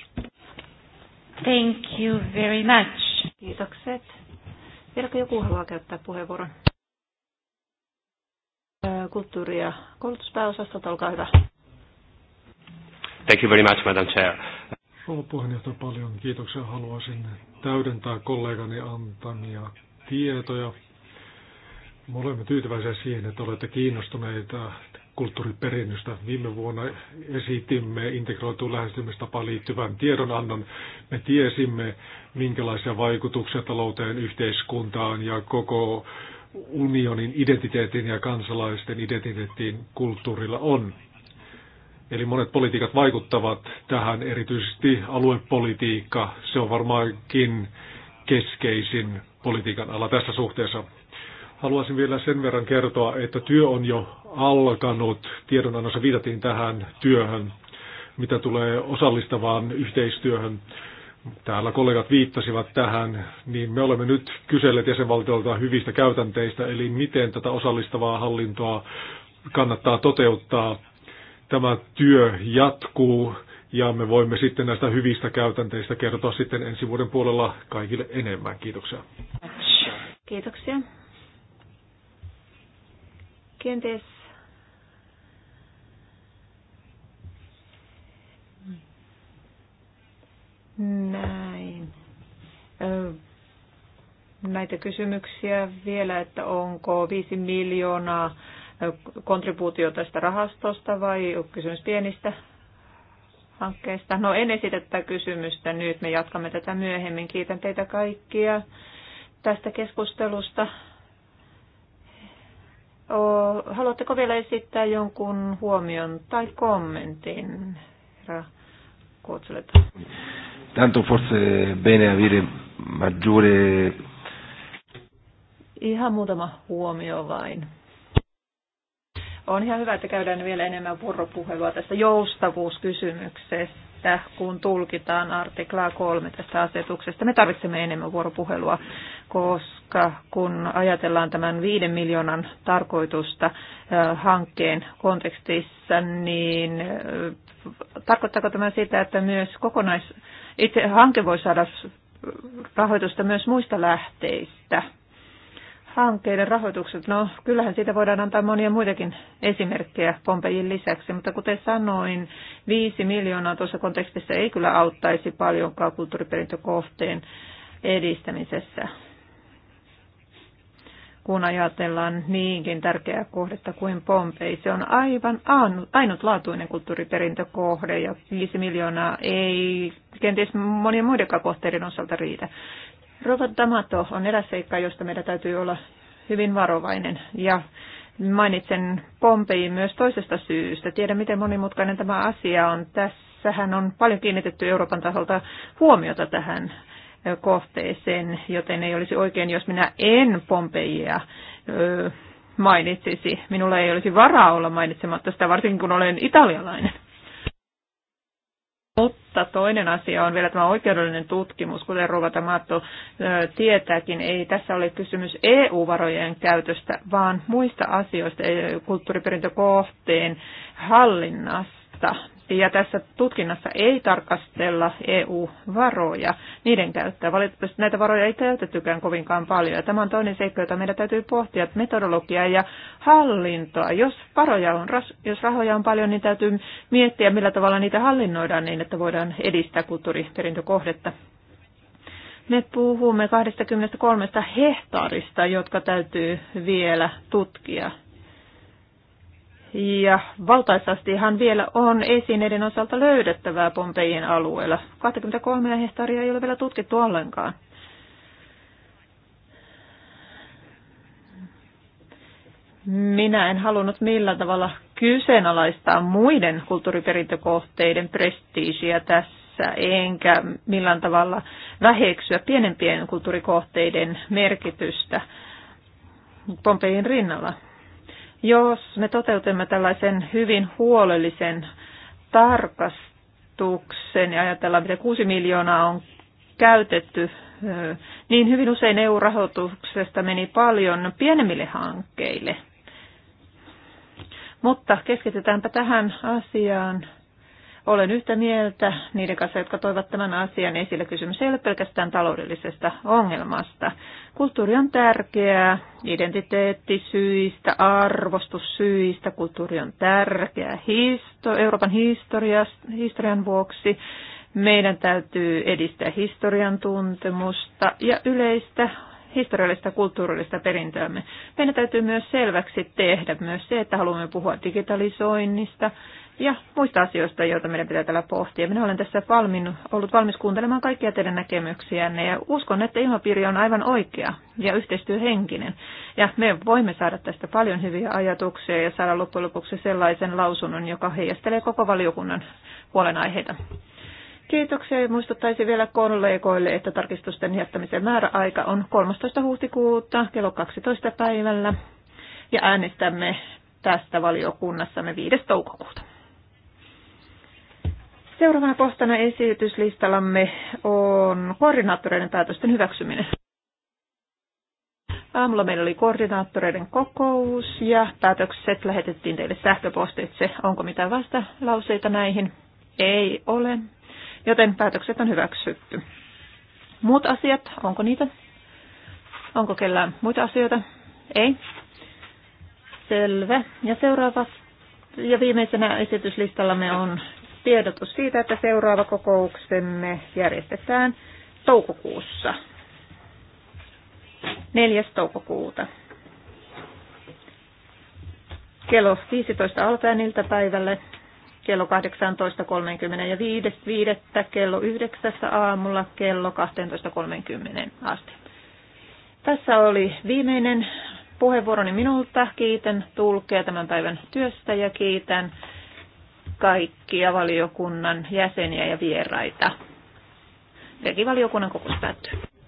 Thank you very much. Kiitokset. Vieläkö joku haluaa käyttää puheenvuoron? Kulttuuri- ja koulutuspääosastolta, olkaa hyvä. Thank you very much, Madam Chair. Rouva puheenjohtaja, paljon kiitoksia. Haluaisin täydentää kollegani antamia tietoja. Me olemme tyytyväisiä siihen, että olette kiinnostuneita kulttuuriperinnöstä. Viime vuonna esitimme integroituun lähestymistapaan liittyvän tiedonannon. Me tiesimme, minkälaisia vaikutuksia talouteen, yhteiskuntaan ja koko unionin identiteetin ja kansalaisten identiteettiin kulttuurilla on. Eli monet politiikat vaikuttavat tähän, erityisesti aluepolitiikka. Se on varmaankin keskeisin politiikan ala tässä suhteessa. Haluaisin vielä sen verran kertoa, että työ on jo alkanut. Tiedonannossa viitattiin tähän työhön, mitä tulee osallistavaan yhteistyöhön. Täällä kollegat viittasivat tähän, niin me olemme nyt kyselleet jäsenvaltioilta hyvistä käytänteistä, eli miten tätä osallistavaa hallintoa kannattaa toteuttaa. Tämä työ jatkuu ja me voimme sitten näistä hyvistä käytänteistä kertoa sitten ensi vuoden puolella kaikille enemmän. Kiitoksia. Kiitoksia. Kenties näin. Näitä kysymyksiä vielä, että onko 5 miljoonaa kontribuutio tästä rahastosta vai kysymys pienistä hankkeista? No en esitä tätä kysymystä nyt, me jatkamme tätä myöhemmin. Kiitän teitä kaikkia tästä keskustelusta. Haluatteko vielä esittää jonkun huomion tai kommentin, herra Kotsuleta? Tanto forse bene avere maggiore... Ihan muutama huomio vain. On ihan hyvä, että käydään vielä enemmän vuoropuhelua tästä joustavuuskysymyksestä että kun tulkitaan artiklaa kolme tästä asetuksesta, me tarvitsemme enemmän vuoropuhelua, koska kun ajatellaan tämän viiden miljoonan tarkoitusta hankkeen kontekstissa, niin tarkoittaako tämä sitä, että myös kokonais, itse hanke voi saada rahoitusta myös muista lähteistä? hankkeiden rahoitukset. No, kyllähän siitä voidaan antaa monia muitakin esimerkkejä Pompejin lisäksi, mutta kuten sanoin, viisi miljoonaa tuossa kontekstissa ei kyllä auttaisi paljonkaan kulttuuriperintökohteen edistämisessä, kun ajatellaan niinkin tärkeää kohdetta kuin Pompei. Se on aivan ainutlaatuinen kulttuuriperintökohde ja viisi miljoonaa ei kenties monien muidenkaan kohteiden osalta riitä. Rova Damato on eräs seikka, josta meidän täytyy olla hyvin varovainen. Ja mainitsen Pompein myös toisesta syystä. Tiedän, miten monimutkainen tämä asia on. Tässähän on paljon kiinnitetty Euroopan taholta huomiota tähän kohteeseen, joten ei olisi oikein, jos minä en Pompeijia mainitsisi. Minulla ei olisi varaa olla mainitsematta sitä, varsinkin kun olen italialainen. Mutta toinen asia on vielä tämä oikeudellinen tutkimus, kuten Ruvata Maatto tietääkin. Ei tässä ole kysymys EU-varojen käytöstä, vaan muista asioista kulttuuriperintökohteen hallinnasta. Ja tässä tutkinnassa ei tarkastella EU-varoja, niiden käyttöä. Valitettavasti näitä varoja ei käytettykään kovinkaan paljon. Ja tämä on toinen seikka, jota meidän täytyy pohtia, että metodologiaa ja hallintoa. Jos, varoja on, jos rahoja on paljon, niin täytyy miettiä, millä tavalla niitä hallinnoidaan niin, että voidaan edistää kulttuuriperintökohdetta. Me puhumme 23 hehtaarista, jotka täytyy vielä tutkia ja valtaisastihan vielä on esineiden osalta löydettävää Pompeijin alueella. 23 hehtaaria ei ole vielä tutkittu ollenkaan. Minä en halunnut millään tavalla kyseenalaistaa muiden kulttuuriperintökohteiden prestiisiä tässä, enkä millään tavalla väheksyä pienempien kulttuurikohteiden merkitystä Pompeijin rinnalla. Jos me toteutamme tällaisen hyvin huolellisen tarkastuksen ja ajatellaan, miten 6 miljoonaa on käytetty, niin hyvin usein EU-rahoituksesta meni paljon pienemmille hankkeille. Mutta keskitytäänpä tähän asiaan olen yhtä mieltä niiden kanssa, jotka toivat tämän asian esille. Kysymys ei ole pelkästään taloudellisesta ongelmasta. Kulttuuri on tärkeää identiteettisyistä, arvostussyistä. Kulttuuri on tärkeää histo- Euroopan historian vuoksi. Meidän täytyy edistää historian tuntemusta ja yleistä historiallista ja kulttuurillista perintöämme. Meidän täytyy myös selväksi tehdä myös se, että haluamme puhua digitalisoinnista, ja muista asioista, joita meidän pitää täällä pohtia. Minä olen tässä valmin, ollut valmis kuuntelemaan kaikkia teidän näkemyksiänne ja uskon, että ilmapiiri on aivan oikea ja yhteistyöhenkinen. Ja me voimme saada tästä paljon hyviä ajatuksia ja saada loppujen lopuksi sellaisen lausunnon, joka heijastelee koko valiokunnan huolenaiheita. Kiitoksia ja muistuttaisin vielä kollegoille, että tarkistusten jättämisen määräaika on 13. huhtikuuta kello 12 päivällä ja äänestämme tästä valiokunnassamme 5. toukokuuta. Seuraavana kohtana esityslistallamme on koordinaattoreiden päätösten hyväksyminen. Aamulla meillä oli koordinaattoreiden kokous ja päätökset lähetettiin teille sähköpostitse. Onko mitään vastalauseita näihin? Ei ole, joten päätökset on hyväksytty. Muut asiat, onko niitä? Onko kellään muita asioita? Ei. Selvä. Ja seuraava ja viimeisenä esityslistallamme on tiedotus siitä, että seuraava kokouksemme järjestetään toukokuussa. 4. toukokuuta. Kello 15 alkaen iltapäivälle, kello ja 5.5. kello 9 aamulla, kello 12.30 asti. Tässä oli viimeinen puheenvuoroni minulta. Kiitän tulkea tämän päivän työstä ja kiitän kaikkia valiokunnan jäseniä ja vieraita. Regivaliokunnan kokous päättyy.